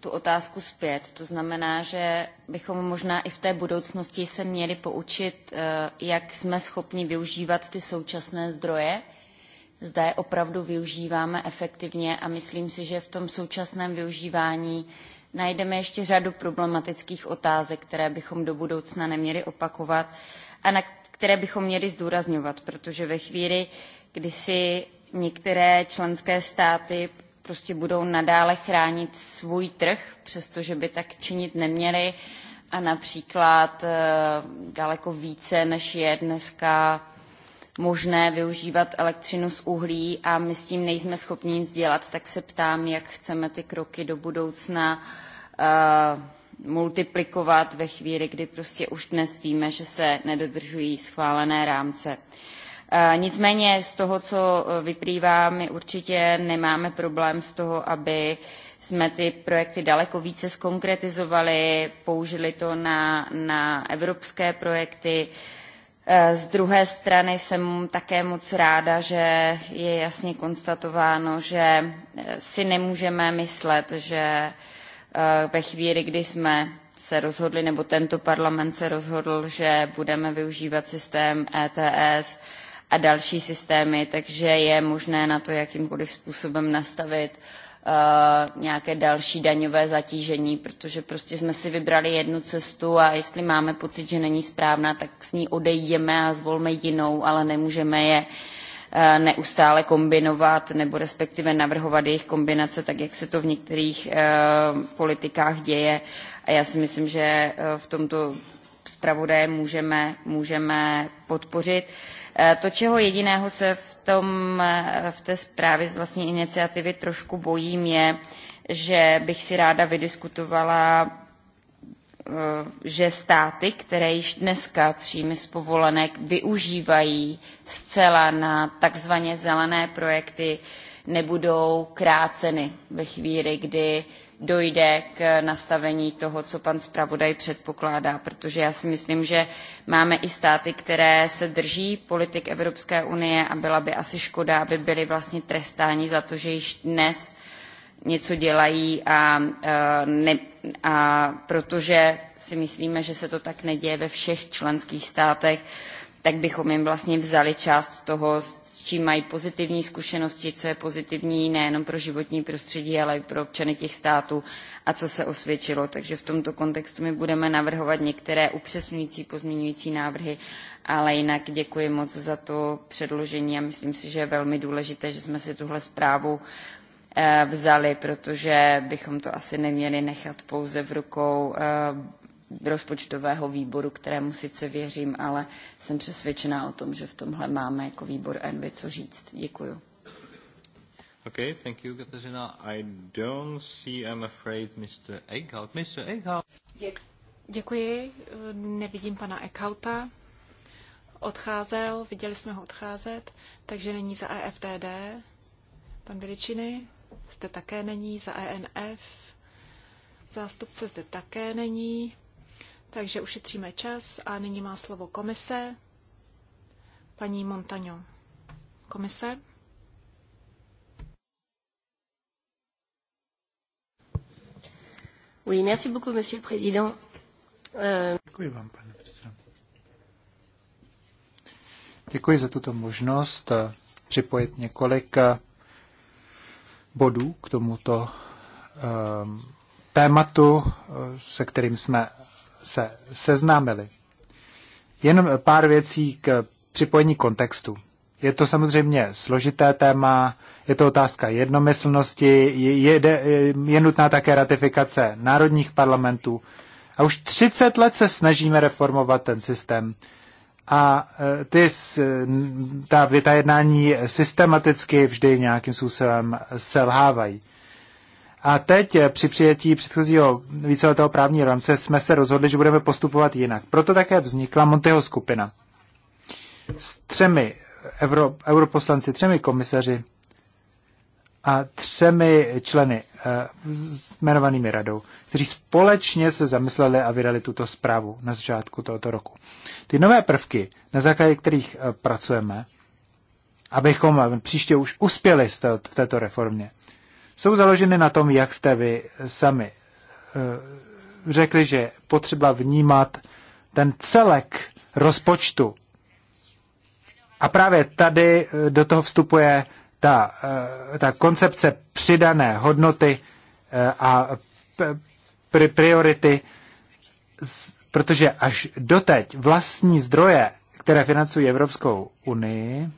tu otázku zpět. To znamená, že bychom možná i v té budoucnosti se měli poučit, jak jsme schopni využívat ty současné zdroje, zda je opravdu využíváme efektivně a myslím si, že v tom současném využívání najdeme ještě řadu problematických otázek, které bychom do budoucna neměli opakovat a na které bychom měli zdůrazňovat, protože ve chvíli, kdy si některé členské státy prostě budou nadále chránit svůj trh, přestože by tak činit neměly a například eh, daleko více, než je dneska možné využívat elektřinu z uhlí a my s tím nejsme schopni nic dělat, tak se ptám, jak chceme ty kroky do budoucna eh, multiplikovat ve chvíli, kdy prostě už dnes víme, že se nedodržují schválené rámce. Eh, nicméně z toho, co vyplývá, my určitě nemáme problém z toho, aby jsme ty projekty daleko více skonkretizovali, použili to na, na evropské projekty, uh, E, z druhé strany jsem také moc ráda, že je jasně konstatováno, že e, si nemůžeme myslet, že e, ve chvíli, kdy jsme se rozhodli, nebo tento parlament se rozhodl, že budeme využívat systém ETS a další systémy, takže je možné na to jakýmkoliv způsobem nastavit Eh, nějaké další daňové zatížení, protože prostě jsme si vybrali jednu cestu a jestli máme pocit, že není správná, tak s ní odejdeme a zvolme jinou, ale nemůžeme je eh, neustále kombinovat nebo respektive navrhovat jejich kombinace, tak jak se to v některých eh, politikách děje. A já si myslím, že v tomto zpravodaje můžeme, můžeme podpořit. Uh, Eh, to, čeho jediného se v, tom, eh, v té zprávě z vlastní iniciativy trošku bojím, je, že bych si ráda vydiskutovala eh, že státy, které již dneska příjmy z povolenek využívají zcela na takzvaně zelené projekty, nebudou kráceny ve chvíli, kdy dojde k nastavení toho, co pan zpravodaj předpokládá, protože já si myslím, že máme i státy, které se drží politik Evropské unie a byla by asi škoda, aby byly vlastně trestáni za to, že již dnes něco dělají a, e, ne, a protože si myslíme, že se to tak neděje ve všech členských státech, tak bychom jim vlastně vzali část toho, čím mají pozitivní zkušenosti, co je pozitivní nejenom pro životní prostředí, ale i pro občany těch států a co se osvědčilo. Takže v tomto kontextu my budeme navrhovat některé upřesňující pozměňující návrhy, ale jinak děkuji moc za to předložení a myslím si, že je velmi důležité, že jsme si tuhle zprávu eh, vzali, protože bychom to asi neměli nechat pouze v rukou eh, rozpočtového výboru, kterému sice věřím, ale jsem přesvědčená o tom, že v tomhle máme jako výbor ENVY co říct. Děkuju. thank you, Kateřina. I don't see, I'm afraid, Mr. Eichhout. Mr. Eichhout. Děkuji, nevidím pana Eckhouta. Odcházel, viděli jsme ho odcházet, takže není za EFTD. Pan Viličiny, zde také není, za ENF. Zástupce zde také není. Takže ušetříme čas a nyní má slovo komise. Paní Montaño. Komise. Oui, merci beaucoup, monsieur le président. Euh, Děkuji vám, pane předsedo. Děkuji za tuto možnost eh, připojit několik eh, bodů k tomuto eh, tématu, se kterým jsme se seznámili. Jenom pár věcí k připojení kontextu. Je to samozřejmě složité téma, je to otázka jednomyslnosti, je, je, je nutná také ratifikace národních parlamentů. A už 30 let se snažíme reformovat ten systém. A e, ty, ta, ta jednání systematicky vždy nějakým způsobem selhávají. A teď eh, při přijetí předchozího víceletého právního rámce jsme se rozhodli, že budeme postupovat jinak. Proto také vznikla Monteho skupina s třemi euro, europoslanci, třemi komisaři a třemi členy eh, jmenovanými radou, kteří společně se zamysleli a vydali tuto zprávu na začátku tohoto roku. Ty nové prvky, na základě kterých eh, pracujeme, abychom příště už uspěli v této reformě, jsou založeny na tom, jak jste vy sami eh, řekli, že potřeba vnímat ten celek rozpočtu. A právě tady eh, do toho vstupuje ta, eh, ta koncepce přidané hodnoty a priority, protože až doteď vlastní zdroje, které financují Evropskou unii,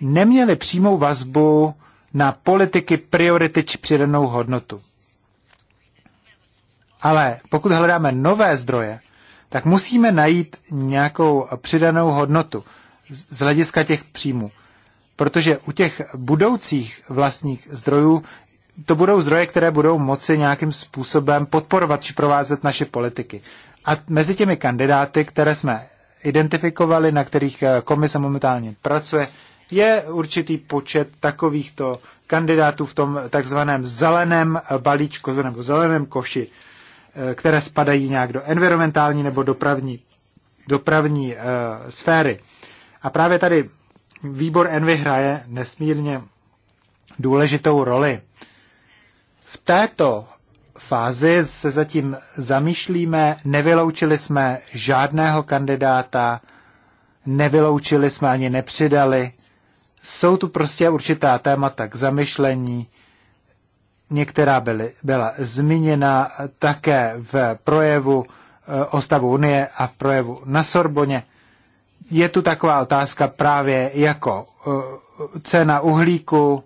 neměly přímou vazbu na politiky priority či přidanou hodnotu. Ale pokud hledáme nové zdroje, tak musíme najít nějakou přidanou hodnotu z hlediska těch příjmů. Protože u těch budoucích vlastních zdrojů to budou zdroje, které budou moci nějakým způsobem podporovat či provázet naše politiky. A mezi těmi kandidáty, které jsme identifikovali, na kterých eh, komise momentálně pracuje, je určitý počet takovýchto kandidátů v tom takzvaném zeleném balíčku nebo zeleném koši, eh, které spadají nějak do environmentální nebo dopravní, dopravní uh, sféry. A právě tady výbor Envy hraje nesmírně důležitou roli. V této fázi se zatím zamýšlíme, nevyloučili jsme žádného kandidáta, nevyloučili jsme ani nepřidali jsou tu prostě určitá témata k zamyšlení, některá byly, byla zmíněna také v projevu eh, o stavu Unie a v projevu na Sorboně. Je tu taková otázka právě jako eh, cena uhlíku,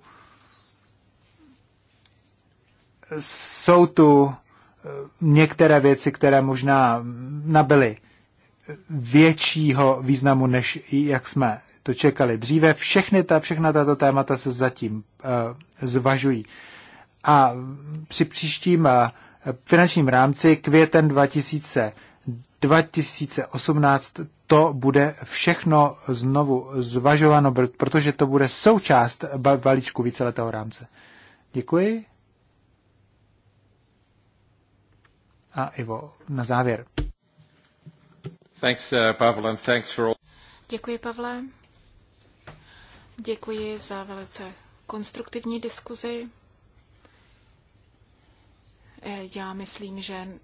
jsou tu eh, některé věci, které možná mm, nabyly většího významu, než jak jsme to čekali dříve. Všechny ta, všechna tato témata se zatím uh, zvažují. A při příštím uh, finančním rámci květen 2000, 2018 to bude všechno znovu zvažováno, protože to bude součást balíčku víceletého rámce. Děkuji. A Ivo, na závěr. Thanks, uh, Pavel, and thanks for all... Děkuji, Pavle. Děkuji za velice konstruktivní diskuzi. Já myslím, že eh,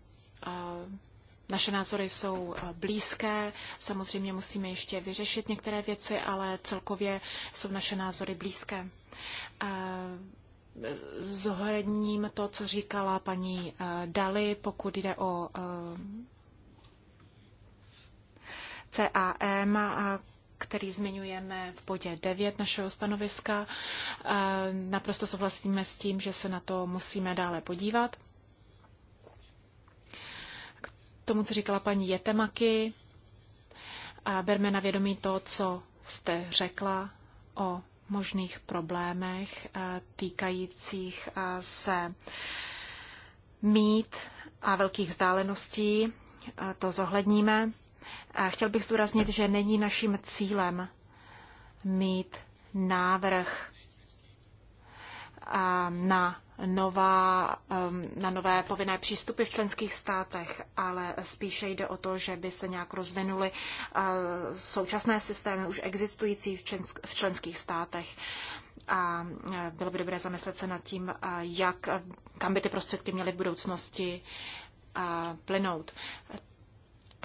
naše názory jsou eh, blízké. Samozřejmě musíme ještě vyřešit některé věci, ale celkově jsou naše názory blízké. Eh, zohledním to, co říkala paní Dali, pokud jde o CAM, který zmiňujeme v bodě 9 našeho stanoviska. E, naprosto souhlasíme s tím, že se na to musíme dále podívat. K tomu, co říkala paní Jetemaky, berme na vědomí to, co jste řekla o možných problémech e, týkajících e, se mít a velkých vzdáleností. To zohledníme. Chtěl bych zdůraznit, že není naším cílem mít návrh na, nová, um, na nové povinné přístupy v členských státech, ale spíše jde o to, že by se nějak rozvinuly současné systémy už existující v členských státech. A e, bylo by dobré zamyslet se nad tím, jak, e, kam by ty prostředky měly v budoucnosti plynout.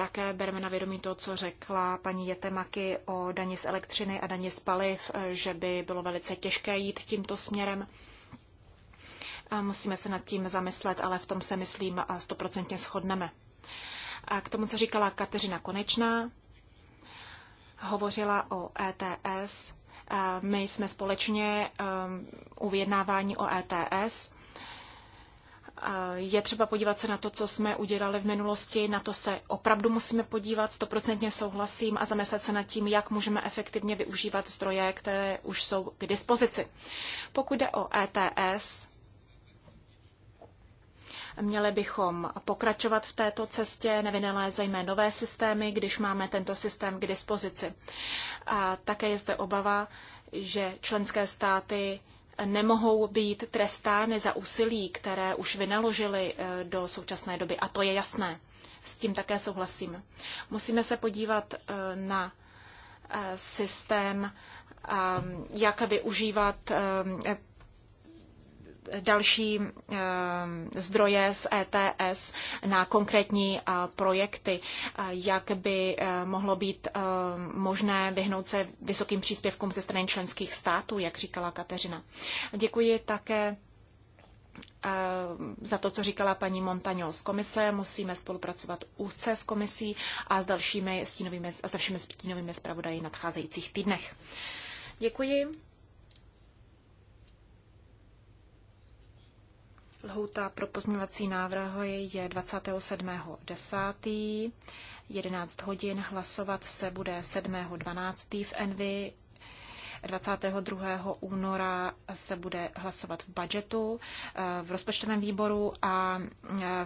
Také bereme na vědomí to, co řekla paní Jetemaky o daně z elektřiny a daně z paliv, že by bylo velice těžké jít tímto směrem. A musíme se nad tím zamyslet, ale v tom se, myslím, a stoprocentně shodneme. A k tomu, co říkala Kateřina Konečná, hovořila o ETS. My jsme společně um, u vyjednávání o ETS je třeba podívat se na to, co jsme udělali v minulosti, na to se opravdu musíme podívat, stoprocentně souhlasím a zamyslet se nad tím, jak můžeme efektivně využívat zdroje, které už jsou k dispozici. Pokud jde o ETS, Měli bychom pokračovat v této cestě, nevynalézejme nové systémy, když máme tento systém k dispozici. A také je zde obava, že členské státy nemohou být trestány za úsilí, které už vynaložili eh, do současné doby. A to je jasné. S tím také souhlasím. Musíme se podívat eh, na eh, systém, jak využívat další eh, zdroje z ETS na konkrétní eh, projekty, eh, jak by mohlo být možné vyhnout se vysokým příspěvkům ze strany členských států, jak říkala Kateřina. Děkuji také za to, co říkala paní Montaño z komise. Musíme spolupracovat úzce s komisí a s dalšími stínovými, a se všemi stínovými zpravodaji v nadcházejících týdnech. Děkuji. Lhouta pro pozměňovací návrhy je 27.10. 11 hodin hlasovat se bude 7.12. v Envy. 22. února se bude hlasovat v budžetu, eh, v rozpočtovém výboru a eh,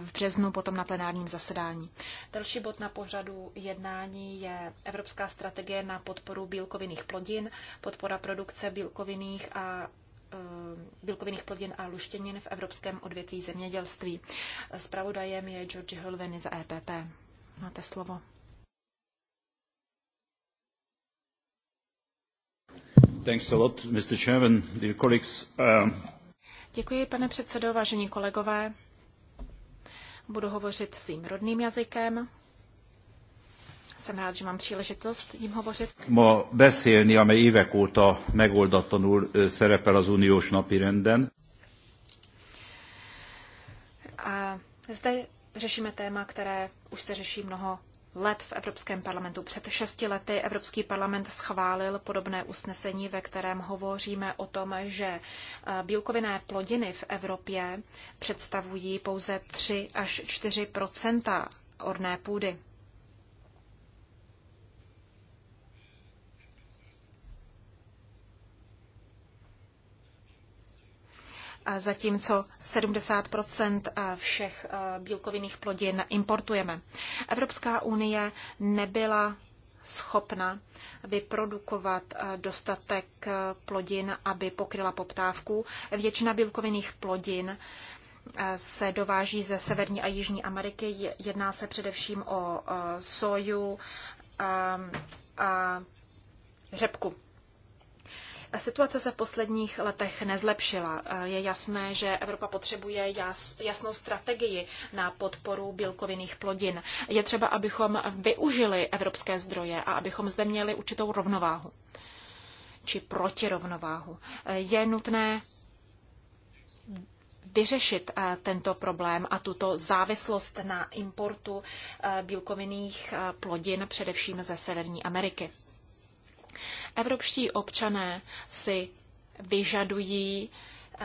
v březnu potom na plenárním zasedání. Další bod na pořadu jednání je Evropská strategie na podporu bílkovinných plodin, podpora produkce bílkovinných a Eh, bílkovinných plodin a luštěnin v evropském odvětví zemědělství. Zpravodajem je George Hulveny za EPP. Máte slovo. Thanks a lot, Mr. Chairman, dear colleagues. Um, Děkuji, pane předsedo, vážení kolegové. Budu hovořit svým rodným jazykem. Jsem rád, že mám příležitost jim hovořit. Ma beszélni, amely évek óta megoldatlanul szerepel az uniós renden. A zde řešíme téma, které už se řeší mnoho let v Evropském parlamentu. Před šesti lety Evropský parlament schválil podobné usnesení, ve kterém hovoříme o tom, že e, bílkovinné plodiny v Evropě představují pouze 3 až 4 orné půdy. zatímco 70 eh, všech eh, bílkovinných plodin importujeme. Evropská unie nebyla schopna vyprodukovat eh, dostatek plodin, aby pokryla poptávku. Většina bílkovinných plodin se dováží ze Severní a Jižní Ameriky. Jedná se především o soju a, řepku. Situace se v posledních letech nezlepšila. Eh, Je jasné, že Evropa potřebuje jasnou strategii na podporu bílkovinných plodin. Je třeba, abychom využili evropské zdroje a abychom zde měli určitou rovnováhu či protirovnováhu. Eh, Je nutné vyřešit eh, tento problém a tuto závislost na importu bílkovinných plodin, především ze Severní Ameriky. Evropští občané si vyžadují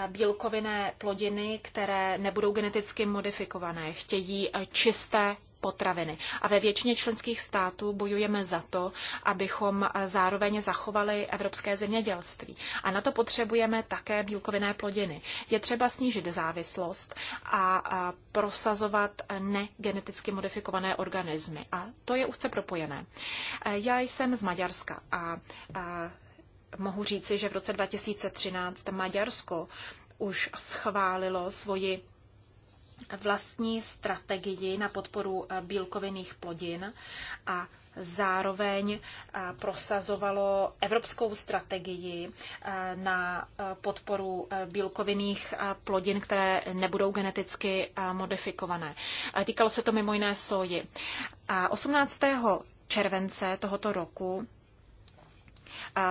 bílkovinné plodiny, které nebudou geneticky modifikované. Chtějí e, čisté potraviny. A ve většině členských států bojujeme za to, abychom e, zároveň zachovali evropské zemědělství. A na to potřebujeme také bílkovinné plodiny. Je třeba snížit závislost a prosazovat negeneticky modifikované organismy. A to je úzce propojené. E, já jsem z Maďarska a mohu říci, že v roce 2013 Maďarsko už schválilo svoji vlastní strategii na podporu eh, bílkovinných plodin a zároveň eh, prosazovalo evropskou strategii eh, na podporu bílkovinných plodin, které nebudou geneticky modifikované. Týkalo se to mimo jiné soji. 18. července tohoto roku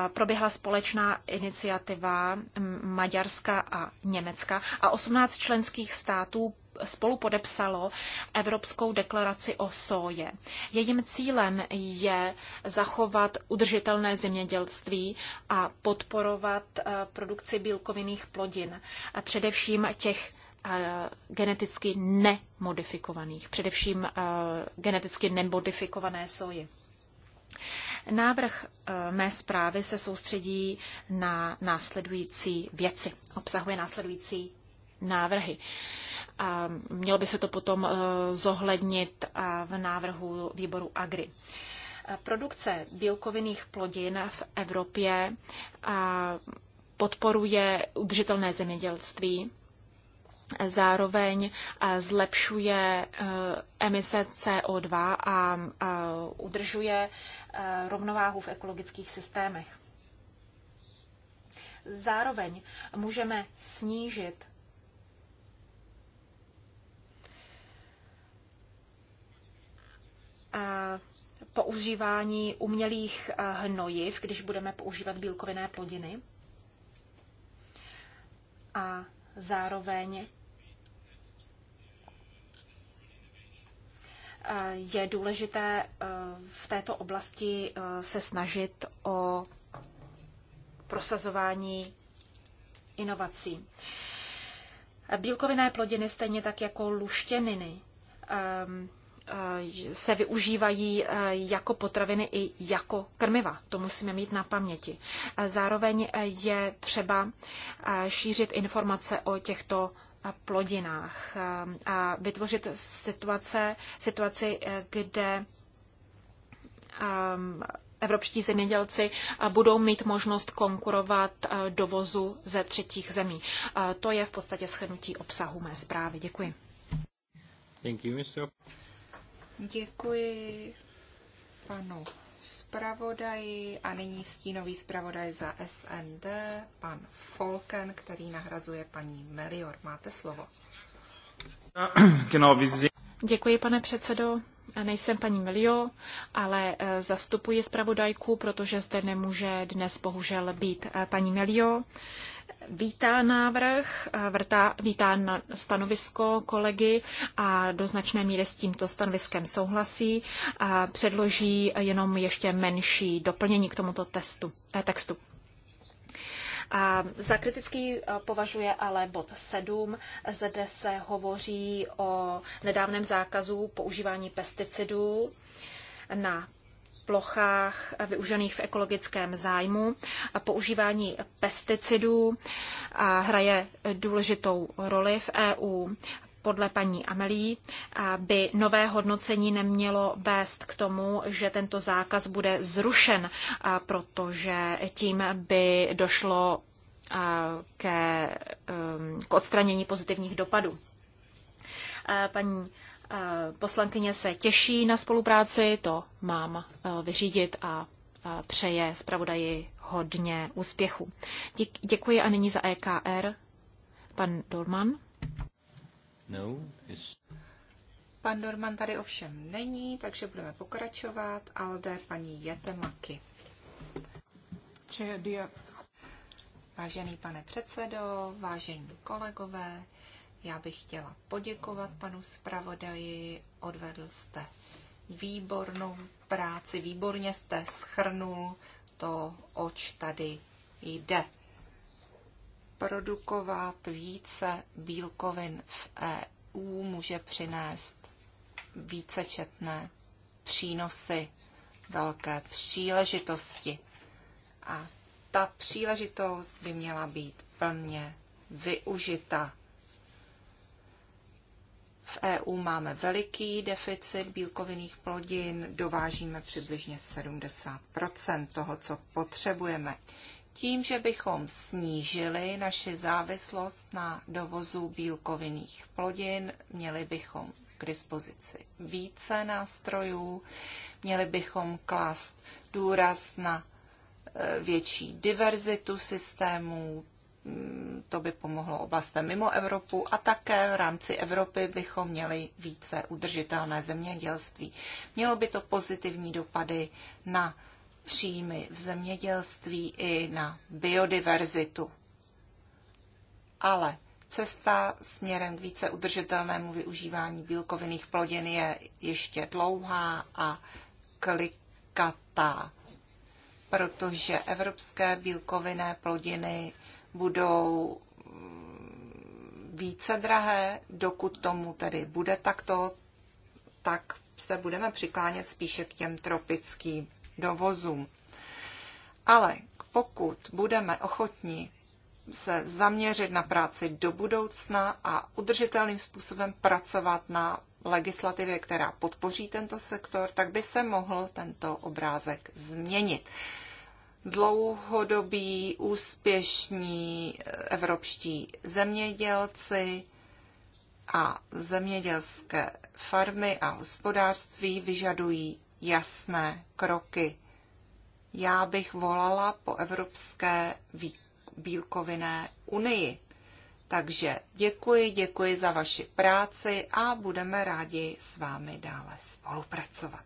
proběhla společná iniciativa Maďarska a Německa a 18 členských států spolu podepsalo Evropskou deklaraci o sóje. Jejím cílem je zachovat udržitelné zemědělství a podporovat e, produkci bílkovinných plodin, a především těch e, geneticky nemodifikovaných, především e, geneticky nemodifikované soji. Návrh eh, mé zprávy se soustředí na následující věci, obsahuje následující návrhy. A mělo by se to potom eh, zohlednit eh, v návrhu výboru Agri. Produkce bílkovinných plodin v Evropě podporuje udržitelné zemědělství zároveň eh, zlepšuje eh, emise CO2 a eh, udržuje rovnováhu v ekologických systémech. Zároveň můžeme snížit používání umělých hnojiv, když budeme používat bílkovinné plodiny. A zároveň Eh, je důležité eh, v této oblasti eh, se snažit o prosazování inovací. Bílkovinné plodiny, stejně tak jako luštěniny, ehm, se využívají jako potraviny i jako krmiva. To musíme mít na paměti. Zároveň je třeba šířit informace o těchto plodinách um, a vytvořit situace, situaci, eh, kde um, evropští zemědělci eh, budou mít možnost konkurovat eh, dovozu ze třetích zemí. To je v podstatě schrnutí obsahu mé zprávy. Děkuji. Thank you, Mr. Děkuji panu zpravodaji a nyní stínový zpravodaj za SND, pan Folken, který nahrazuje paní Melior. Máte slovo. Děkuji, pane předsedo. Nejsem paní Milio, ale eh, zastupuji zpravodajku, protože zde nemůže dnes bohužel být eh, paní Milio vítá návrh, eh, vrtá, vítá na stanovisko kolegy a do značné míry s tímto stanoviskem souhlasí. A předloží jenom ještě menší doplnění k tomuto testu, eh, textu. A za kritický eh, považuje ale bod 7. Zde se hovoří o nedávném zákazu používání pesticidů na plochách využených v ekologickém zájmu. Používání pesticidů hraje důležitou roli v EU. Podle paní Amelí by nové hodnocení nemělo vést k tomu, že tento zákaz bude zrušen, protože tím by došlo ke, um, k odstranění pozitivních dopadů. Paní poslankyně se těší na spolupráci, to mám e, vyřídit a přeje zpravodaji hodně úspěchu. Děkuji a nyní za EKR pan Dorman. No, it's... Pan Dorman tady ovšem není, takže budeme pokračovat. Alde paní Jetemaky. Vážený pane předsedo, vážení kolegové, já bych chtěla poděkovat panu zpravodaji, odvedl jste výbornou práci, výborně jste schrnul to, oč tady jde. Produkovat více bílkovin v EU může přinést vícečetné přínosy, velké příležitosti. A ta příležitost by měla být plně využita. V EU máme veliký deficit bílkovinných plodin, dovážíme přibližně 70 toho, co potřebujeme. Tím, že bychom snížili naši závislost na dovozu bílkovinných plodin, měli bychom k dispozici více nástrojů, měli bychom klást důraz na e, větší diverzitu systémů, Mm, to by pomohlo oblastem mimo Evropu a také v rámci Evropy bychom měli více udržitelné zemědělství. Mělo by to pozitivní dopady na příjmy v zemědělství i na biodiverzitu. Ale cesta směrem k více udržitelnému využívání bílkovinných plodin je ještě dlouhá a klikatá, protože evropské bílkovinné plodiny budou mm, více drahé, dokud tomu tedy bude takto, tak se budeme přiklánět spíše k těm tropickým dovozům. Ale pokud budeme ochotní se zaměřit na práci do budoucna a udržitelným způsobem pracovat na legislativě, která podpoří tento sektor, tak by se mohl tento obrázek změnit dlouhodobí, úspěšní eh, evropští zemědělci a zemědělské farmy a hospodářství vyžadují jasné kroky. Já bych volala po Evropské bílkovinné unii. Takže děkuji, děkuji za vaši práci a budeme rádi s vámi dále spolupracovat.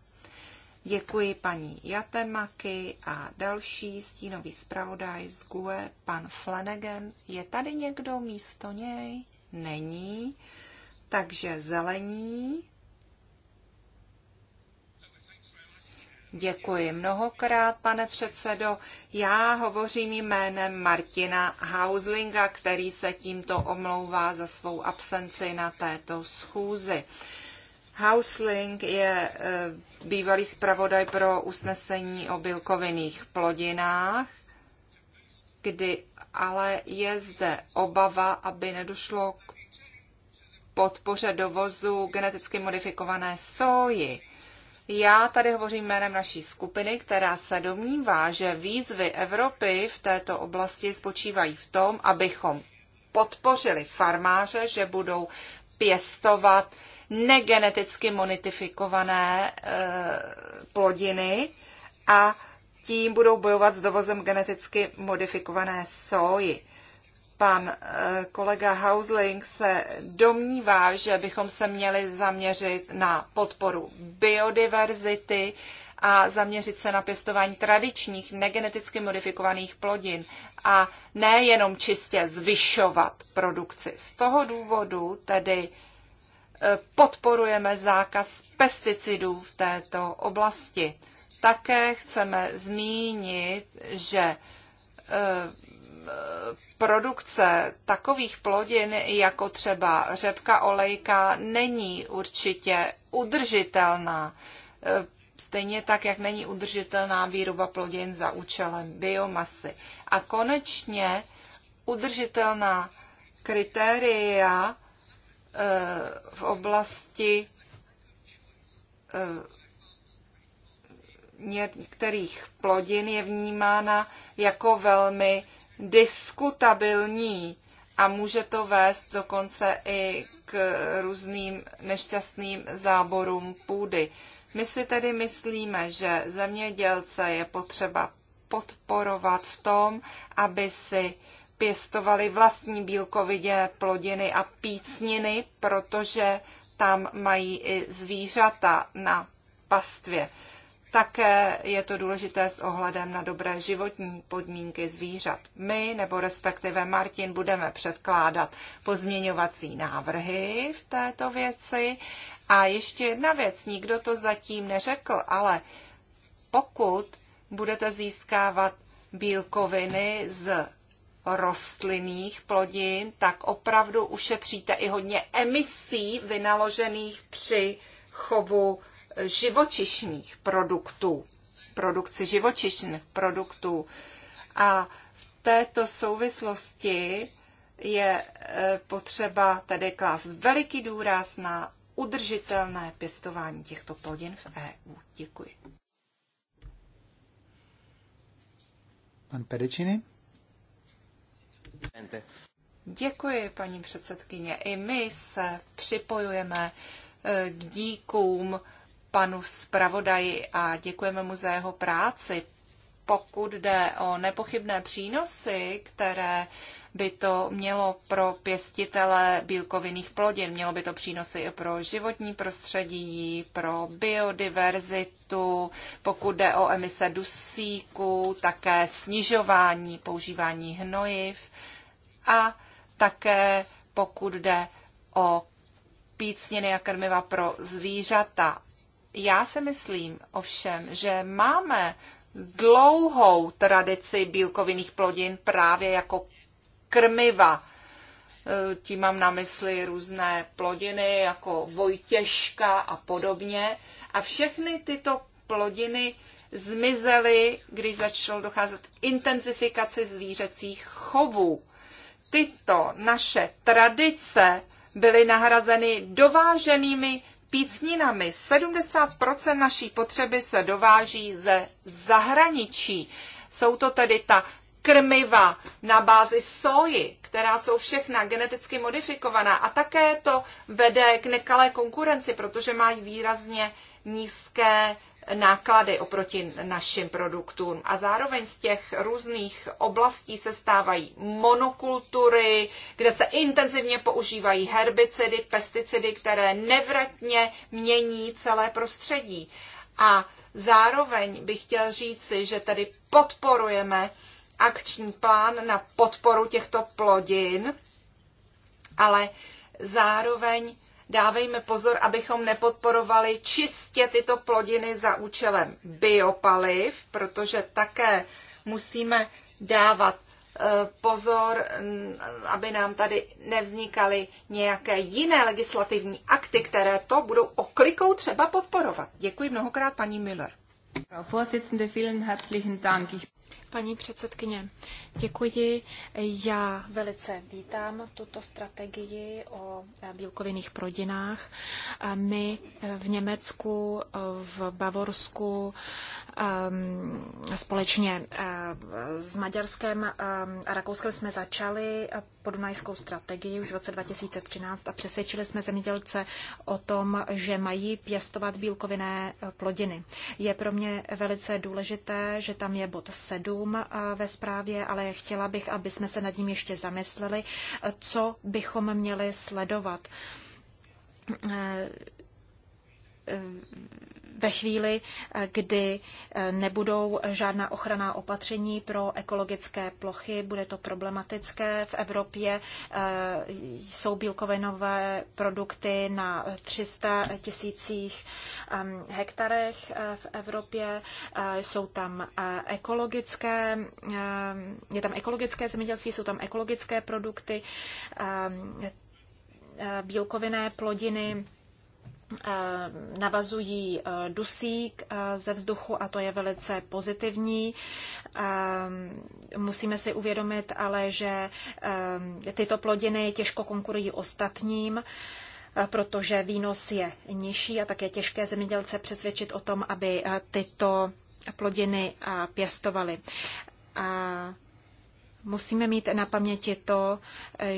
Děkuji paní Jatemaky a další stínový zpravodaj z GUE, pan Flanagan. Je tady někdo místo něj? Není. Takže zelení. Děkuji mnohokrát, pane předsedo. Já hovořím jménem Martina Hauslinga, který se tímto omlouvá za svou absenci na této schůzi. Hausling je eh, bývalý zpravodaj pro usnesení o bílkovinných plodinách, kdy ale je zde obava, aby nedošlo k podpoře dovozu geneticky modifikované soji. Já tady hovořím jménem naší skupiny, která se domnívá, že výzvy Evropy v této oblasti spočívají v tom, abychom podpořili farmáře, že budou pěstovat negeneticky monitifikované eh, plodiny a tím budou bojovat s dovozem geneticky modifikované soji. Pan eh, kolega Hausling se domnívá, že bychom se měli zaměřit na podporu biodiverzity a zaměřit se na pěstování tradičních negeneticky modifikovaných plodin a nejenom čistě zvyšovat produkci. Z toho důvodu tedy podporujeme zákaz pesticidů v této oblasti. Také chceme zmínit, že eh, produkce takových plodin, jako třeba řepka olejka, není určitě udržitelná. Eh, stejně tak, jak není udržitelná výroba plodin za účelem biomasy. A konečně udržitelná kritéria v oblasti eh, některých plodin je vnímána jako velmi diskutabilní a může to vést dokonce i k různým nešťastným záborům půdy. My si tedy myslíme, že zemědělce je potřeba podporovat v tom, aby si pěstovali vlastní bílkovidě, plodiny a pícniny, protože tam mají i zvířata na pastvě. Také je to důležité s ohledem na dobré životní podmínky zvířat. My, nebo respektive Martin, budeme předkládat pozměňovací návrhy v této věci. A ještě jedna věc, nikdo to zatím neřekl, ale pokud budete získávat bílkoviny z rostlinných plodin, tak opravdu ušetříte i hodně emisí vynaložených při chovu živočišných produktů, produkci živočišných produktů. A v této souvislosti je e, potřeba tedy klást veliký důraz na udržitelné pěstování těchto plodin v EU. Děkuji. Pan Pedečiny? Děkuji, paní předsedkyně. I my se připojujeme eh, k díkům panu zpravodaji a děkujeme mu za jeho práci. Pokud jde o nepochybné přínosy, které by to mělo pro pěstitele bílkovinných plodin. Mělo by to přínosy i pro životní prostředí, pro biodiverzitu, pokud jde o emise dusíku, také snižování používání hnojiv a také pokud jde o pícniny a krmiva pro zvířata. Já si myslím ovšem, že máme dlouhou tradici bílkovinných plodin právě jako krmiva. E, tím mám na mysli různé plodiny jako vojtěžka a podobně. A všechny tyto plodiny zmizely, když začalo docházet intenzifikaci zvířecích chovů. Tyto naše tradice byly nahrazeny dováženými pícninami. 70% naší potřeby se dováží ze zahraničí. Jsou to tedy ta krmiva na bázi soji, která jsou všechna geneticky modifikovaná a také to vede k nekalé konkurenci, protože mají výrazně nízké náklady oproti našim produktům. A zároveň z těch různých oblastí se stávají monokultury, kde se intenzivně používají herbicidy, pesticidy, které nevratně mění celé prostředí. A zároveň bych chtěl říci, že tady podporujeme akční plán na podporu těchto plodin, ale zároveň dávejme pozor, abychom nepodporovali čistě tyto plodiny za účelem biopaliv, protože také musíme dávat eh, pozor, aby nám tady nevznikaly nějaké jiné legislativní akty, které to budou oklikou třeba podporovat. Děkuji mnohokrát, paní Müller. Frau Vorsitzende, vielen herzlichen Dank paní předsedkyně. Děkuji. Já velice vítám tuto strategii o eh, bílkovinných prodinách. My eh, v Německu, eh, v Bavorsku ehm, společně s Maďarskem a Rakouskem jsme začali podunajskou strategii už v roce 2013 a přesvědčili jsme zemědělce o tom, že mají pěstovat bílkovinné plodiny. Je pro mě velice důležité, že tam je bod 7 ve zprávě, ale chtěla bych, aby jsme se nad ním ještě zamysleli, co bychom měli sledovat ve chvíli, eh, kdy eh, nebudou žádná ochranná opatření pro ekologické plochy, bude to problematické. V Evropě eh, jsou bílkovinové produkty na 300 tisících ehm, hektarech v Evropě, jsou tam ekologické, ehm, je tam ekologické zemědělství, jsou tam ekologické produkty, ehm, bílkovinné plodiny, Eh, navazují eh, dusík eh, ze vzduchu a to je velice pozitivní. Musíme si uvědomit ale, že tyto plodiny těžko konkurují ostatním protože výnos je nižší a tak je těžké zemědělce přesvědčit o tom, aby tyto plodiny pěstovali. A musíme mít na paměti to,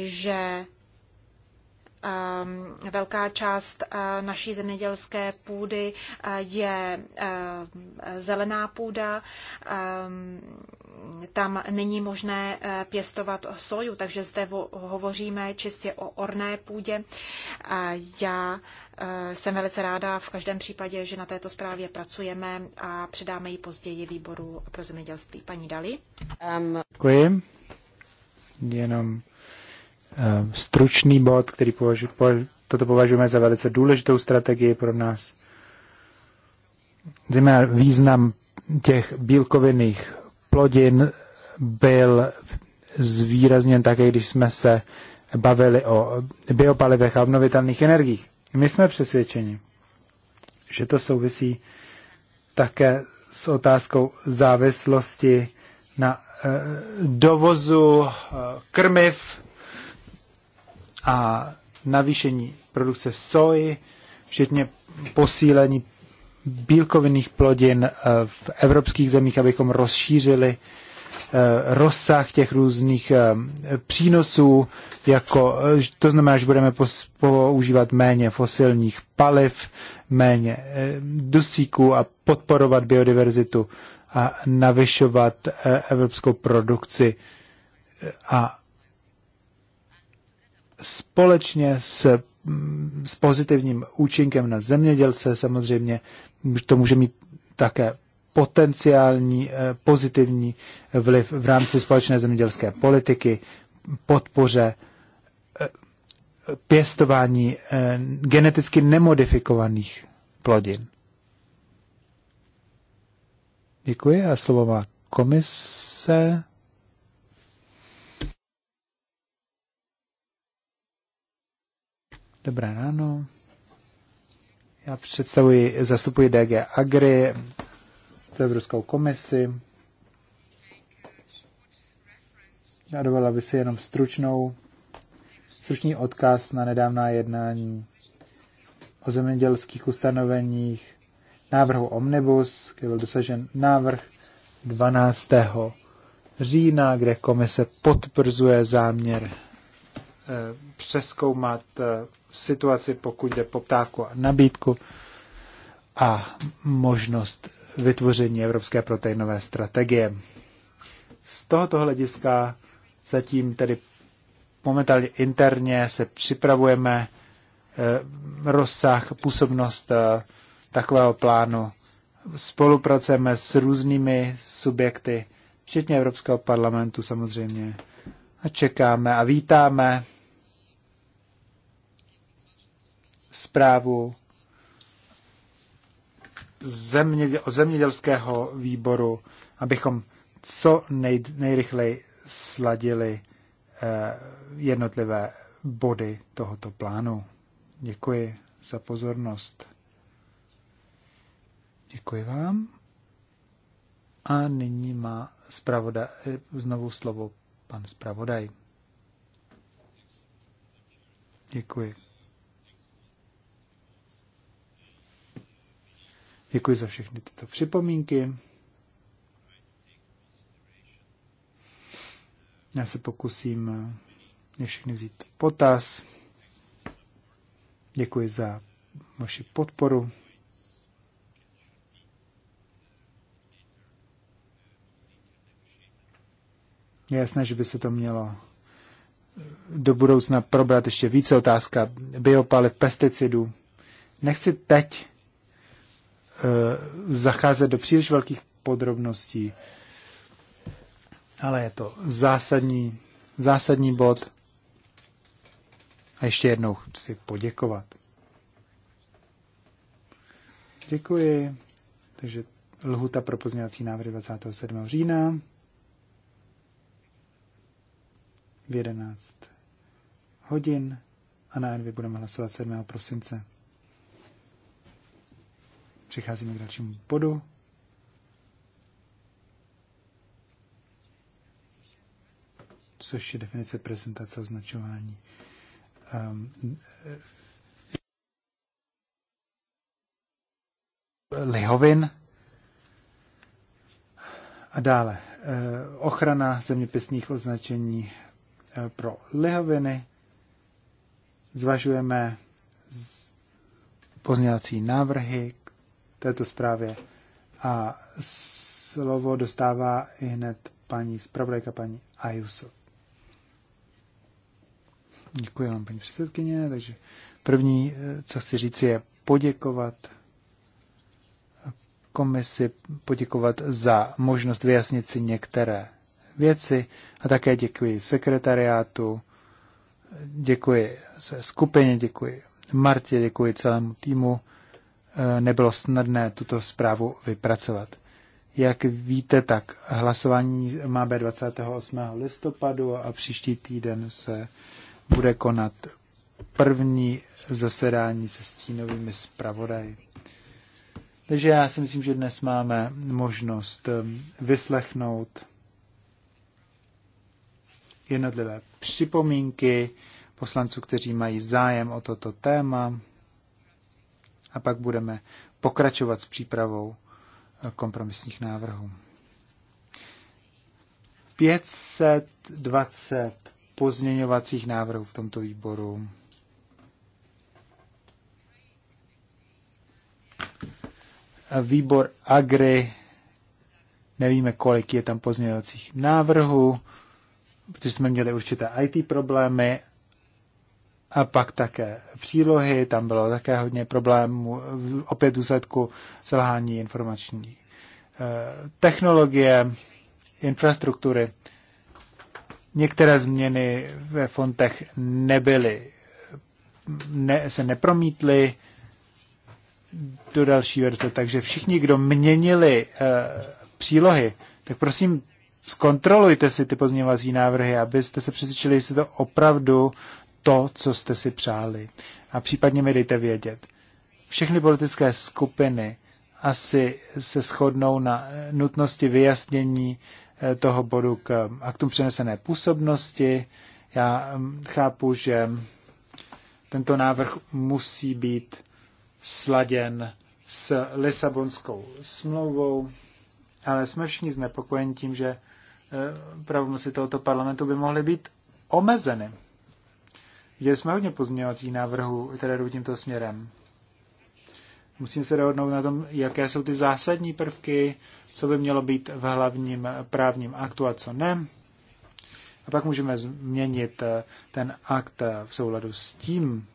že Ehm, velká část eh, naší zemědělské půdy eh, je eh, zelená půda. Ehm, tam není možné pěstovat soju, takže zde hovoříme čistě o orné půdě. Já jsem velice ráda v každém případě, že na této zprávě pracujeme a předáme ji později výboru pro zemědělství. Paní Dali. Um... Děkuji. Jenom Eh, stručný bod, který považu, toto považujeme za velice důležitou strategii pro nás. Zajímavý význam těch bílkovinných plodin byl zvýrazněn také, když jsme se bavili o biopalivech a obnovitelných energiích. My jsme přesvědčeni, že to souvisí také s otázkou závislosti na eh, dovozu eh, krmiv a navýšení produkce soji, včetně posílení bílkovinných plodin eh, v evropských zemích, abychom rozšířili eh, rozsah těch různých eh, přínosů, jako, to znamená, že budeme používat méně fosilních paliv, méně dusíků a podporovat biodiverzitu a navyšovat evropskou produkci a společně s, s pozitivním účinkem na zemědělce samozřejmě to může mít také potenciální eh, pozitivní vliv v rámci společné zemědělské politiky, podpoře eh, pěstování eh, geneticky nemodifikovaných plodin. Děkuji a slovo má komise. Dobré ráno. Já představuji, zastupuji DG Agri, Evropskou komisi. Já dovolila by si jenom stručnou, stručný odkaz na nedávná jednání o zemědělských ustanoveních návrhu Omnibus, kde byl dosažen návrh 12. října, kde komise potvrzuje záměr eh, přeskoumat eh, situaci, pokud jde poptávku a nabídku a možnost vytvoření evropské proteinové strategie. Z tohoto hlediska zatím tedy momentálně interně se připravujeme eh, rozsah, působnost eh, takového plánu. Spolupracujeme s různými subjekty, včetně Evropského parlamentu samozřejmě. A čekáme a vítáme zprávu o zemědělského výboru, abychom co nej, nejrychleji sladili eh, jednotlivé body tohoto plánu. Děkuji za pozornost. Děkuji vám. A nyní má zpravoda, eh, znovu slovo pan zpravodaj. Děkuji. Děkuji za všechny tyto připomínky. Já se pokusím eh, je všechny vzít potaz. Děkuji za vaši podporu. Je jasné, že by se to mělo eh, do budoucna probrat ještě více otázka biopaliv, pesticidů. Nechci teď Eh, zacházet do příliš velkých podrobností, ale je to zásadní, zásadní bod. A ještě jednou chci poděkovat. Děkuji. Takže lhuta pro pozměňovací návrh 27. října v 11 hodin a na Envy budeme hlasovat 7. prosince. Přicházíme k dalšímu bodu. Což je definice prezentace označování. Um, lihovin a dále e, ochrana zeměpisných označení e, pro lihoviny. Zvažujeme pozměňovací návrhy této zprávě. A slovo dostává i hned paní zpravodajka, paní Ayuso. Děkuji vám, paní předsedkyně. Takže první, co chci říct, je poděkovat komisi, poděkovat za možnost vyjasnit si některé věci a také děkuji sekretariátu, děkuji své skupině, děkuji Martě, děkuji celému týmu Eh, nebylo snadné tuto zprávu vypracovat. Jak víte, tak hlasování má být 28. listopadu a příští týden se bude konat první zasedání se stínovými zpravodaji. Takže já si myslím, že dnes máme možnost ehm, vyslechnout jednotlivé připomínky poslanců, kteří mají zájem o toto téma a pak budeme pokračovat s přípravou eh, kompromisních návrhů. 520 pozměňovacích návrhů v tomto výboru. Výbor Agri, nevíme, kolik je tam pozměňovacích návrhů, protože jsme měli určité IT problémy a pak také přílohy, tam bylo také hodně problémů, opět v důsledku selhání informační eh, technologie, infrastruktury. Některé změny ve fontech nebyly, ne, se nepromítly do další verze, takže všichni, kdo měnili eh, přílohy, tak prosím zkontrolujte si ty pozměňovací návrhy, abyste se přesvědčili, jestli to opravdu to, co jste si přáli. A případně mi dejte vědět. Všechny politické skupiny asi se shodnou na nutnosti vyjasnění eh, toho bodu k eh, aktům přenesené působnosti. Já hm, chápu, že tento návrh musí být sladěn s Lisabonskou smlouvou, ale jsme všichni znepokojeni tím, že eh, pravomoci tohoto parlamentu by mohly být omezeny. Viděli jsme hodně pozměňovacích návrhů, které jdou tímto směrem. Musím se dohodnout na tom, jaké jsou ty zásadní prvky, co by mělo být v hlavním právním aktu a co ne. A pak můžeme změnit eh, ten akt eh, v souladu s tím.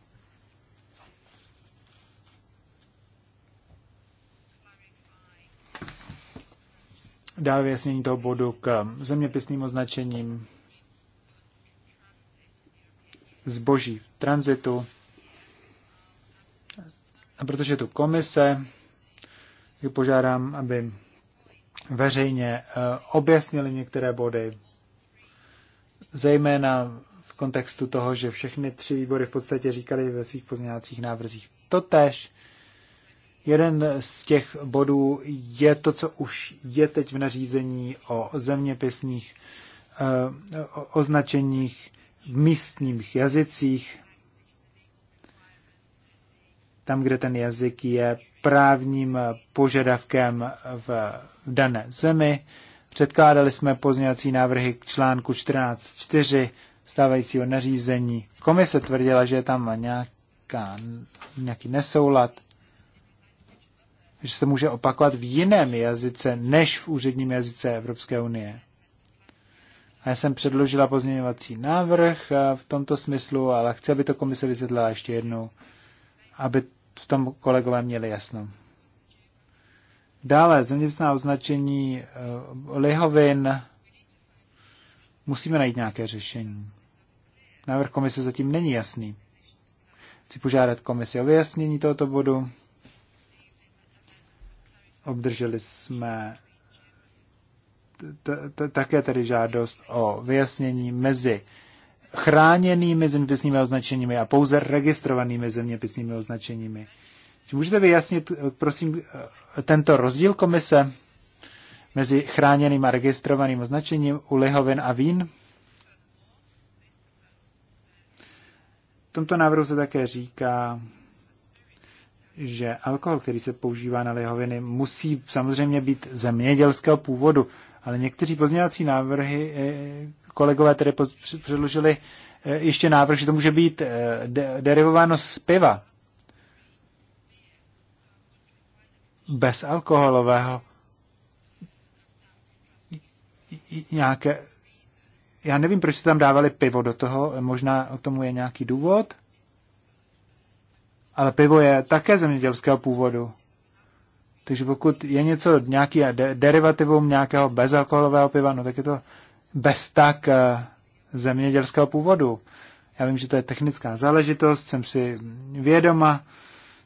Dále vyjasnění toho bodu k eh, zeměpisným označením zboží v tranzitu. A protože tu komise, požádám, aby veřejně eh, objasnili některé body, zejména v kontextu toho, že všechny tři výbory v podstatě říkali ve svých pozměňovacích návrzích totež. Jeden z těch bodů je to, co už je teď v nařízení o zeměpisných eh, o označeních v místních jazycích, tam, kde ten jazyk je právním požadavkem v dané zemi. Předkládali jsme pozměňovací návrhy k článku 14.4 stávajícího nařízení. Komise tvrdila, že je tam nějaká, nějaký nesoulad, že se může opakovat v jiném jazyce než v úředním jazyce Evropské unie. A já jsem předložila pozměňovací návrh eh, v tomto smyslu, ale chci, aby to komise vysvětlila ještě jednou, aby v tom kolegové měli jasno. Dále, zeměpisná označení eh, lihovin. Musíme najít nějaké řešení. Návrh komise zatím není jasný. Chci požádat komisi o vyjasnění tohoto bodu. Obdrželi jsme také tedy žádost o vyjasnění mezi chráněnými zeměpisnými označeními a pouze registrovanými zeměpisnými označeními. Můžete vyjasnit, eh, prosím, eh, tento rozdíl komise mezi chráněným a registrovaným označením u lihovin a vín? V tomto návrhu se také říká, že alkohol, který se používá na lihoviny, musí samozřejmě být zemědělského původu. Ale někteří pozměňovací návrhy, eh, kolegové tedy předložili eh, ještě návrh, že to může být eh, derivováno z piva. Bezalkoholového. Nějaké, já nevím, proč se tam dávali pivo do toho, možná o tomu je nějaký důvod, ale pivo je také zemědělského původu. Takže pokud je něco, nějaký de- derivativum nějakého bezalkoholového piva, no tak je to bez tak eh, zemědělského původu. Já vím, že to je technická záležitost, jsem si vědoma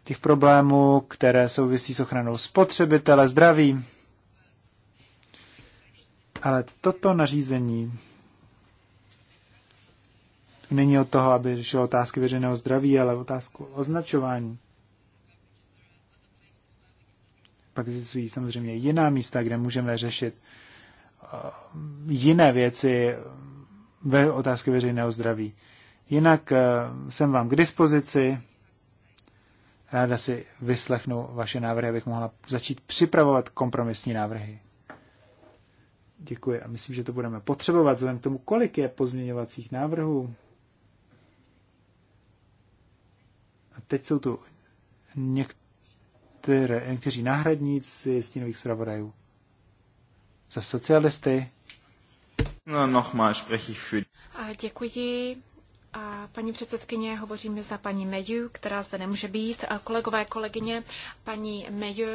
těch problémů, které souvisí s ochranou spotřebitele, zdraví. Ale toto nařízení není od toho, aby řešilo otázky veřejného zdraví, ale otázku označování. pak existují samozřejmě jiná místa, kde můžeme řešit eh, jiné věci ve otázky veřejného zdraví. Jinak eh, jsem vám k dispozici. Ráda si vyslechnu vaše návrhy, abych mohla začít připravovat kompromisní návrhy. Děkuji a myslím, že to budeme potřebovat vzhledem k tomu, kolik je pozměňovacích návrhů. A teď jsou tu něk- některé, někteří náhradníci stínových zpravodajů za socialisty. No, nochmal spreche ich für... A děkuji. A paní předsedkyně, hovořím za paní Meju, která zde nemůže být. A kolegové, kolegyně, paní Meju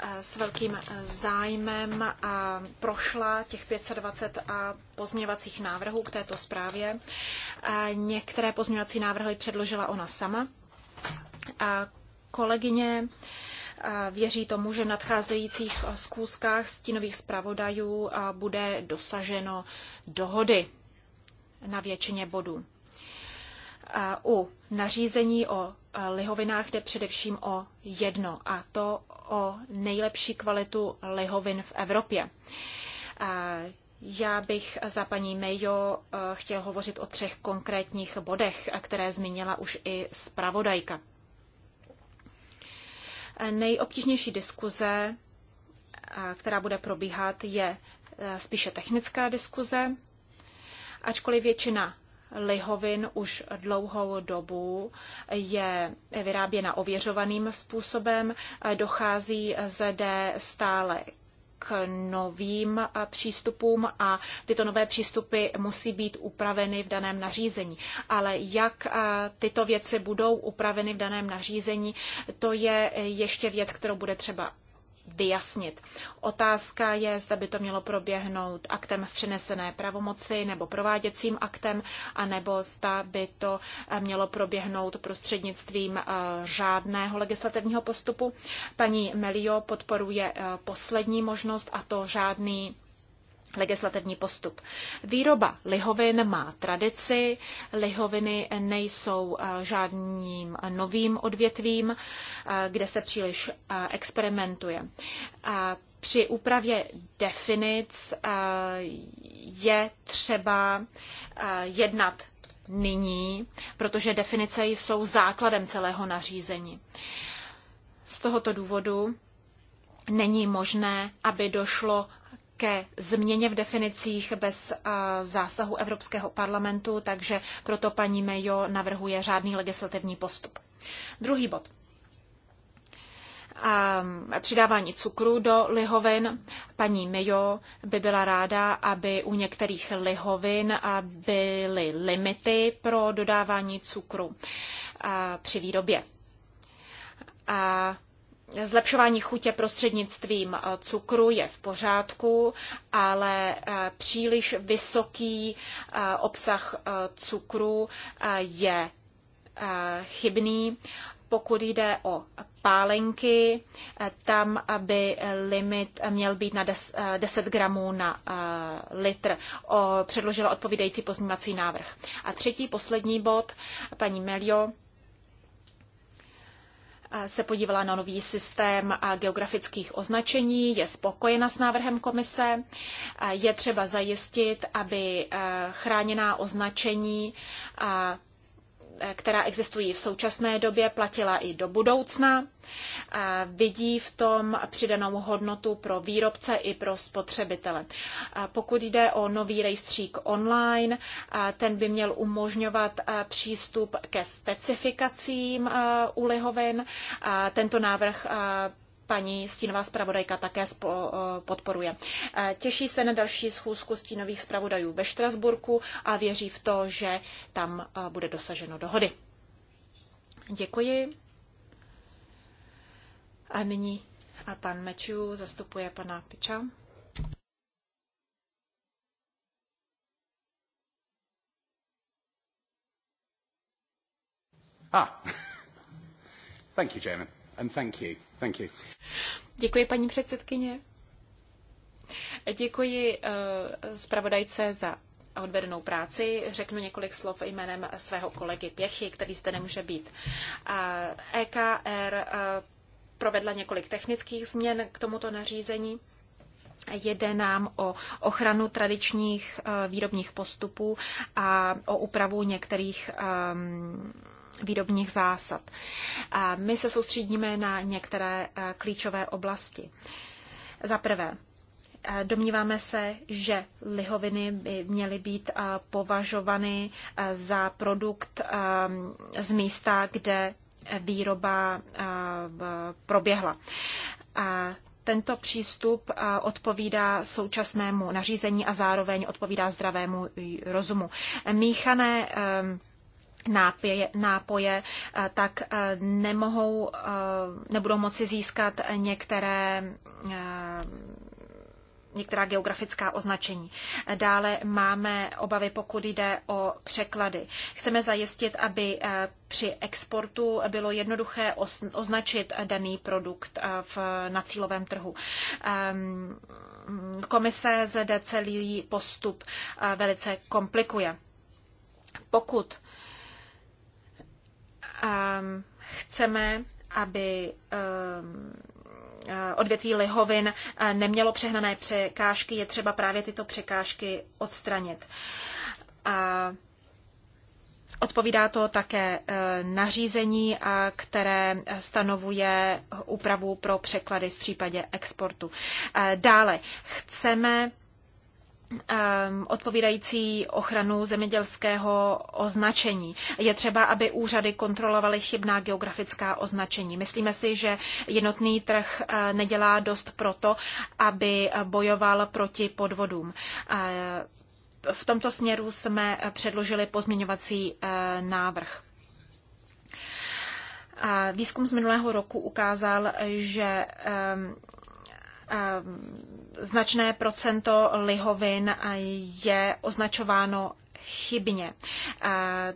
eh, s velkým eh, zájmem a eh, prošla těch 520 a pozměňovacích návrhů k této zprávě. A některé pozměňovací návrhy předložila ona sama. A kolegyně věří tomu, že v nadcházejících zkouškách stínových zpravodajů bude dosaženo dohody na většině bodů. U nařízení o lihovinách jde především o jedno, a to o nejlepší kvalitu lihovin v Evropě. Já bych za paní Mejo chtěl hovořit o třech konkrétních bodech, které zmínila už i zpravodajka. Nejobtížnější diskuze, která bude probíhat, je e, spíše technická diskuze, ačkoliv většina lihovin už dlouhou dobu je vyráběna ověřovaným způsobem. Dochází zde stále k novým eh, přístupům a tyto nové přístupy musí být upraveny v daném nařízení. Ale jak eh, tyto věci budou upraveny v daném nařízení, to je eh, ještě věc, kterou bude třeba vyjasnit. Otázka je, zda by to mělo proběhnout aktem v přenesené pravomoci nebo prováděcím aktem, anebo zda by to eh, mělo proběhnout prostřednictvím eh, řádného legislativního postupu. Paní Melio podporuje eh, poslední možnost a to žádný legislativní postup. Výroba lihovin má tradici, lihoviny nejsou eh, žádným novým odvětvím, eh, kde se příliš eh, experimentuje. Při úpravě definic je třeba jednat nyní, protože definice jsou základem celého nařízení. Z tohoto důvodu není možné, aby došlo ke změně v definicích bez zásahu Evropského parlamentu, takže proto paní Mejo navrhuje řádný legislativní postup. Druhý bod. Přidávání cukru do lihovin. Paní Mejo by byla ráda, aby u některých lihovin byly limity pro dodávání cukru při výrobě. A zlepšování chutě prostřednictvím eh, cukru je v pořádku, ale eh, příliš vysoký eh, obsah cukru je chybný. Pokud jde o pálenky, tam by limit měl být na 10 gramů na litr. O, předložila odpovídající pozměňovací návrh. A třetí, poslední bod, paní Melio, se podívala na nový systém geografických označení, je spokojena s návrhem komise. Je třeba zajistit, aby eh, chráněná označení Eh, která existují v současné době, platila i do budoucna. Vidí v tom přidanou hodnotu pro výrobce i pro spotřebitele. Pokud jde o nový rejstřík online, ten by měl umožňovat přístup ke specifikacím u lihovin. Tento návrh paní stínová zpravodajka také eh, podporuje. Eh, těší se na další schůzku stínových zpravodajů ve Štrasburku a věří v to, že tam eh, bude dosaženo dohody. Děkuji. A nyní a pan Mečů zastupuje pana Piča. Ah. [laughs] Thank you, Jamie and thank you. Thank you. Děkuji, paní předsedkyně. Děkuji uh, zpravodajce za odvedenou práci. Řeknu několik slov jménem svého kolegy Pěchy, který zde nemůže být. EKR eh, provedla několik technických změn k tomuto nařízení. Jede nám o ochranu tradičních eh, výrobních postupů a o úpravu některých um, výrobních zásad. My se soustředíme na některé eh, klíčové oblasti. Za prvé, eh, Domníváme se, že lihoviny by měly být eh, považovány za produkt z místa, kde výroba proběhla. Tento přístup odpovídá současnému nařízení a zároveň odpovídá zdravému rozumu. Míchané nápoje, nápoje, eh, tak eh, nemohou, eh, nebudou moci získat některé některá geografická označení. Dále máme obavy, pokud jde o překlady. Chceme zajistit, aby při exportu bylo jednoduché označit daný produkt v, na cílovém trhu. Ehm, komise zde celý postup velice komplikuje. Pokud Ehm, chceme, aby ehm, eh, odvětví lihovin eh, nemělo přehnané překážky, je třeba právě tyto překážky odstranit. A odpovídá to také eh, nařízení, které stanovuje úpravu pro překlady v případě exportu. Dále chceme Ehm, odpovídající ochranu zemědělského označení. Je třeba, aby úřady kontrolovaly chybná geografická označení. Myslíme si, že jednotný trh eh, nedělá dost proto, aby eh, bojoval proti podvodům. Eh, v tomto směru jsme předložili pozměňovací návrh. Výzkum z minulého roku ukázal, že ehm, Ehm, značné procento lihovin je označováno chybně.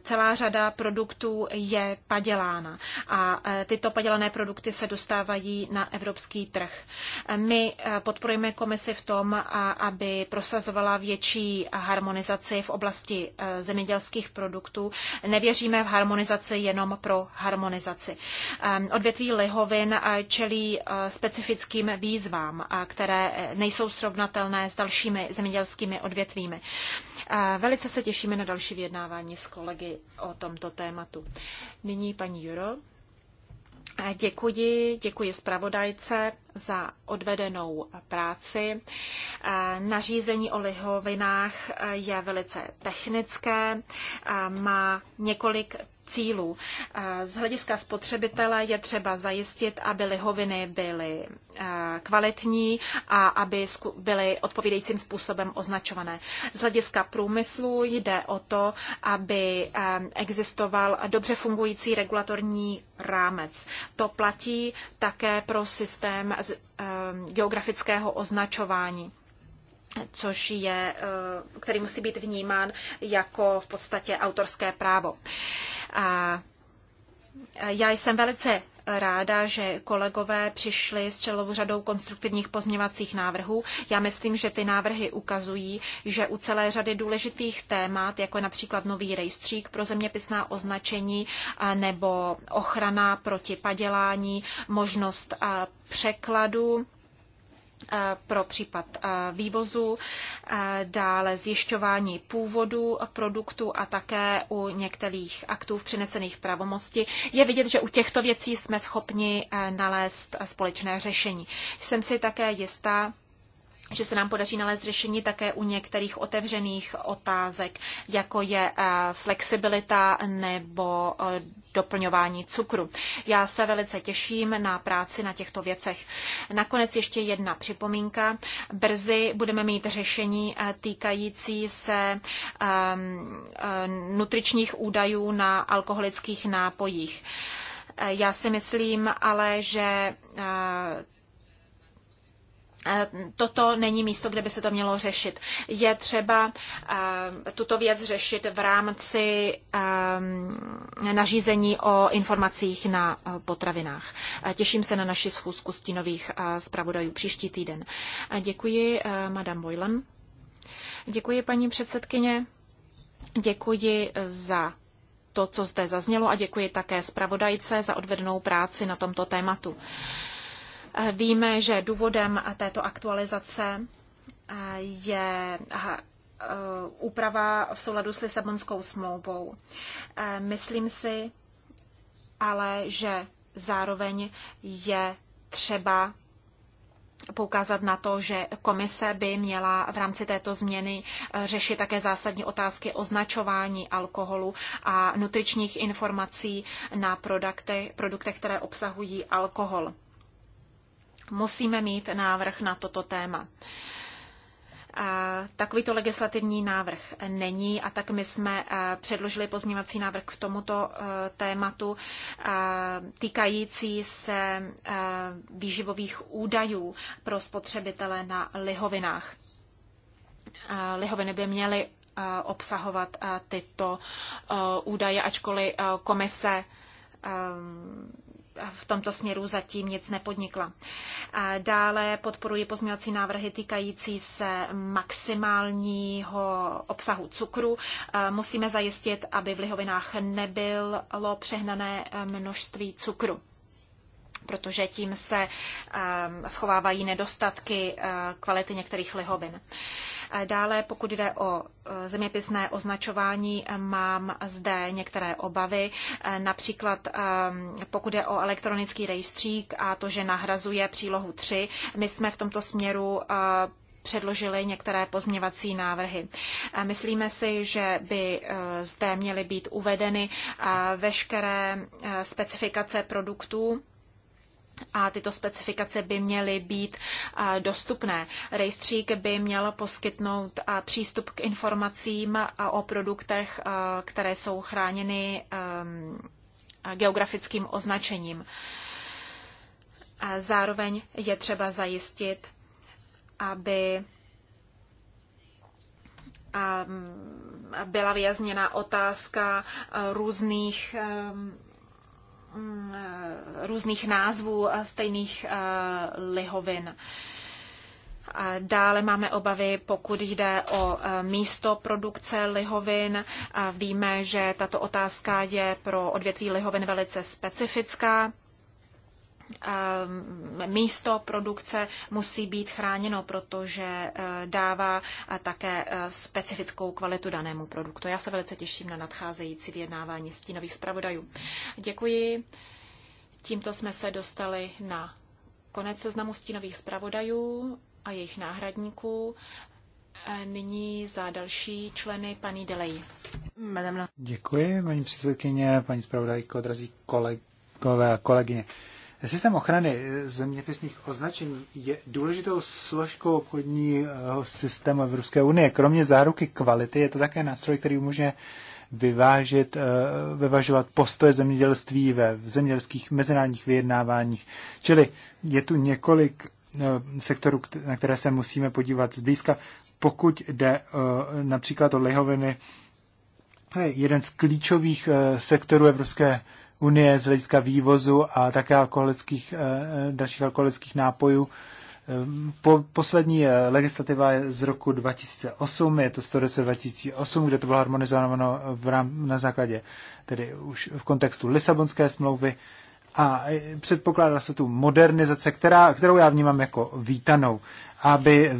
Celá řada produktů je padělána a e, tyto padělané produkty se dostávají na evropský trh. E, my e, podporujeme komisi v tom, aby prosazovala větší harmonizaci v oblasti zemědělských produktů. Nevěříme v harmonizaci jenom pro harmonizaci. Odvětví lihovin čelí specifickým výzvám, které nejsou srovnatelné s dalšími zemědělskými odvětvími. Velice se těším těšíme na další vyjednávání s kolegy o tomto tématu. Nyní paní Juro. Děkuji, děkuji zpravodajce za odvedenou práci. Nařízení o lihovinách je velice technické, má několik cílů. Z hlediska spotřebitele je třeba zajistit, aby lihoviny byly kvalitní a aby byly odpovídajícím způsobem označované. Z hlediska průmyslu jde o to, aby existoval dobře fungující regulatorní rámec. To platí také pro systém geografického označování což je, eh, který musí být vnímán jako v podstatě autorské právo. A já jsem velice ráda, že kolegové přišli s celou řadou konstruktivních pozměvacích návrhů. Já myslím, že ty návrhy ukazují, že u celé řady důležitých témat, jako je například nový rejstřík pro zeměpisná označení nebo ochrana proti padělání, možnost překladu, pro případ vývozu, dále zjišťování původu produktu a také u některých aktů v přenesených pravomosti. Je vidět, že u těchto věcí jsme schopni nalézt společné řešení. Jsem si také jistá, že se nám podaří nalézt řešení také u některých otevřených otázek, jako je flexibilita nebo doplňování cukru. Já se velice těším na práci na těchto věcech. Nakonec ještě jedna připomínka. Brzy budeme mít řešení eh, týkající se ehm, eh, nutričních údajů na alkoholických nápojích. Eh, já si myslím ale, že Eh, toto není místo, kde by se to mělo řešit. Je třeba eh, tuto věc řešit v rámci eh, nařízení o informacích na potravinách. Těším se na naši schůzku stínových zpravodajů příští týden. Děkuji, madam Boylan. Děkuji, paní předsedkyně. Děkuji za to, co zde zaznělo a děkuji také zpravodajce za odvedenou práci na tomto tématu. Víme, že důvodem této aktualizace eh, je eh, eh, úprava v souladu s Lisabonskou smlouvou. Myslím si ale, že zároveň je třeba poukázat na to, že komise by měla v rámci této změny řešit také zásadní otázky označování alkoholu a nutričních informací na produkty, produktech, které obsahují alkohol. Musíme mít návrh na toto téma. Takovýto legislativní návrh není a tak my jsme předložili pozměňovací návrh k tomuto tématu týkající se výživových údajů pro spotřebitele na lihovinách. Lihoviny by měly obsahovat tyto údaje, ačkoliv komise v tomto směru zatím nic nepodnikla. Dále podporuji pozměňovací návrhy týkající se maximálního obsahu cukru. Musíme zajistit, aby v lihovinách nebylo přehnané množství cukru protože tím se ehm, schovávají nedostatky eh, kvality některých lihovin. Dále, pokud jde o eh, zeměpisné označování, eh, mám zde některé obavy, například ehm, pokud jde o elektronický rejstřík a to, že nahrazuje přílohu 3, my jsme v tomto směru předložili některé pozměvací návrhy. Myslíme si, že by zde měly být uvedeny veškeré specifikace produktů, a tyto specifikace by měly být dostupné. Rejstřík by měl poskytnout přístup k informacím o produktech, které jsou chráněny um, geografickým označením. Zároveň je třeba zajistit, aby byla vyjasněna otázka různých um, Mm, různých názvů stejných eh, lihovin. Dále máme obavy, pokud jde o eh, místo produkce lihovin. Víme, že tato otázka je pro odvětví lihovin velice specifická. Ehm, místo produkce musí být chráněno, protože eh, dává eh, také eh, specifickou kvalitu danému produktu. Já se velice těším na nadcházející vyjednávání stínových zpravodajů. Děkuji. Tímto jsme se dostali na konec seznamu stínových zpravodajů a jejich náhradníků. Nyní za další členy paní Delej. Děkuji, paní předsedkyně, paní zpravodajko, drazí kolegové a kolegyně. Systém ochrany eh, zeměpisných označení je důležitou složkou obchodního systému Evropské unie. Kromě záruky kvality je to také nástroj, který umožňuje vyvážet, eh, vyvažovat postoje zemědělství ve zemědělských mezinárodních vyjednáváních. Čili je tu několik eh, sektorů, na které se musíme podívat zblízka. Pokud jde například o lihoviny, jeden z klíčových sektorů Evropské unie z hlediska vývozu a také alkoholických, eh, eh, dalších alkoholických nápojů. Ehm, po, poslední eh, legislativa je z roku 2008, je to 110 2008, kde to bylo harmonizováno v rám, na základě, tedy už v kontextu Lisabonské smlouvy a předpokládá se tu modernizace, která, kterou já vnímám jako vítanou aby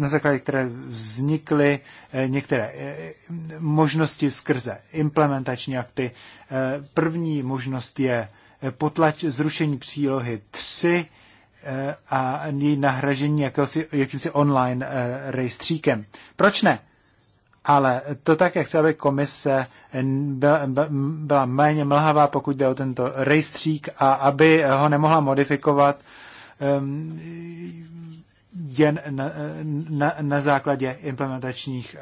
na základě které vznikly eh, některé eh, možnosti skrze implementační akty. Eh, první možnost je potlač zrušení přílohy 3 a její nahražení jakýmsi, jakýmsi online rejstříkem. Proč ne? Ale to také chce, aby komise byla méně mlhavá, pokud jde o tento rejstřík a aby ho nemohla modifikovat ehm, jen na, na, na základě implementačních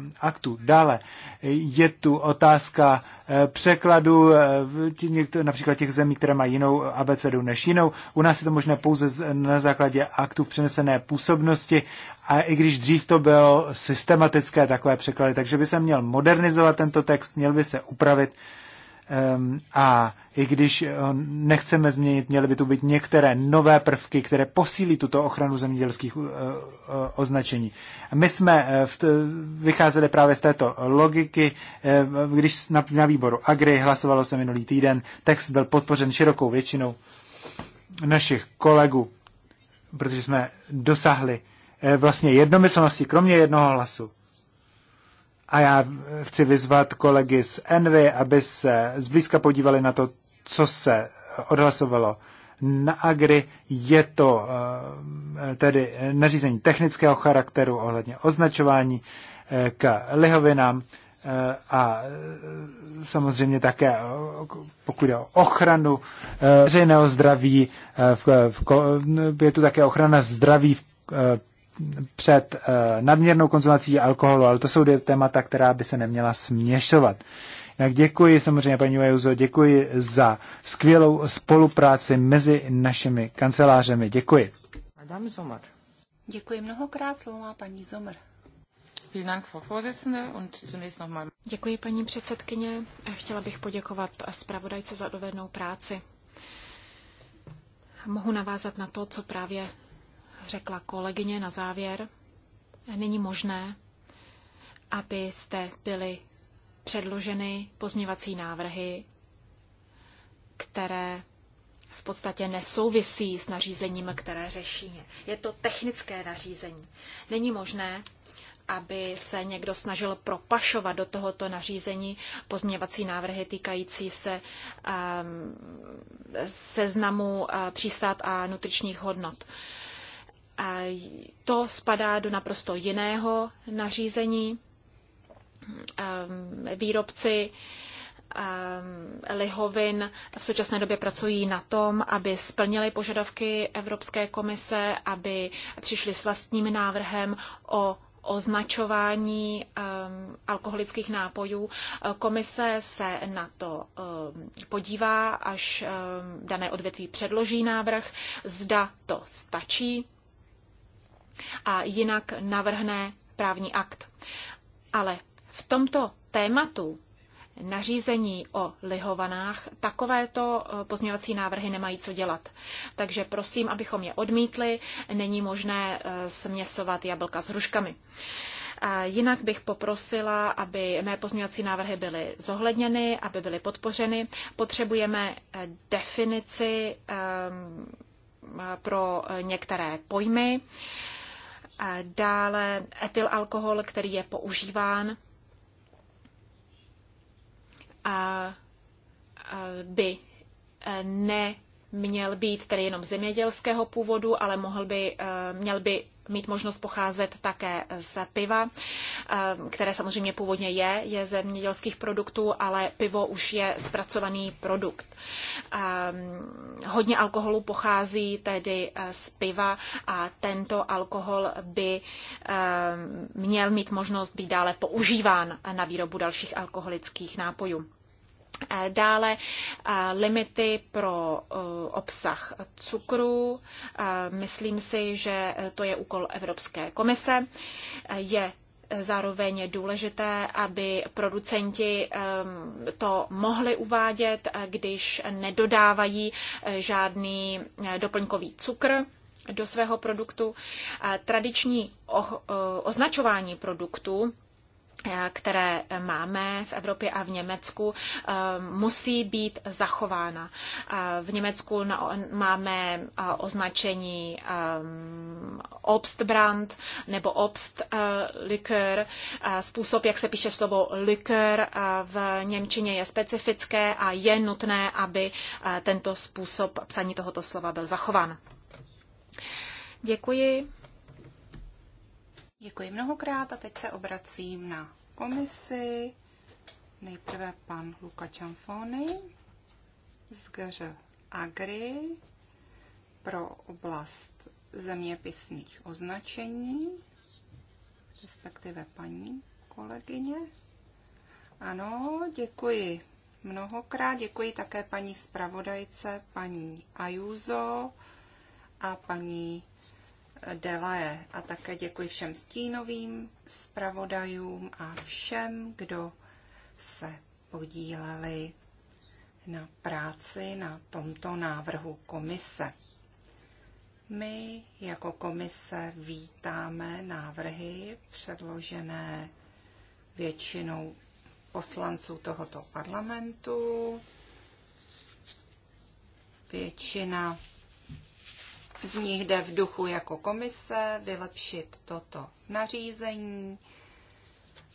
uh, aktů. Dále je tu otázka uh, překladu uh, například těch zemí, které mají jinou abecedu než jinou. U nás je to možné pouze z, na základě aktů v přenesené působnosti a i když dřív to bylo systematické takové překlady, takže by se měl modernizovat tento text, měl by se upravit uh, a i když eh, nechceme změnit, měly by tu být některé nové prvky, které posílí tuto ochranu zemědělských eh, eh, označení. My jsme vycházeli právě z této logiky, když na, na výboru Agri hlasovalo se minulý týden, text byl podpořen širokou většinou našich kolegů, protože jsme dosáhli vlastně jednomyslnosti, kromě jednoho hlasu. A já chci vyzvat kolegy z Envy, aby se zblízka podívali na to, co se odhlasovalo na Agri. Je to eh, tedy nařízení technického charakteru ohledně označování eh, k lihovinám eh, a samozřejmě také pokud je o ochranu veřejného zdraví, je tu také ochrana zdraví v před eh, nadměrnou konzumací alkoholu, ale to jsou dvě témata, která by se neměla směšovat. Jinak děkuji samozřejmě paní Vajuzo, děkuji za skvělou spolupráci mezi našimi kancelářemi. Děkuji. Madame Sommer. Děkuji mnohokrát, slovo má paní Sommer. Děkuji paní předsedkyně. Chtěla bych poděkovat zpravodajce za dovednou práci. Mohu navázat na to, co právě řekla kolegyně na závěr, není možné, abyste byli předloženy pozměvací návrhy, které v podstatě nesouvisí s nařízením, které řeší. Je to technické nařízení. Není možné, aby se někdo snažil propašovat do tohoto nařízení pozměvací návrhy týkající se um, seznamu uh, přístát a nutričních hodnot. Uh, to spadá do naprosto jiného nařízení. Ehm, výrobci ehm, lihovin v současné době pracují na tom, aby splnili požadavky Evropské komise, aby přišli s vlastním návrhem o označování um, alkoholických nápojů. Komise se na to um, podívá, až um, dané odvětví předloží návrh, zda to stačí a jinak navrhne právní akt. Ale v tomto tématu nařízení o lihovanách takovéto eh, pozměňovací návrhy nemají co dělat. Takže prosím, abychom je odmítli, není možné eh, směsovat jablka s hruškami. A jinak bych poprosila, aby mé pozměňovací návrhy byly zohledněny, aby byly podpořeny. Potřebujeme eh, definici um, pro některé pojmy. Uh, dále etylalkohol, který je používán, a by e, ne měl být tedy jenom zemědělského původu, ale mohl by, e, měl by mít možnost pocházet také z piva, e, které samozřejmě původně je, je zemědělských produktů, ale pivo už je zpracovaný produkt. Ehm, hodně alkoholu pochází tedy eh, z piva a tento alkohol by ehm, měl mít možnost být dále používán na výrobu dalších alkoholických nápojů. Eh, dále eh, limity pro obsah cukru. Myslím si, že to je úkol Evropské komise. Je zároveň důležité, aby producenti to mohli uvádět, když nedodávají eh, žádný eh, doplňkový cukr do svého produktu. Tradiční eh, označování produktů které máme v Evropě a v Německu, eh, musí být zachována. Eh, v Německu máme eh, označení Obstbrand nebo Obstlikör. Způsob, jak se píše slovo likör v Němčině je specifické a je nutné, aby tento způsob psaní tohoto slova byl zachován. Děkuji. Děkuji mnohokrát a teď se obracím na komisi. Nejprve pan Luka Čamfony z GŘ Agri pro oblast zeměpisných označení, respektive paní kolegyně. Ano, děkuji mnohokrát. Děkuji také paní zpravodajce, paní Ajuzo a paní Delaje. A také děkuji všem stínovým zpravodajům a všem, kdo se podíleli na práci na tomto návrhu komise. My jako komise vítáme návrhy předložené většinou poslanců tohoto parlamentu. Většina z nich jde v duchu jako komise vylepšit toto nařízení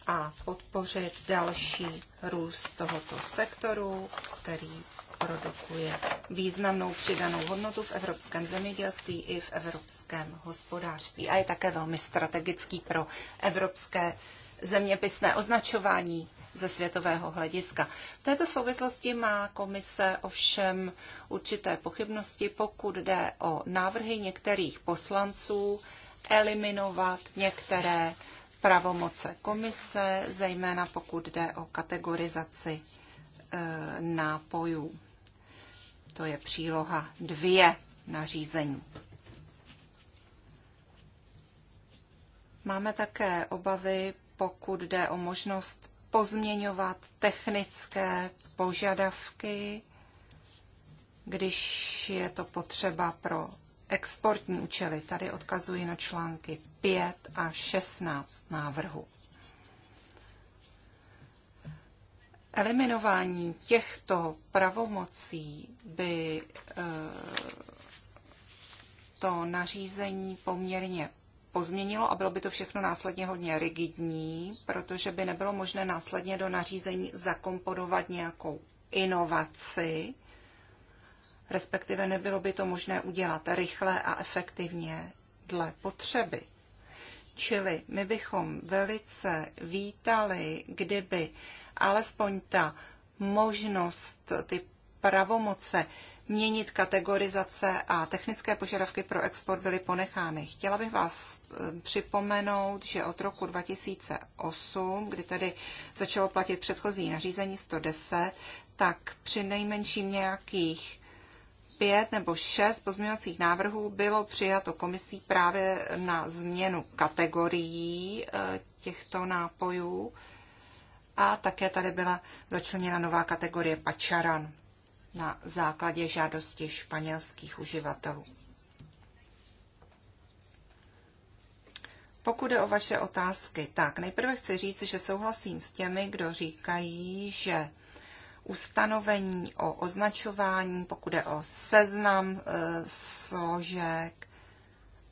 a podpořit další růst tohoto sektoru, který produkuje významnou přidanou hodnotu v evropském zemědělství i v evropském hospodářství a je také velmi strategický pro evropské zeměpisné označování ze světového hlediska. V této souvislosti má komise ovšem určité pochybnosti, pokud jde o návrhy některých poslanců eliminovat některé pravomoce komise, zejména pokud jde o kategorizaci e, nápojů. To je příloha dvě nařízení. Máme také obavy, pokud jde o možnost pozměňovat technické požadavky, když je to potřeba pro exportní účely. Tady odkazuji na články 5 a 16 návrhu. Eliminování těchto pravomocí by eh, to nařízení poměrně pozměnilo a bylo by to všechno následně hodně rigidní, protože by nebylo možné následně do nařízení zakomponovat nějakou inovaci, respektive nebylo by to možné udělat rychle a efektivně dle potřeby. Čili my bychom velice vítali, kdyby alespoň ta možnost, ty pravomoce měnit kategorizace a technické požadavky pro export byly ponechány. Chtěla bych vás eh, připomenout, že od roku 2008, kdy tedy začalo platit předchozí nařízení 110, tak při nejmenším nějakých pět nebo šest pozměňovacích návrhů bylo přijato komisí právě na změnu kategorií eh, těchto nápojů a také tady byla začleněna nová kategorie pačaran na základě žádosti španělských uživatelů. Pokud je o vaše otázky, tak nejprve chci říct, že souhlasím s těmi, kdo říkají, že ustanovení o označování, pokud je o seznam e, složek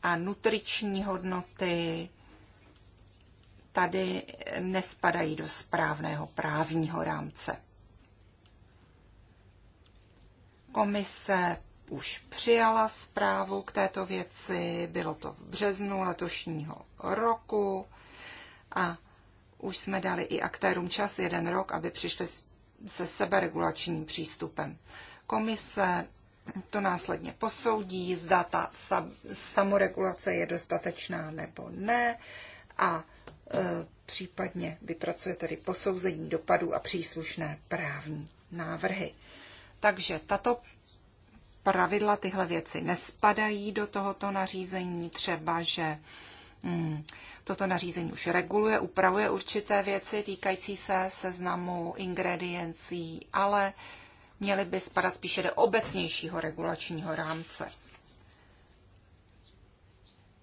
a nutriční hodnoty, tady nespadají do správného právního rámce. Komise už přijala zprávu k této věci, bylo to v březnu letošního roku a už jsme dali i aktérům čas jeden rok, aby přišli se seberegulačním přístupem. Komise to následně posoudí, zda ta samoregulace je dostatečná nebo ne a e, případně vypracuje tedy posouzení dopadů a příslušné právní návrhy. Takže tato pravidla, tyhle věci nespadají do tohoto nařízení, třeba že hmm, toto nařízení už reguluje, upravuje určité věci týkající se seznamu ingrediencí, ale měly by spadat spíše do obecnějšího regulačního rámce.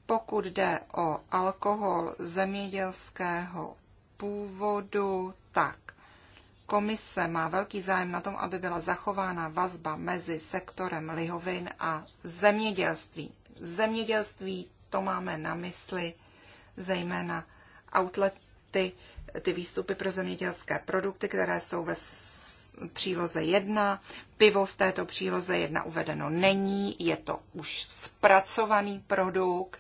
Pokud jde o alkohol zemědělského původu, tak Komise má velký zájem na tom, aby byla zachována vazba mezi sektorem lihovin a zemědělství. Zemědělství to máme na mysli zejména outlety, ty výstupy pro zemědělské produkty, které jsou ve příloze 1. Pivo v této příloze 1 uvedeno není, je to už zpracovaný produkt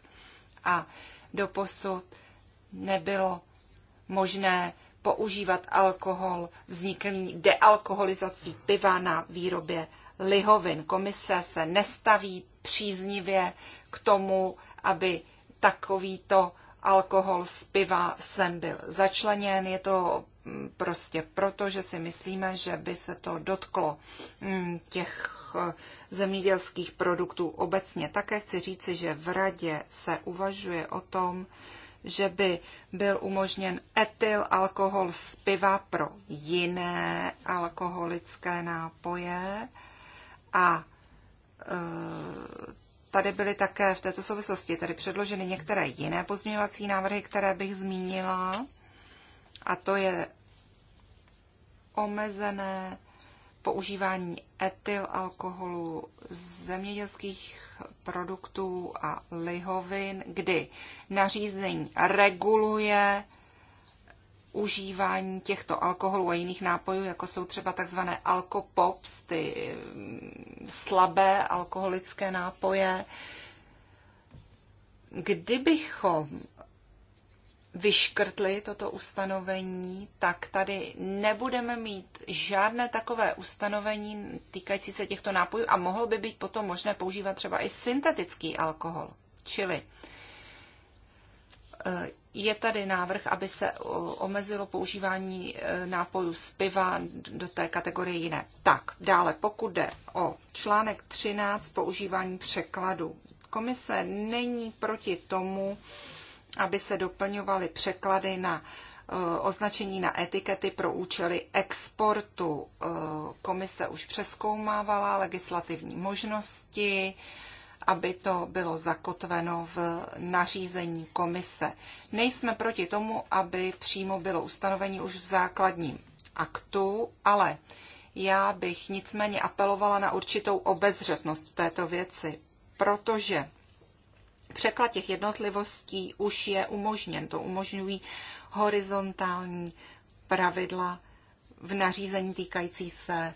a doposud nebylo možné používat alkohol vzniklý dealkoholizací piva na výrobě lihovin. Komise se nestaví příznivě k tomu, aby takovýto alkohol z piva sem byl začleněn. Je to mm, prostě proto, že si myslíme, že by se to dotklo mm, těch eh, zemědělských produktů obecně. Také chci říci, že v radě se uvažuje o tom, že by byl umožněn etyl alkohol z piva pro jiné alkoholické nápoje. A e, tady byly také v této souvislosti tady předloženy některé jiné pozměňovací návrhy, které bych zmínila. A to je omezené používání etylalkoholu, zemědělských produktů a lihovin, kdy nařízení reguluje užívání těchto alkoholů a jiných nápojů, jako jsou třeba takzvané alkopops, ty mm, slabé alkoholické nápoje. Kdybychom vyškrtli toto ustanovení, tak tady nebudeme mít žádné takové ustanovení týkající se těchto nápojů a mohlo by být potom možné používat třeba i syntetický alkohol. Čili eh, je tady návrh, aby se eh, omezilo používání eh, nápojů z piva do té kategorie jiné. Tak, dále, pokud jde o článek 13, používání překladu. Komise není proti tomu, aby se doplňovaly překlady na e, označení na etikety pro účely exportu. E, komise už přeskoumávala legislativní možnosti, aby to bylo zakotveno v nařízení komise. Nejsme proti tomu, aby přímo bylo ustanovení už v základním aktu, ale já bych nicméně apelovala na určitou obezřetnost v této věci, protože překlad těch jednotlivostí už je umožněn. To umožňují horizontální pravidla v nařízení týkající se e,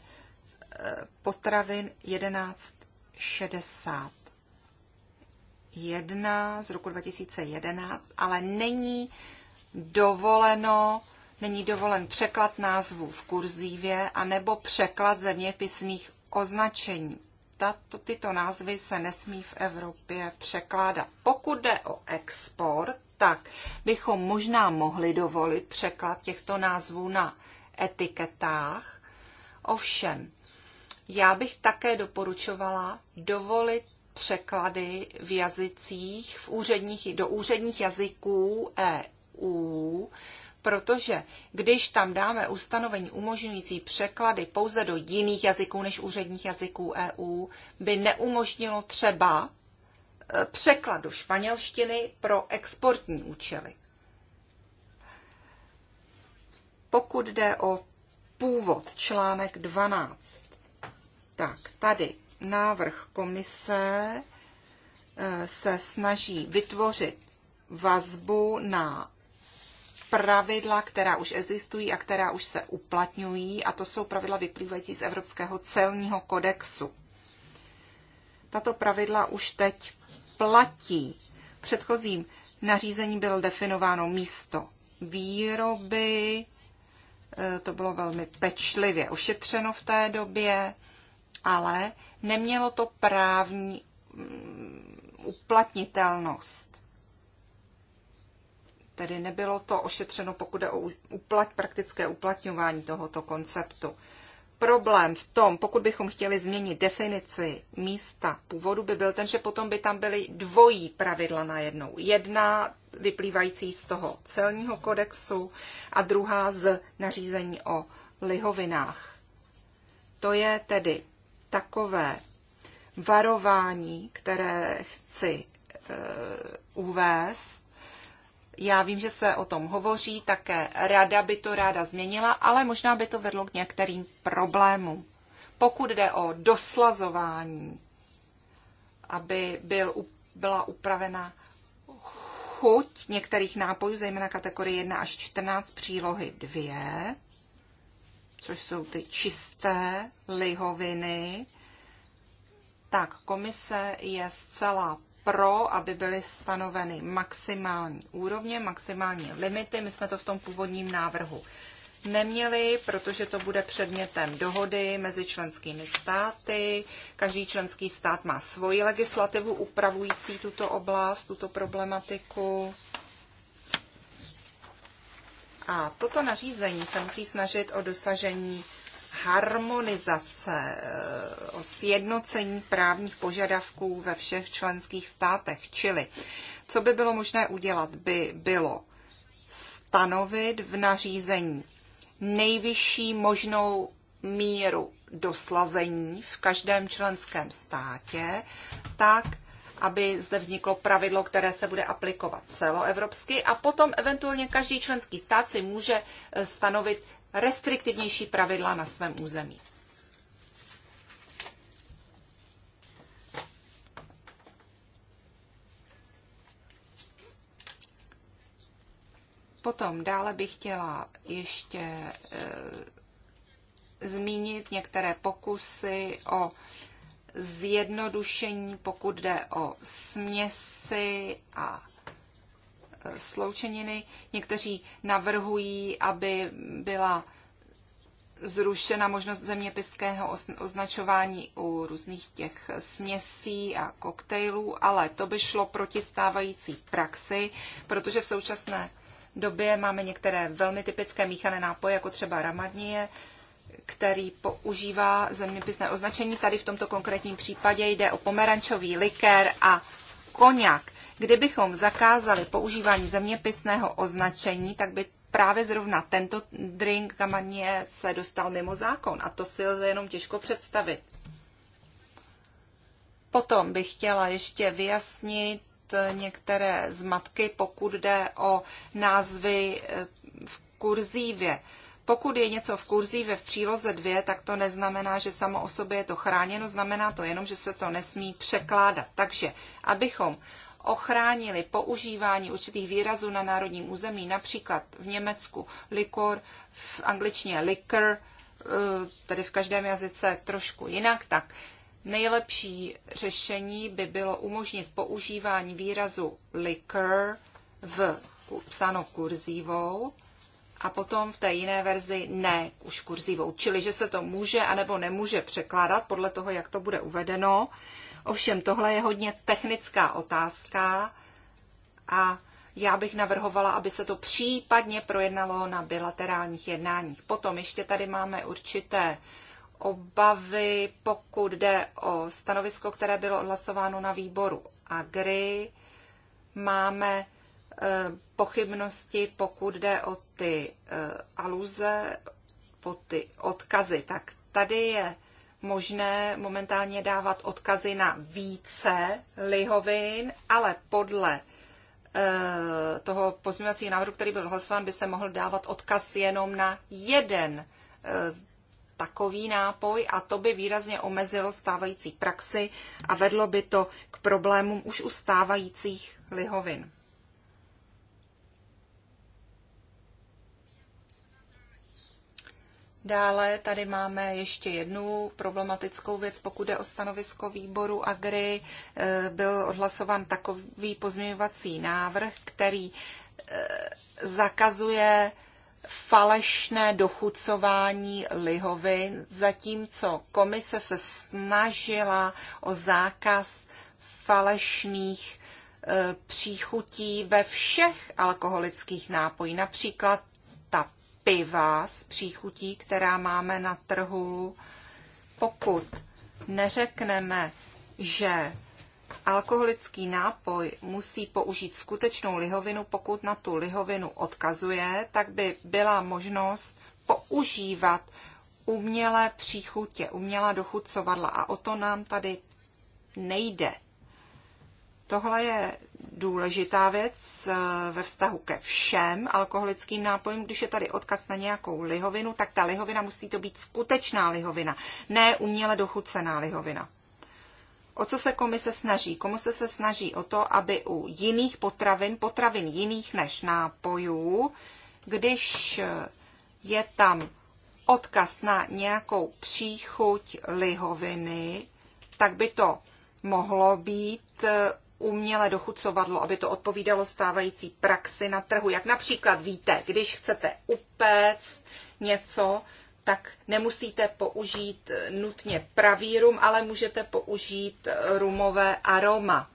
potravin 1161 z roku 2011, ale není dovoleno není dovolen překlad názvů v kurzívě a nebo překlad zeměpisných označení tato, tyto názvy se nesmí v Evropě překládat. Pokud jde o export, tak bychom možná mohli dovolit překlad těchto názvů na etiketách. Ovšem, já bych také doporučovala dovolit překlady v jazycích, v úředních, do úředních jazyků EU, protože když tam dáme ustanovení umožňující překlady pouze do jiných jazyků než úředních jazyků EU, by neumožnilo třeba e, překlad do španělštiny pro exportní účely. Pokud jde o původ, článek 12, tak tady návrh komise e, se snaží vytvořit vazbu na pravidla, která už existují a která už se uplatňují, a to jsou pravidla vyplývající z Evropského celního kodexu. Tato pravidla už teď platí. V předchozím nařízení bylo definováno místo výroby, e, to bylo velmi pečlivě ošetřeno v té době, ale nemělo to právní mm, uplatnitelnost. Tedy nebylo to ošetřeno, pokud je o uplat, praktické uplatňování tohoto konceptu. Problém v tom, pokud bychom chtěli změnit definici místa původu, by byl ten, že potom by tam byly dvojí pravidla najednou. Jedna vyplývající z toho celního kodexu a druhá z nařízení o lihovinách. To je tedy takové varování, které chci e, uvést já vím, že se o tom hovoří, také rada by to ráda změnila, ale možná by to vedlo k některým problémům. Pokud jde o doslazování, aby byl, byla upravena chuť některých nápojů, zejména kategorie 1 až 14 přílohy 2, což jsou ty čisté lihoviny, tak komise je zcela pro, aby byly stanoveny maximální úrovně, maximální limity. My jsme to v tom původním návrhu neměli, protože to bude předmětem dohody mezi členskými státy. Každý členský stát má svoji legislativu upravující tuto oblast, tuto problematiku. A toto nařízení se musí snažit o dosažení harmonizace, eh, o sjednocení právních požadavků ve všech členských státech. Čili, co by bylo možné udělat, by bylo stanovit v nařízení nejvyšší možnou míru doslazení v každém členském státě, tak, aby zde vzniklo pravidlo, které se bude aplikovat celoevropsky a potom eventuálně každý členský stát si může eh, stanovit restriktivnější pravidla na svém území. Potom dále bych chtěla ještě e, zmínit některé pokusy o zjednodušení, pokud jde o směsi a sloučeniny. Někteří navrhují, aby byla zrušena možnost zeměpiského označování u různých těch směsí a koktejlů, ale to by šlo proti stávající praxi, protože v současné době máme některé velmi typické míchané nápoje, jako třeba ramadnie, který používá zeměpisné označení. Tady v tomto konkrétním případě jde o pomerančový likér a koněk. Kdybychom zakázali používání zeměpisného označení, tak by právě zrovna tento drink kamanie se dostal mimo zákon a to si lze jenom těžko představit. Potom bych chtěla ještě vyjasnit některé zmatky, pokud jde o názvy eh, v kurzívě. Pokud je něco v kurzívě v příloze 2, tak to neznamená, že samo o sobě je to chráněno, znamená to jenom, že se to nesmí překládat. Takže abychom ochránili používání určitých výrazů na národním území, například v Německu likor, v angličtině liquor, eh, tedy v každém jazyce trošku jinak, tak nejlepší řešení by bylo umožnit používání výrazu liquor v psáno kurzívou a potom v té jiné verzi ne už kurzivou. Čili, že se to může anebo nemůže překládat podle toho, jak to bude uvedeno. Ovšem, tohle je hodně technická otázka a já bych navrhovala, aby se to případně projednalo na bilaterálních jednáních. Potom ještě tady máme určité obavy, pokud jde o stanovisko, které bylo odhlasováno na výboru AGRI. Máme pochybnosti, pokud jde o ty eh, aluze, o ty odkazy, tak tady je možné momentálně dávat odkazy na více lihovin, ale podle eh, toho pozměňovacího návrhu, který byl hlasován, by se mohl dávat odkaz jenom na jeden eh, takový nápoj a to by výrazně omezilo stávající praxi a vedlo by to k problémům už u stávajících lihovin. Dále tady máme ještě jednu problematickou věc, pokud je o stanovisko výboru Agri. Eh, byl odhlasován takový pozměňovací návrh, který eh, zakazuje falešné dochucování lihovin, zatímco komise se snažila o zákaz falešných eh, příchutí ve všech alkoholických nápojích, například ta piva s příchutí, která máme na trhu, pokud neřekneme, že alkoholický nápoj musí použít skutečnou lihovinu, pokud na tu lihovinu odkazuje, tak by byla možnost používat umělé příchutě, umělá dochucovadla a o to nám tady nejde. Tohle je důležitá věc eh, ve vztahu ke všem alkoholickým nápojům. Když je tady odkaz na nějakou lihovinu, tak ta lihovina musí to být skutečná lihovina, ne uměle dochucená lihovina. O co se komise snaží? Komise se snaží o to, aby u jiných potravin, potravin jiných než nápojů, když eh, je tam odkaz na nějakou příchuť lihoviny, tak by to mohlo být eh, uměle dochucovadlo, aby to odpovídalo stávající praxi na trhu. Jak například víte, když chcete upéct něco, tak nemusíte použít nutně pravý rum, ale můžete použít rumové aroma.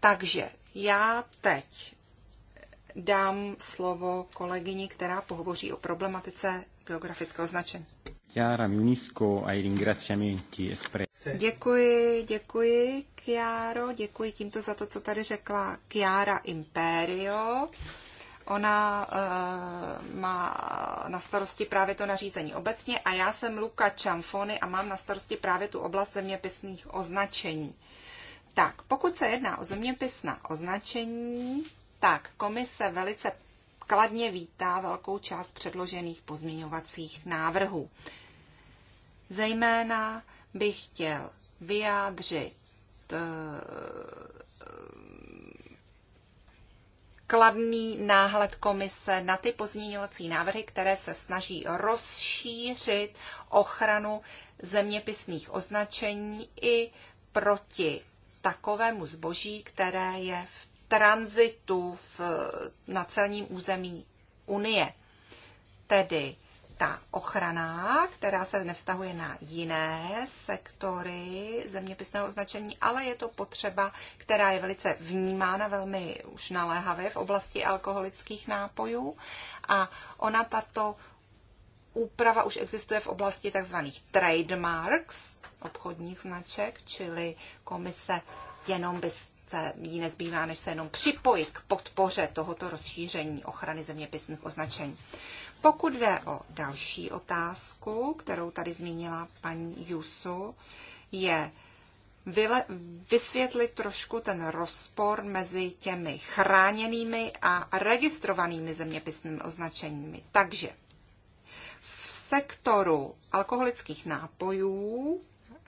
Takže já teď dám slovo kolegyni, která pohovoří o problematice geografického značení. Chiara, mi unisco ai ringraziamenti espressi. Děkuji, děkuji, Chiaro, děkuji tímto za to, co tady řekla Chiara Imperio. Ona uh, má na starosti právě to nařízení obecně a já jsem Luka Čamfony a mám na starosti právě tu oblast zeměpisných označení. Tak, pokud se jedná o zeměpisná označení, tak komise velice kladně vítá velkou část předložených pozměňovacích návrhů. Zejména bych chtěl vyjádřit eh, kladný náhled komise na ty pozměňovací návrhy, které se snaží rozšířit ochranu zeměpisných označení i proti takovému zboží, které je v tranzitu v, na celním území Unie. Tedy ta ochrana, která se nevztahuje na jiné sektory zeměpisného označení, ale je to potřeba, která je velice vnímána velmi už naléhavě v oblasti alkoholických nápojů a ona tato úprava už existuje v oblasti tzv. trademarks, obchodních značek, čili komise jenom by se jí nezbývá, než se jenom připojit k podpoře tohoto rozšíření ochrany zeměpisných označení. Pokud jde o další otázku, kterou tady zmínila paní Jusu, je vyle, vysvětlit trošku ten rozpor mezi těmi chráněnými a registrovanými zeměpisnými označeními. Takže v sektoru alkoholických nápojů,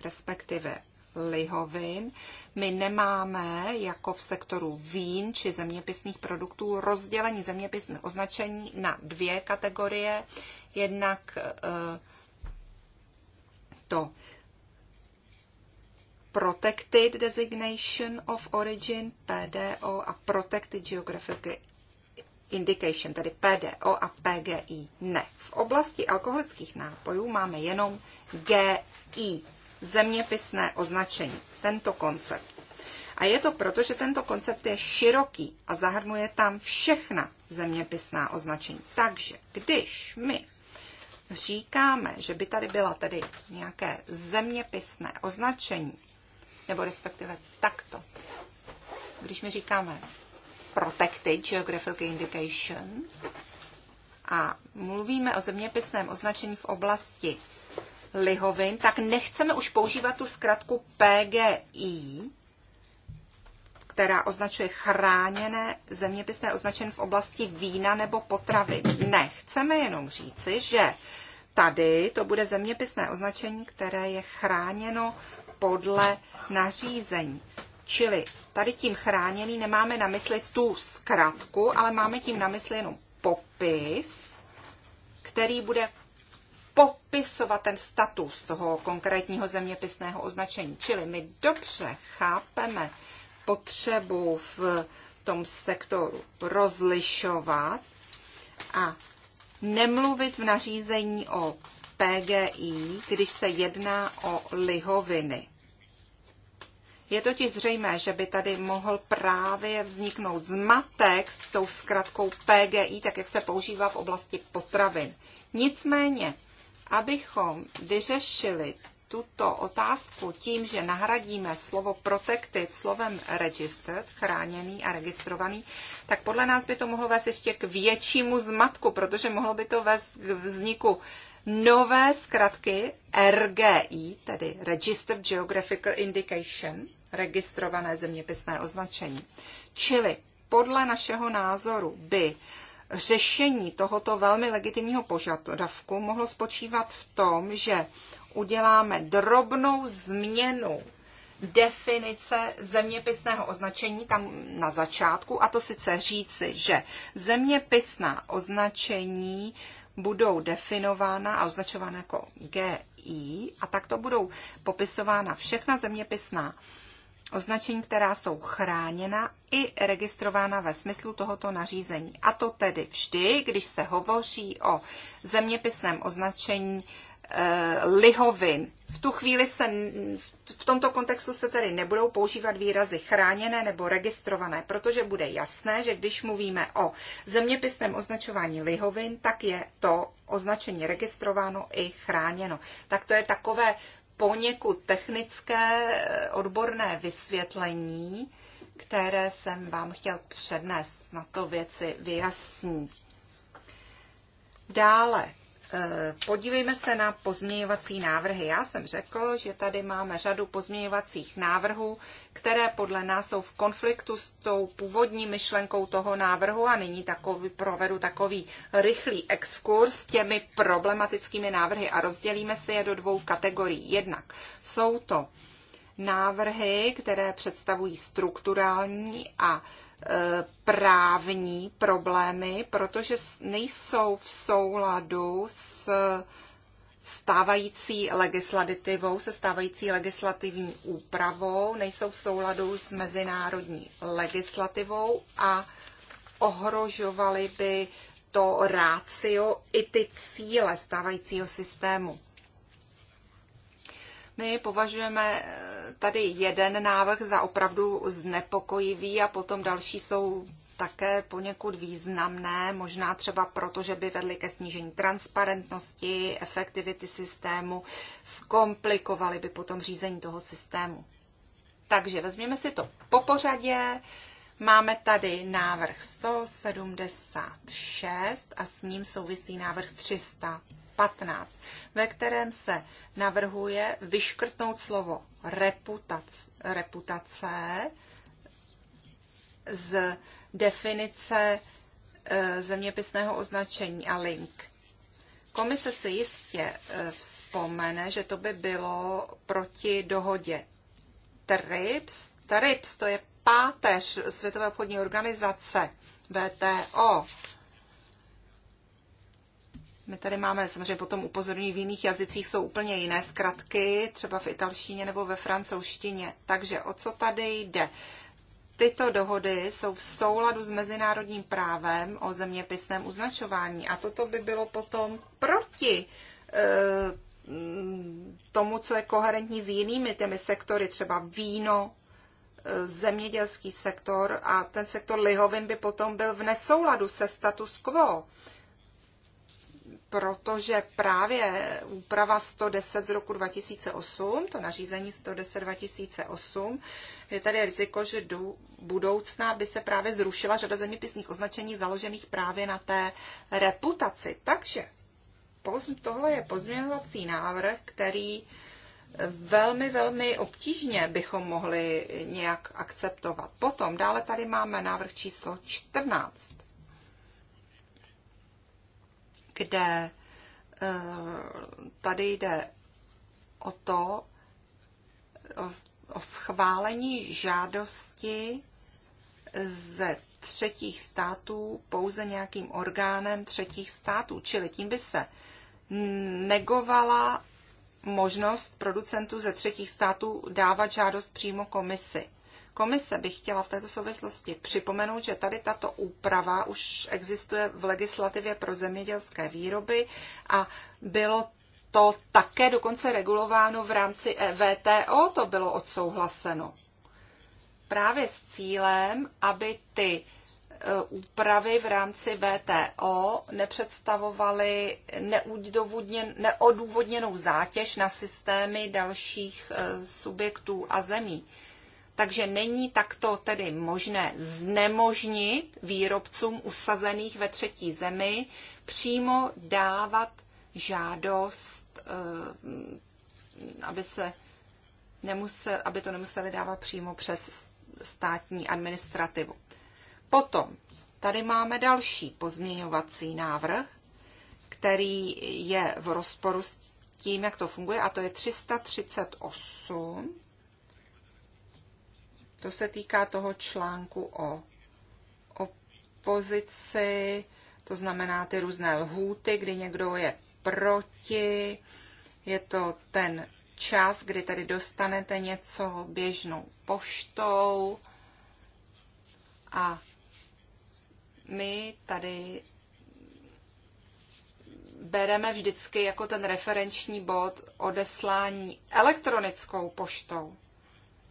respektive lihovin. My nemáme, jako v sektoru vín či zeměpisných produktů, rozdělení zeměpisných označení na dvě kategorie. Jednak eh, to Protected Designation of Origin, PDO, a Protected Geographic Indication, tedy PDO a PGI. Ne. V oblasti alkoholických nápojů máme jenom GI, zeměpisné označení, tento koncept. A je to proto, že tento koncept je široký a zahrnuje tam všechna zeměpisná označení. Takže když my říkáme, že by tady byla tedy nějaké zeměpisné označení, nebo respektive takto, když my říkáme Protected Geographical Indication a mluvíme o zeměpisném označení v oblasti lihovin, tak nechceme už používat tu zkratku PGI, která označuje chráněné zeměpisné označení v oblasti vína nebo potravy. Ne, chceme jenom říci, že tady to bude zeměpisné označení, které je chráněno podle nařízení. Čili tady tím chráněný nemáme na mysli tu zkratku, ale máme tím na mysli jenom popis, který bude popisovat ten status toho konkrétního zeměpisného označení. Čili my dobře chápeme potřebu v tom sektoru rozlišovat a nemluvit v nařízení o PGI, když se jedná o lihoviny. Je totiž zřejmé, že by tady mohl právě vzniknout zmatek s tou zkratkou PGI, tak jak se používá v oblasti potravin. Nicméně abychom vyřešili tuto otázku tím, že nahradíme slovo protected slovem registered, chráněný a registrovaný, tak podle nás by to mohlo vést ještě k většímu zmatku, protože mohlo by to vést k vzniku nové zkratky RGI, tedy Registered Geographical Indication, registrované zeměpisné označení. Čili podle našeho názoru by řešení tohoto velmi legitimního požadavku mohlo spočívat v tom, že uděláme drobnou změnu definice zeměpisného označení tam na začátku, a to sice říci, že zeměpisná označení budou definována a označována jako GI a takto budou popisována všechna zeměpisná označení, která jsou chráněna i registrována ve smyslu tohoto nařízení. A to tedy vždy, když se hovoří o zeměpisném označení e, lihovin. V tu chvíli se v tomto kontextu se tedy nebudou používat výrazy chráněné nebo registrované, protože bude jasné, že když mluvíme o zeměpisném označování lihovin, tak je to označení registrováno i chráněno. Tak to je takové poněkud technické eh, odborné vysvětlení, které jsem vám chtěl přednést, na to věci vyjasní. Dále Eh, podívejme se na pozměňovací návrhy. Já jsem řekl, že tady máme řadu pozměňovacích návrhů, které podle nás jsou v konfliktu s tou původní myšlenkou toho návrhu a nyní takový, provedu takový rychlý exkurs těmi problematickými návrhy a rozdělíme si je do dvou kategorií. Jednak jsou to návrhy, které představují strukturální a právní problémy, protože nejsou v souladu s stávající legislativou, se stávající legislativní úpravou, nejsou v souladu s mezinárodní legislativou a ohrožovaly by to rácio i ty cíle stávajícího systému. My považujeme eh, tady jeden návrh za opravdu znepokojivý a potom další jsou také poněkud významné, možná třeba proto, že by vedly ke snížení transparentnosti, efektivity systému, zkomplikovaly by potom řízení toho systému. Takže vezměme si to po pořadě. Máme tady návrh 176 a s ním souvisí návrh 300 15, ve kterém se navrhuje vyškrtnout slovo reputace, reputace z definice e, zeměpisného označení a link. Komise si jistě e, vzpomene, že to by bylo proti dohodě TRIPS. TRIPS to je páteř Světové obchodní organizace VTO. My tady máme, samozřejmě potom upozorňují, v jiných jazycích jsou úplně jiné zkratky, třeba v italštině nebo ve francouzštině. Takže o co tady jde? Tyto dohody jsou v souladu s mezinárodním právem o zeměpisném označování a toto by bylo potom proti eh, mm, tomu, co je koherentní s jinými těmi sektory, třeba víno, eh, zemědělský sektor a ten sektor lihovin by potom byl v nesouladu se status quo protože právě úprava 110 z roku 2008, to nařízení 110 2008, je tady riziko, že do budoucna by se právě zrušila řada zeměpisných označení založených právě na té reputaci. Takže tohle je pozměňovací návrh, který velmi, velmi obtížně bychom mohli nějak akceptovat. Potom dále tady máme návrh číslo 14 kde eh, tady jde o to, o, schválení žádosti ze třetích států pouze nějakým orgánem třetích států. Čili tím by se negovala možnost producentů ze třetích států dávat žádost přímo komisi. Komise bych chtěla v této souvislosti připomenout, že tady tato úprava už existuje v legislativě pro zemědělské výroby a bylo to také dokonce regulováno v rámci e, VTO, to bylo odsouhlaseno. Právě s cílem, aby ty e, úpravy v rámci VTO nepředstavovaly neodůvodněnou zátěž na systémy dalších e, subjektů a zemí. Takže není takto tedy možné znemožnit výrobcům usazených ve třetí zemi přímo dávat žádost, eh, aby, se nemusel, aby to nemuseli dávat přímo přes státní administrativu. Potom tady máme další pozměňovací návrh, který je v rozporu s tím, jak to funguje, a to je 338 to se týká toho článku o opozici, to znamená ty různé lhůty, kdy někdo je proti, je to ten čas, kdy tady dostanete něco běžnou poštou a my tady bereme vždycky jako ten referenční bod odeslání elektronickou poštou.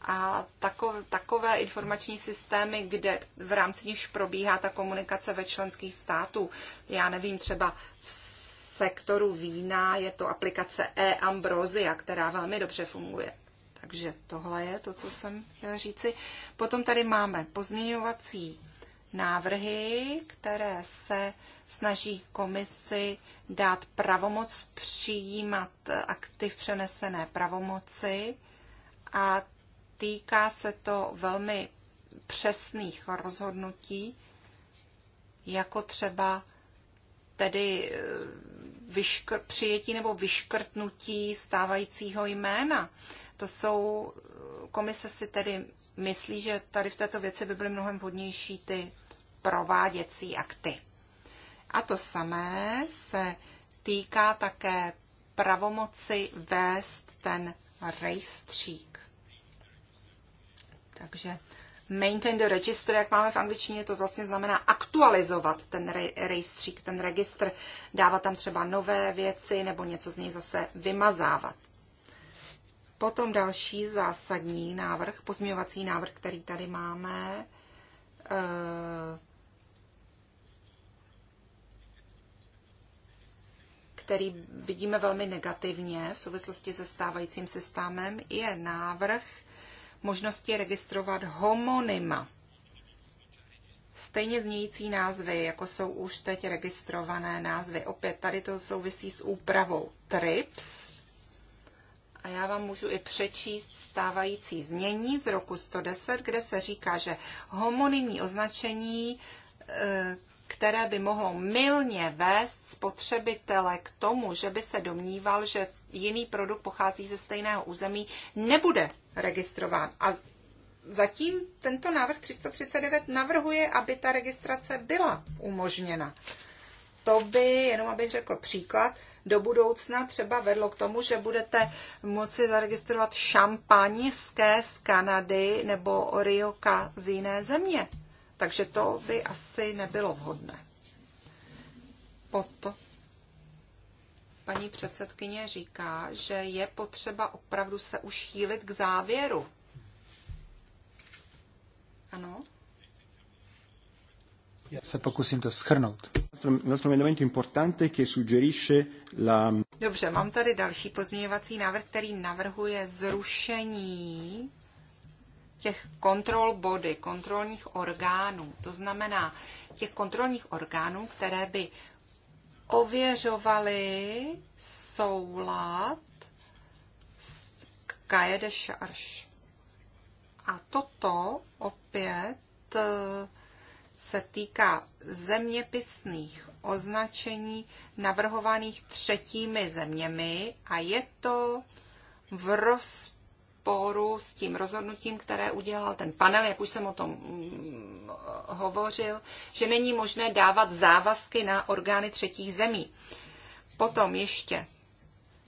A takové informační systémy, kde v rámci nichž probíhá ta komunikace ve členských států, já nevím, třeba v sektoru vína je to aplikace e-ambrosia, která velmi dobře funguje. Takže tohle je to, co jsem chtěla říci. Potom tady máme pozměňovací návrhy, které se snaží komisi dát pravomoc přijímat aktiv přenesené pravomoci a Týká se to velmi přesných rozhodnutí, jako třeba tedy eh, vyškr- přijetí nebo vyškrtnutí stávajícího jména. To jsou, eh, komise si tedy myslí, že tady v této věci by byly mnohem vhodnější ty prováděcí akty. A to samé se týká také pravomoci vést ten rejstřík. Takže maintain the register, jak máme v angličtině, to vlastně znamená aktualizovat ten re- rejstřík, ten registr, dávat tam třeba nové věci nebo něco z něj zase vymazávat. Potom další zásadní návrh, pozměňovací návrh, který tady máme, eh, který vidíme velmi negativně v souvislosti se stávajícím systémem, je návrh možnosti registrovat homonyma. Stejně znějící názvy, jako jsou už teď registrované názvy. Opět tady to souvisí s úpravou TRIPS. A já vám můžu i přečíst stávající znění z roku 110, kde se říká, že homonymní označení eh, které by mohlo mylně vést spotřebitele k tomu, že by se domníval, že jiný produkt pochází ze stejného území, nebude registrován. A zatím tento návrh 339 navrhuje, aby ta registrace byla umožněna. To by, jenom abych řekl příklad, do budoucna třeba vedlo k tomu, že budete moci zaregistrovat šampaňské z Kanady nebo orioka z jiné země. Takže to by asi nebylo vhodné. Potom paní předsedkyně říká, že je potřeba opravdu se už chýlit k závěru. Ano? Já se pokusím to schrnout. Dobře, mám tady další pozměňovací návrh, který navrhuje zrušení těch kontrol body, kontrolních orgánů. To znamená těch kontrolních orgánů, které by ověřovali soulad s Kaje de A toto opět eh, se týká zeměpisných označení navrhovaných třetími zeměmi a je to v rozpočtu rozporu s tím rozhodnutím, které udělal ten panel, jak už jsem o tom mm, hovořil, že není možné dávat závazky na orgány třetích zemí. Potom ještě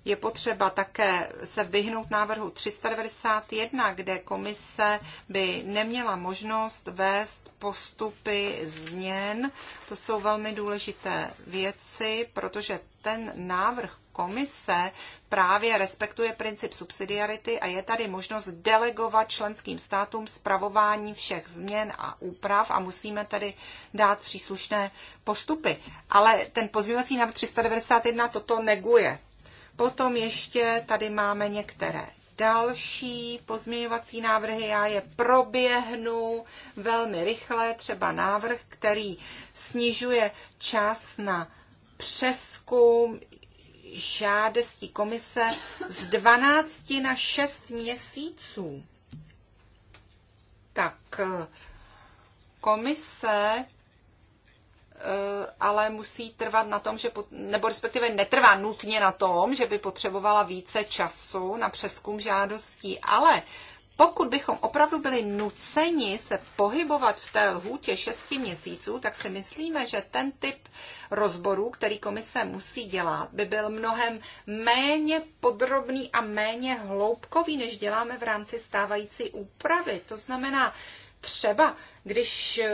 je potřeba také se vyhnout návrhu 391, kde komise by neměla možnost vést postupy změn. To jsou velmi důležité věci, protože ten návrh komise právě respektuje princip subsidiarity a je tady možnost delegovat členským státům zpravování všech změn a úprav a musíme tedy dát příslušné postupy. Ale ten pozměňovací návrh 391 toto neguje. Potom ještě tady máme některé další pozměňovací návrhy. Já je proběhnu velmi rychle, třeba návrh, který snižuje čas na přeskum žádostí komise z 12 na 6 měsíců. Tak komise eh, ale musí trvat na tom, že, nebo respektive netrvá nutně na tom, že by potřebovala více času na přeskum žádostí, ale pokud bychom opravdu byli nuceni se pohybovat v té lhůtě 6 měsíců, tak si myslíme, že ten typ rozborů, který komise musí dělat, by byl mnohem méně podrobný a méně hloubkový, než děláme v rámci stávající úpravy. To znamená, třeba když eh,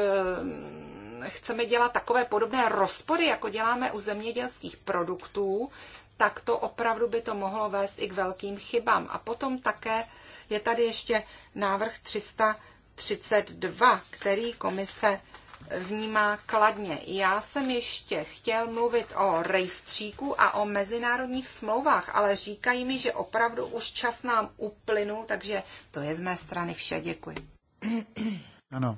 chceme dělat takové podobné rozpory, jako děláme u zemědělských produktů, tak to opravdu by to mohlo vést i k velkým chybám. A potom také je tady ještě návrh 332, který komise vnímá kladně. Já jsem ještě chtěl mluvit o rejstříku a o mezinárodních smlouvách, ale říkají mi, že opravdu už čas nám uplynul, takže to je z mé strany vše. Děkuji. [clears throat] Ano.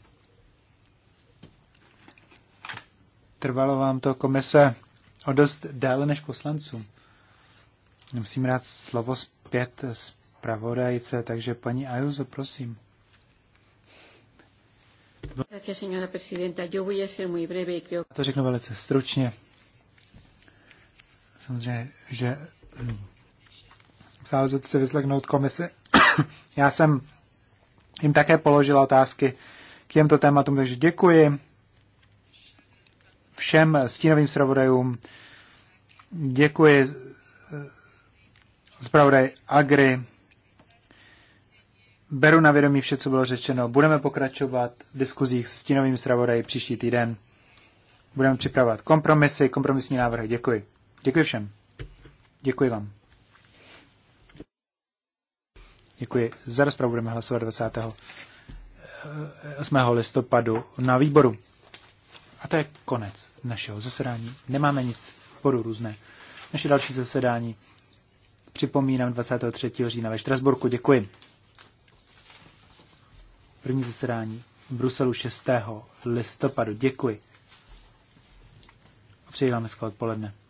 Trvalo vám to komise o dost déle než poslancům. Musím rád slovo zpět, zpět zpravodajce, takže paní Ajuzo, prosím. To řeknu velice stručně. Samozřejmě, že hm, se si vyslechnout komise. [coughs] Já jsem jim také položila otázky k těmto tématům, takže děkuji všem stínovým zpravodajům. Děkuji eh, zpravodaj Agri beru na vědomí vše, co bylo řečeno. Budeme pokračovat v diskuzích s stínovým zpravodají příští týden. Budeme připravovat kompromisy, kompromisní návrhy. Děkuji. Děkuji všem. Děkuji vám. Děkuji. Za rozpravu budeme hlasovat 20. 8. Eh, listopadu na výboru. A to je konec našeho zasedání. Nemáme nic poru různé. Naše další zasedání připomínám 23. října ve Štrasburku. Děkuji. První zasedání v Bruselu 6. listopadu. Děkuji. Přeji vám hezké odpoledne.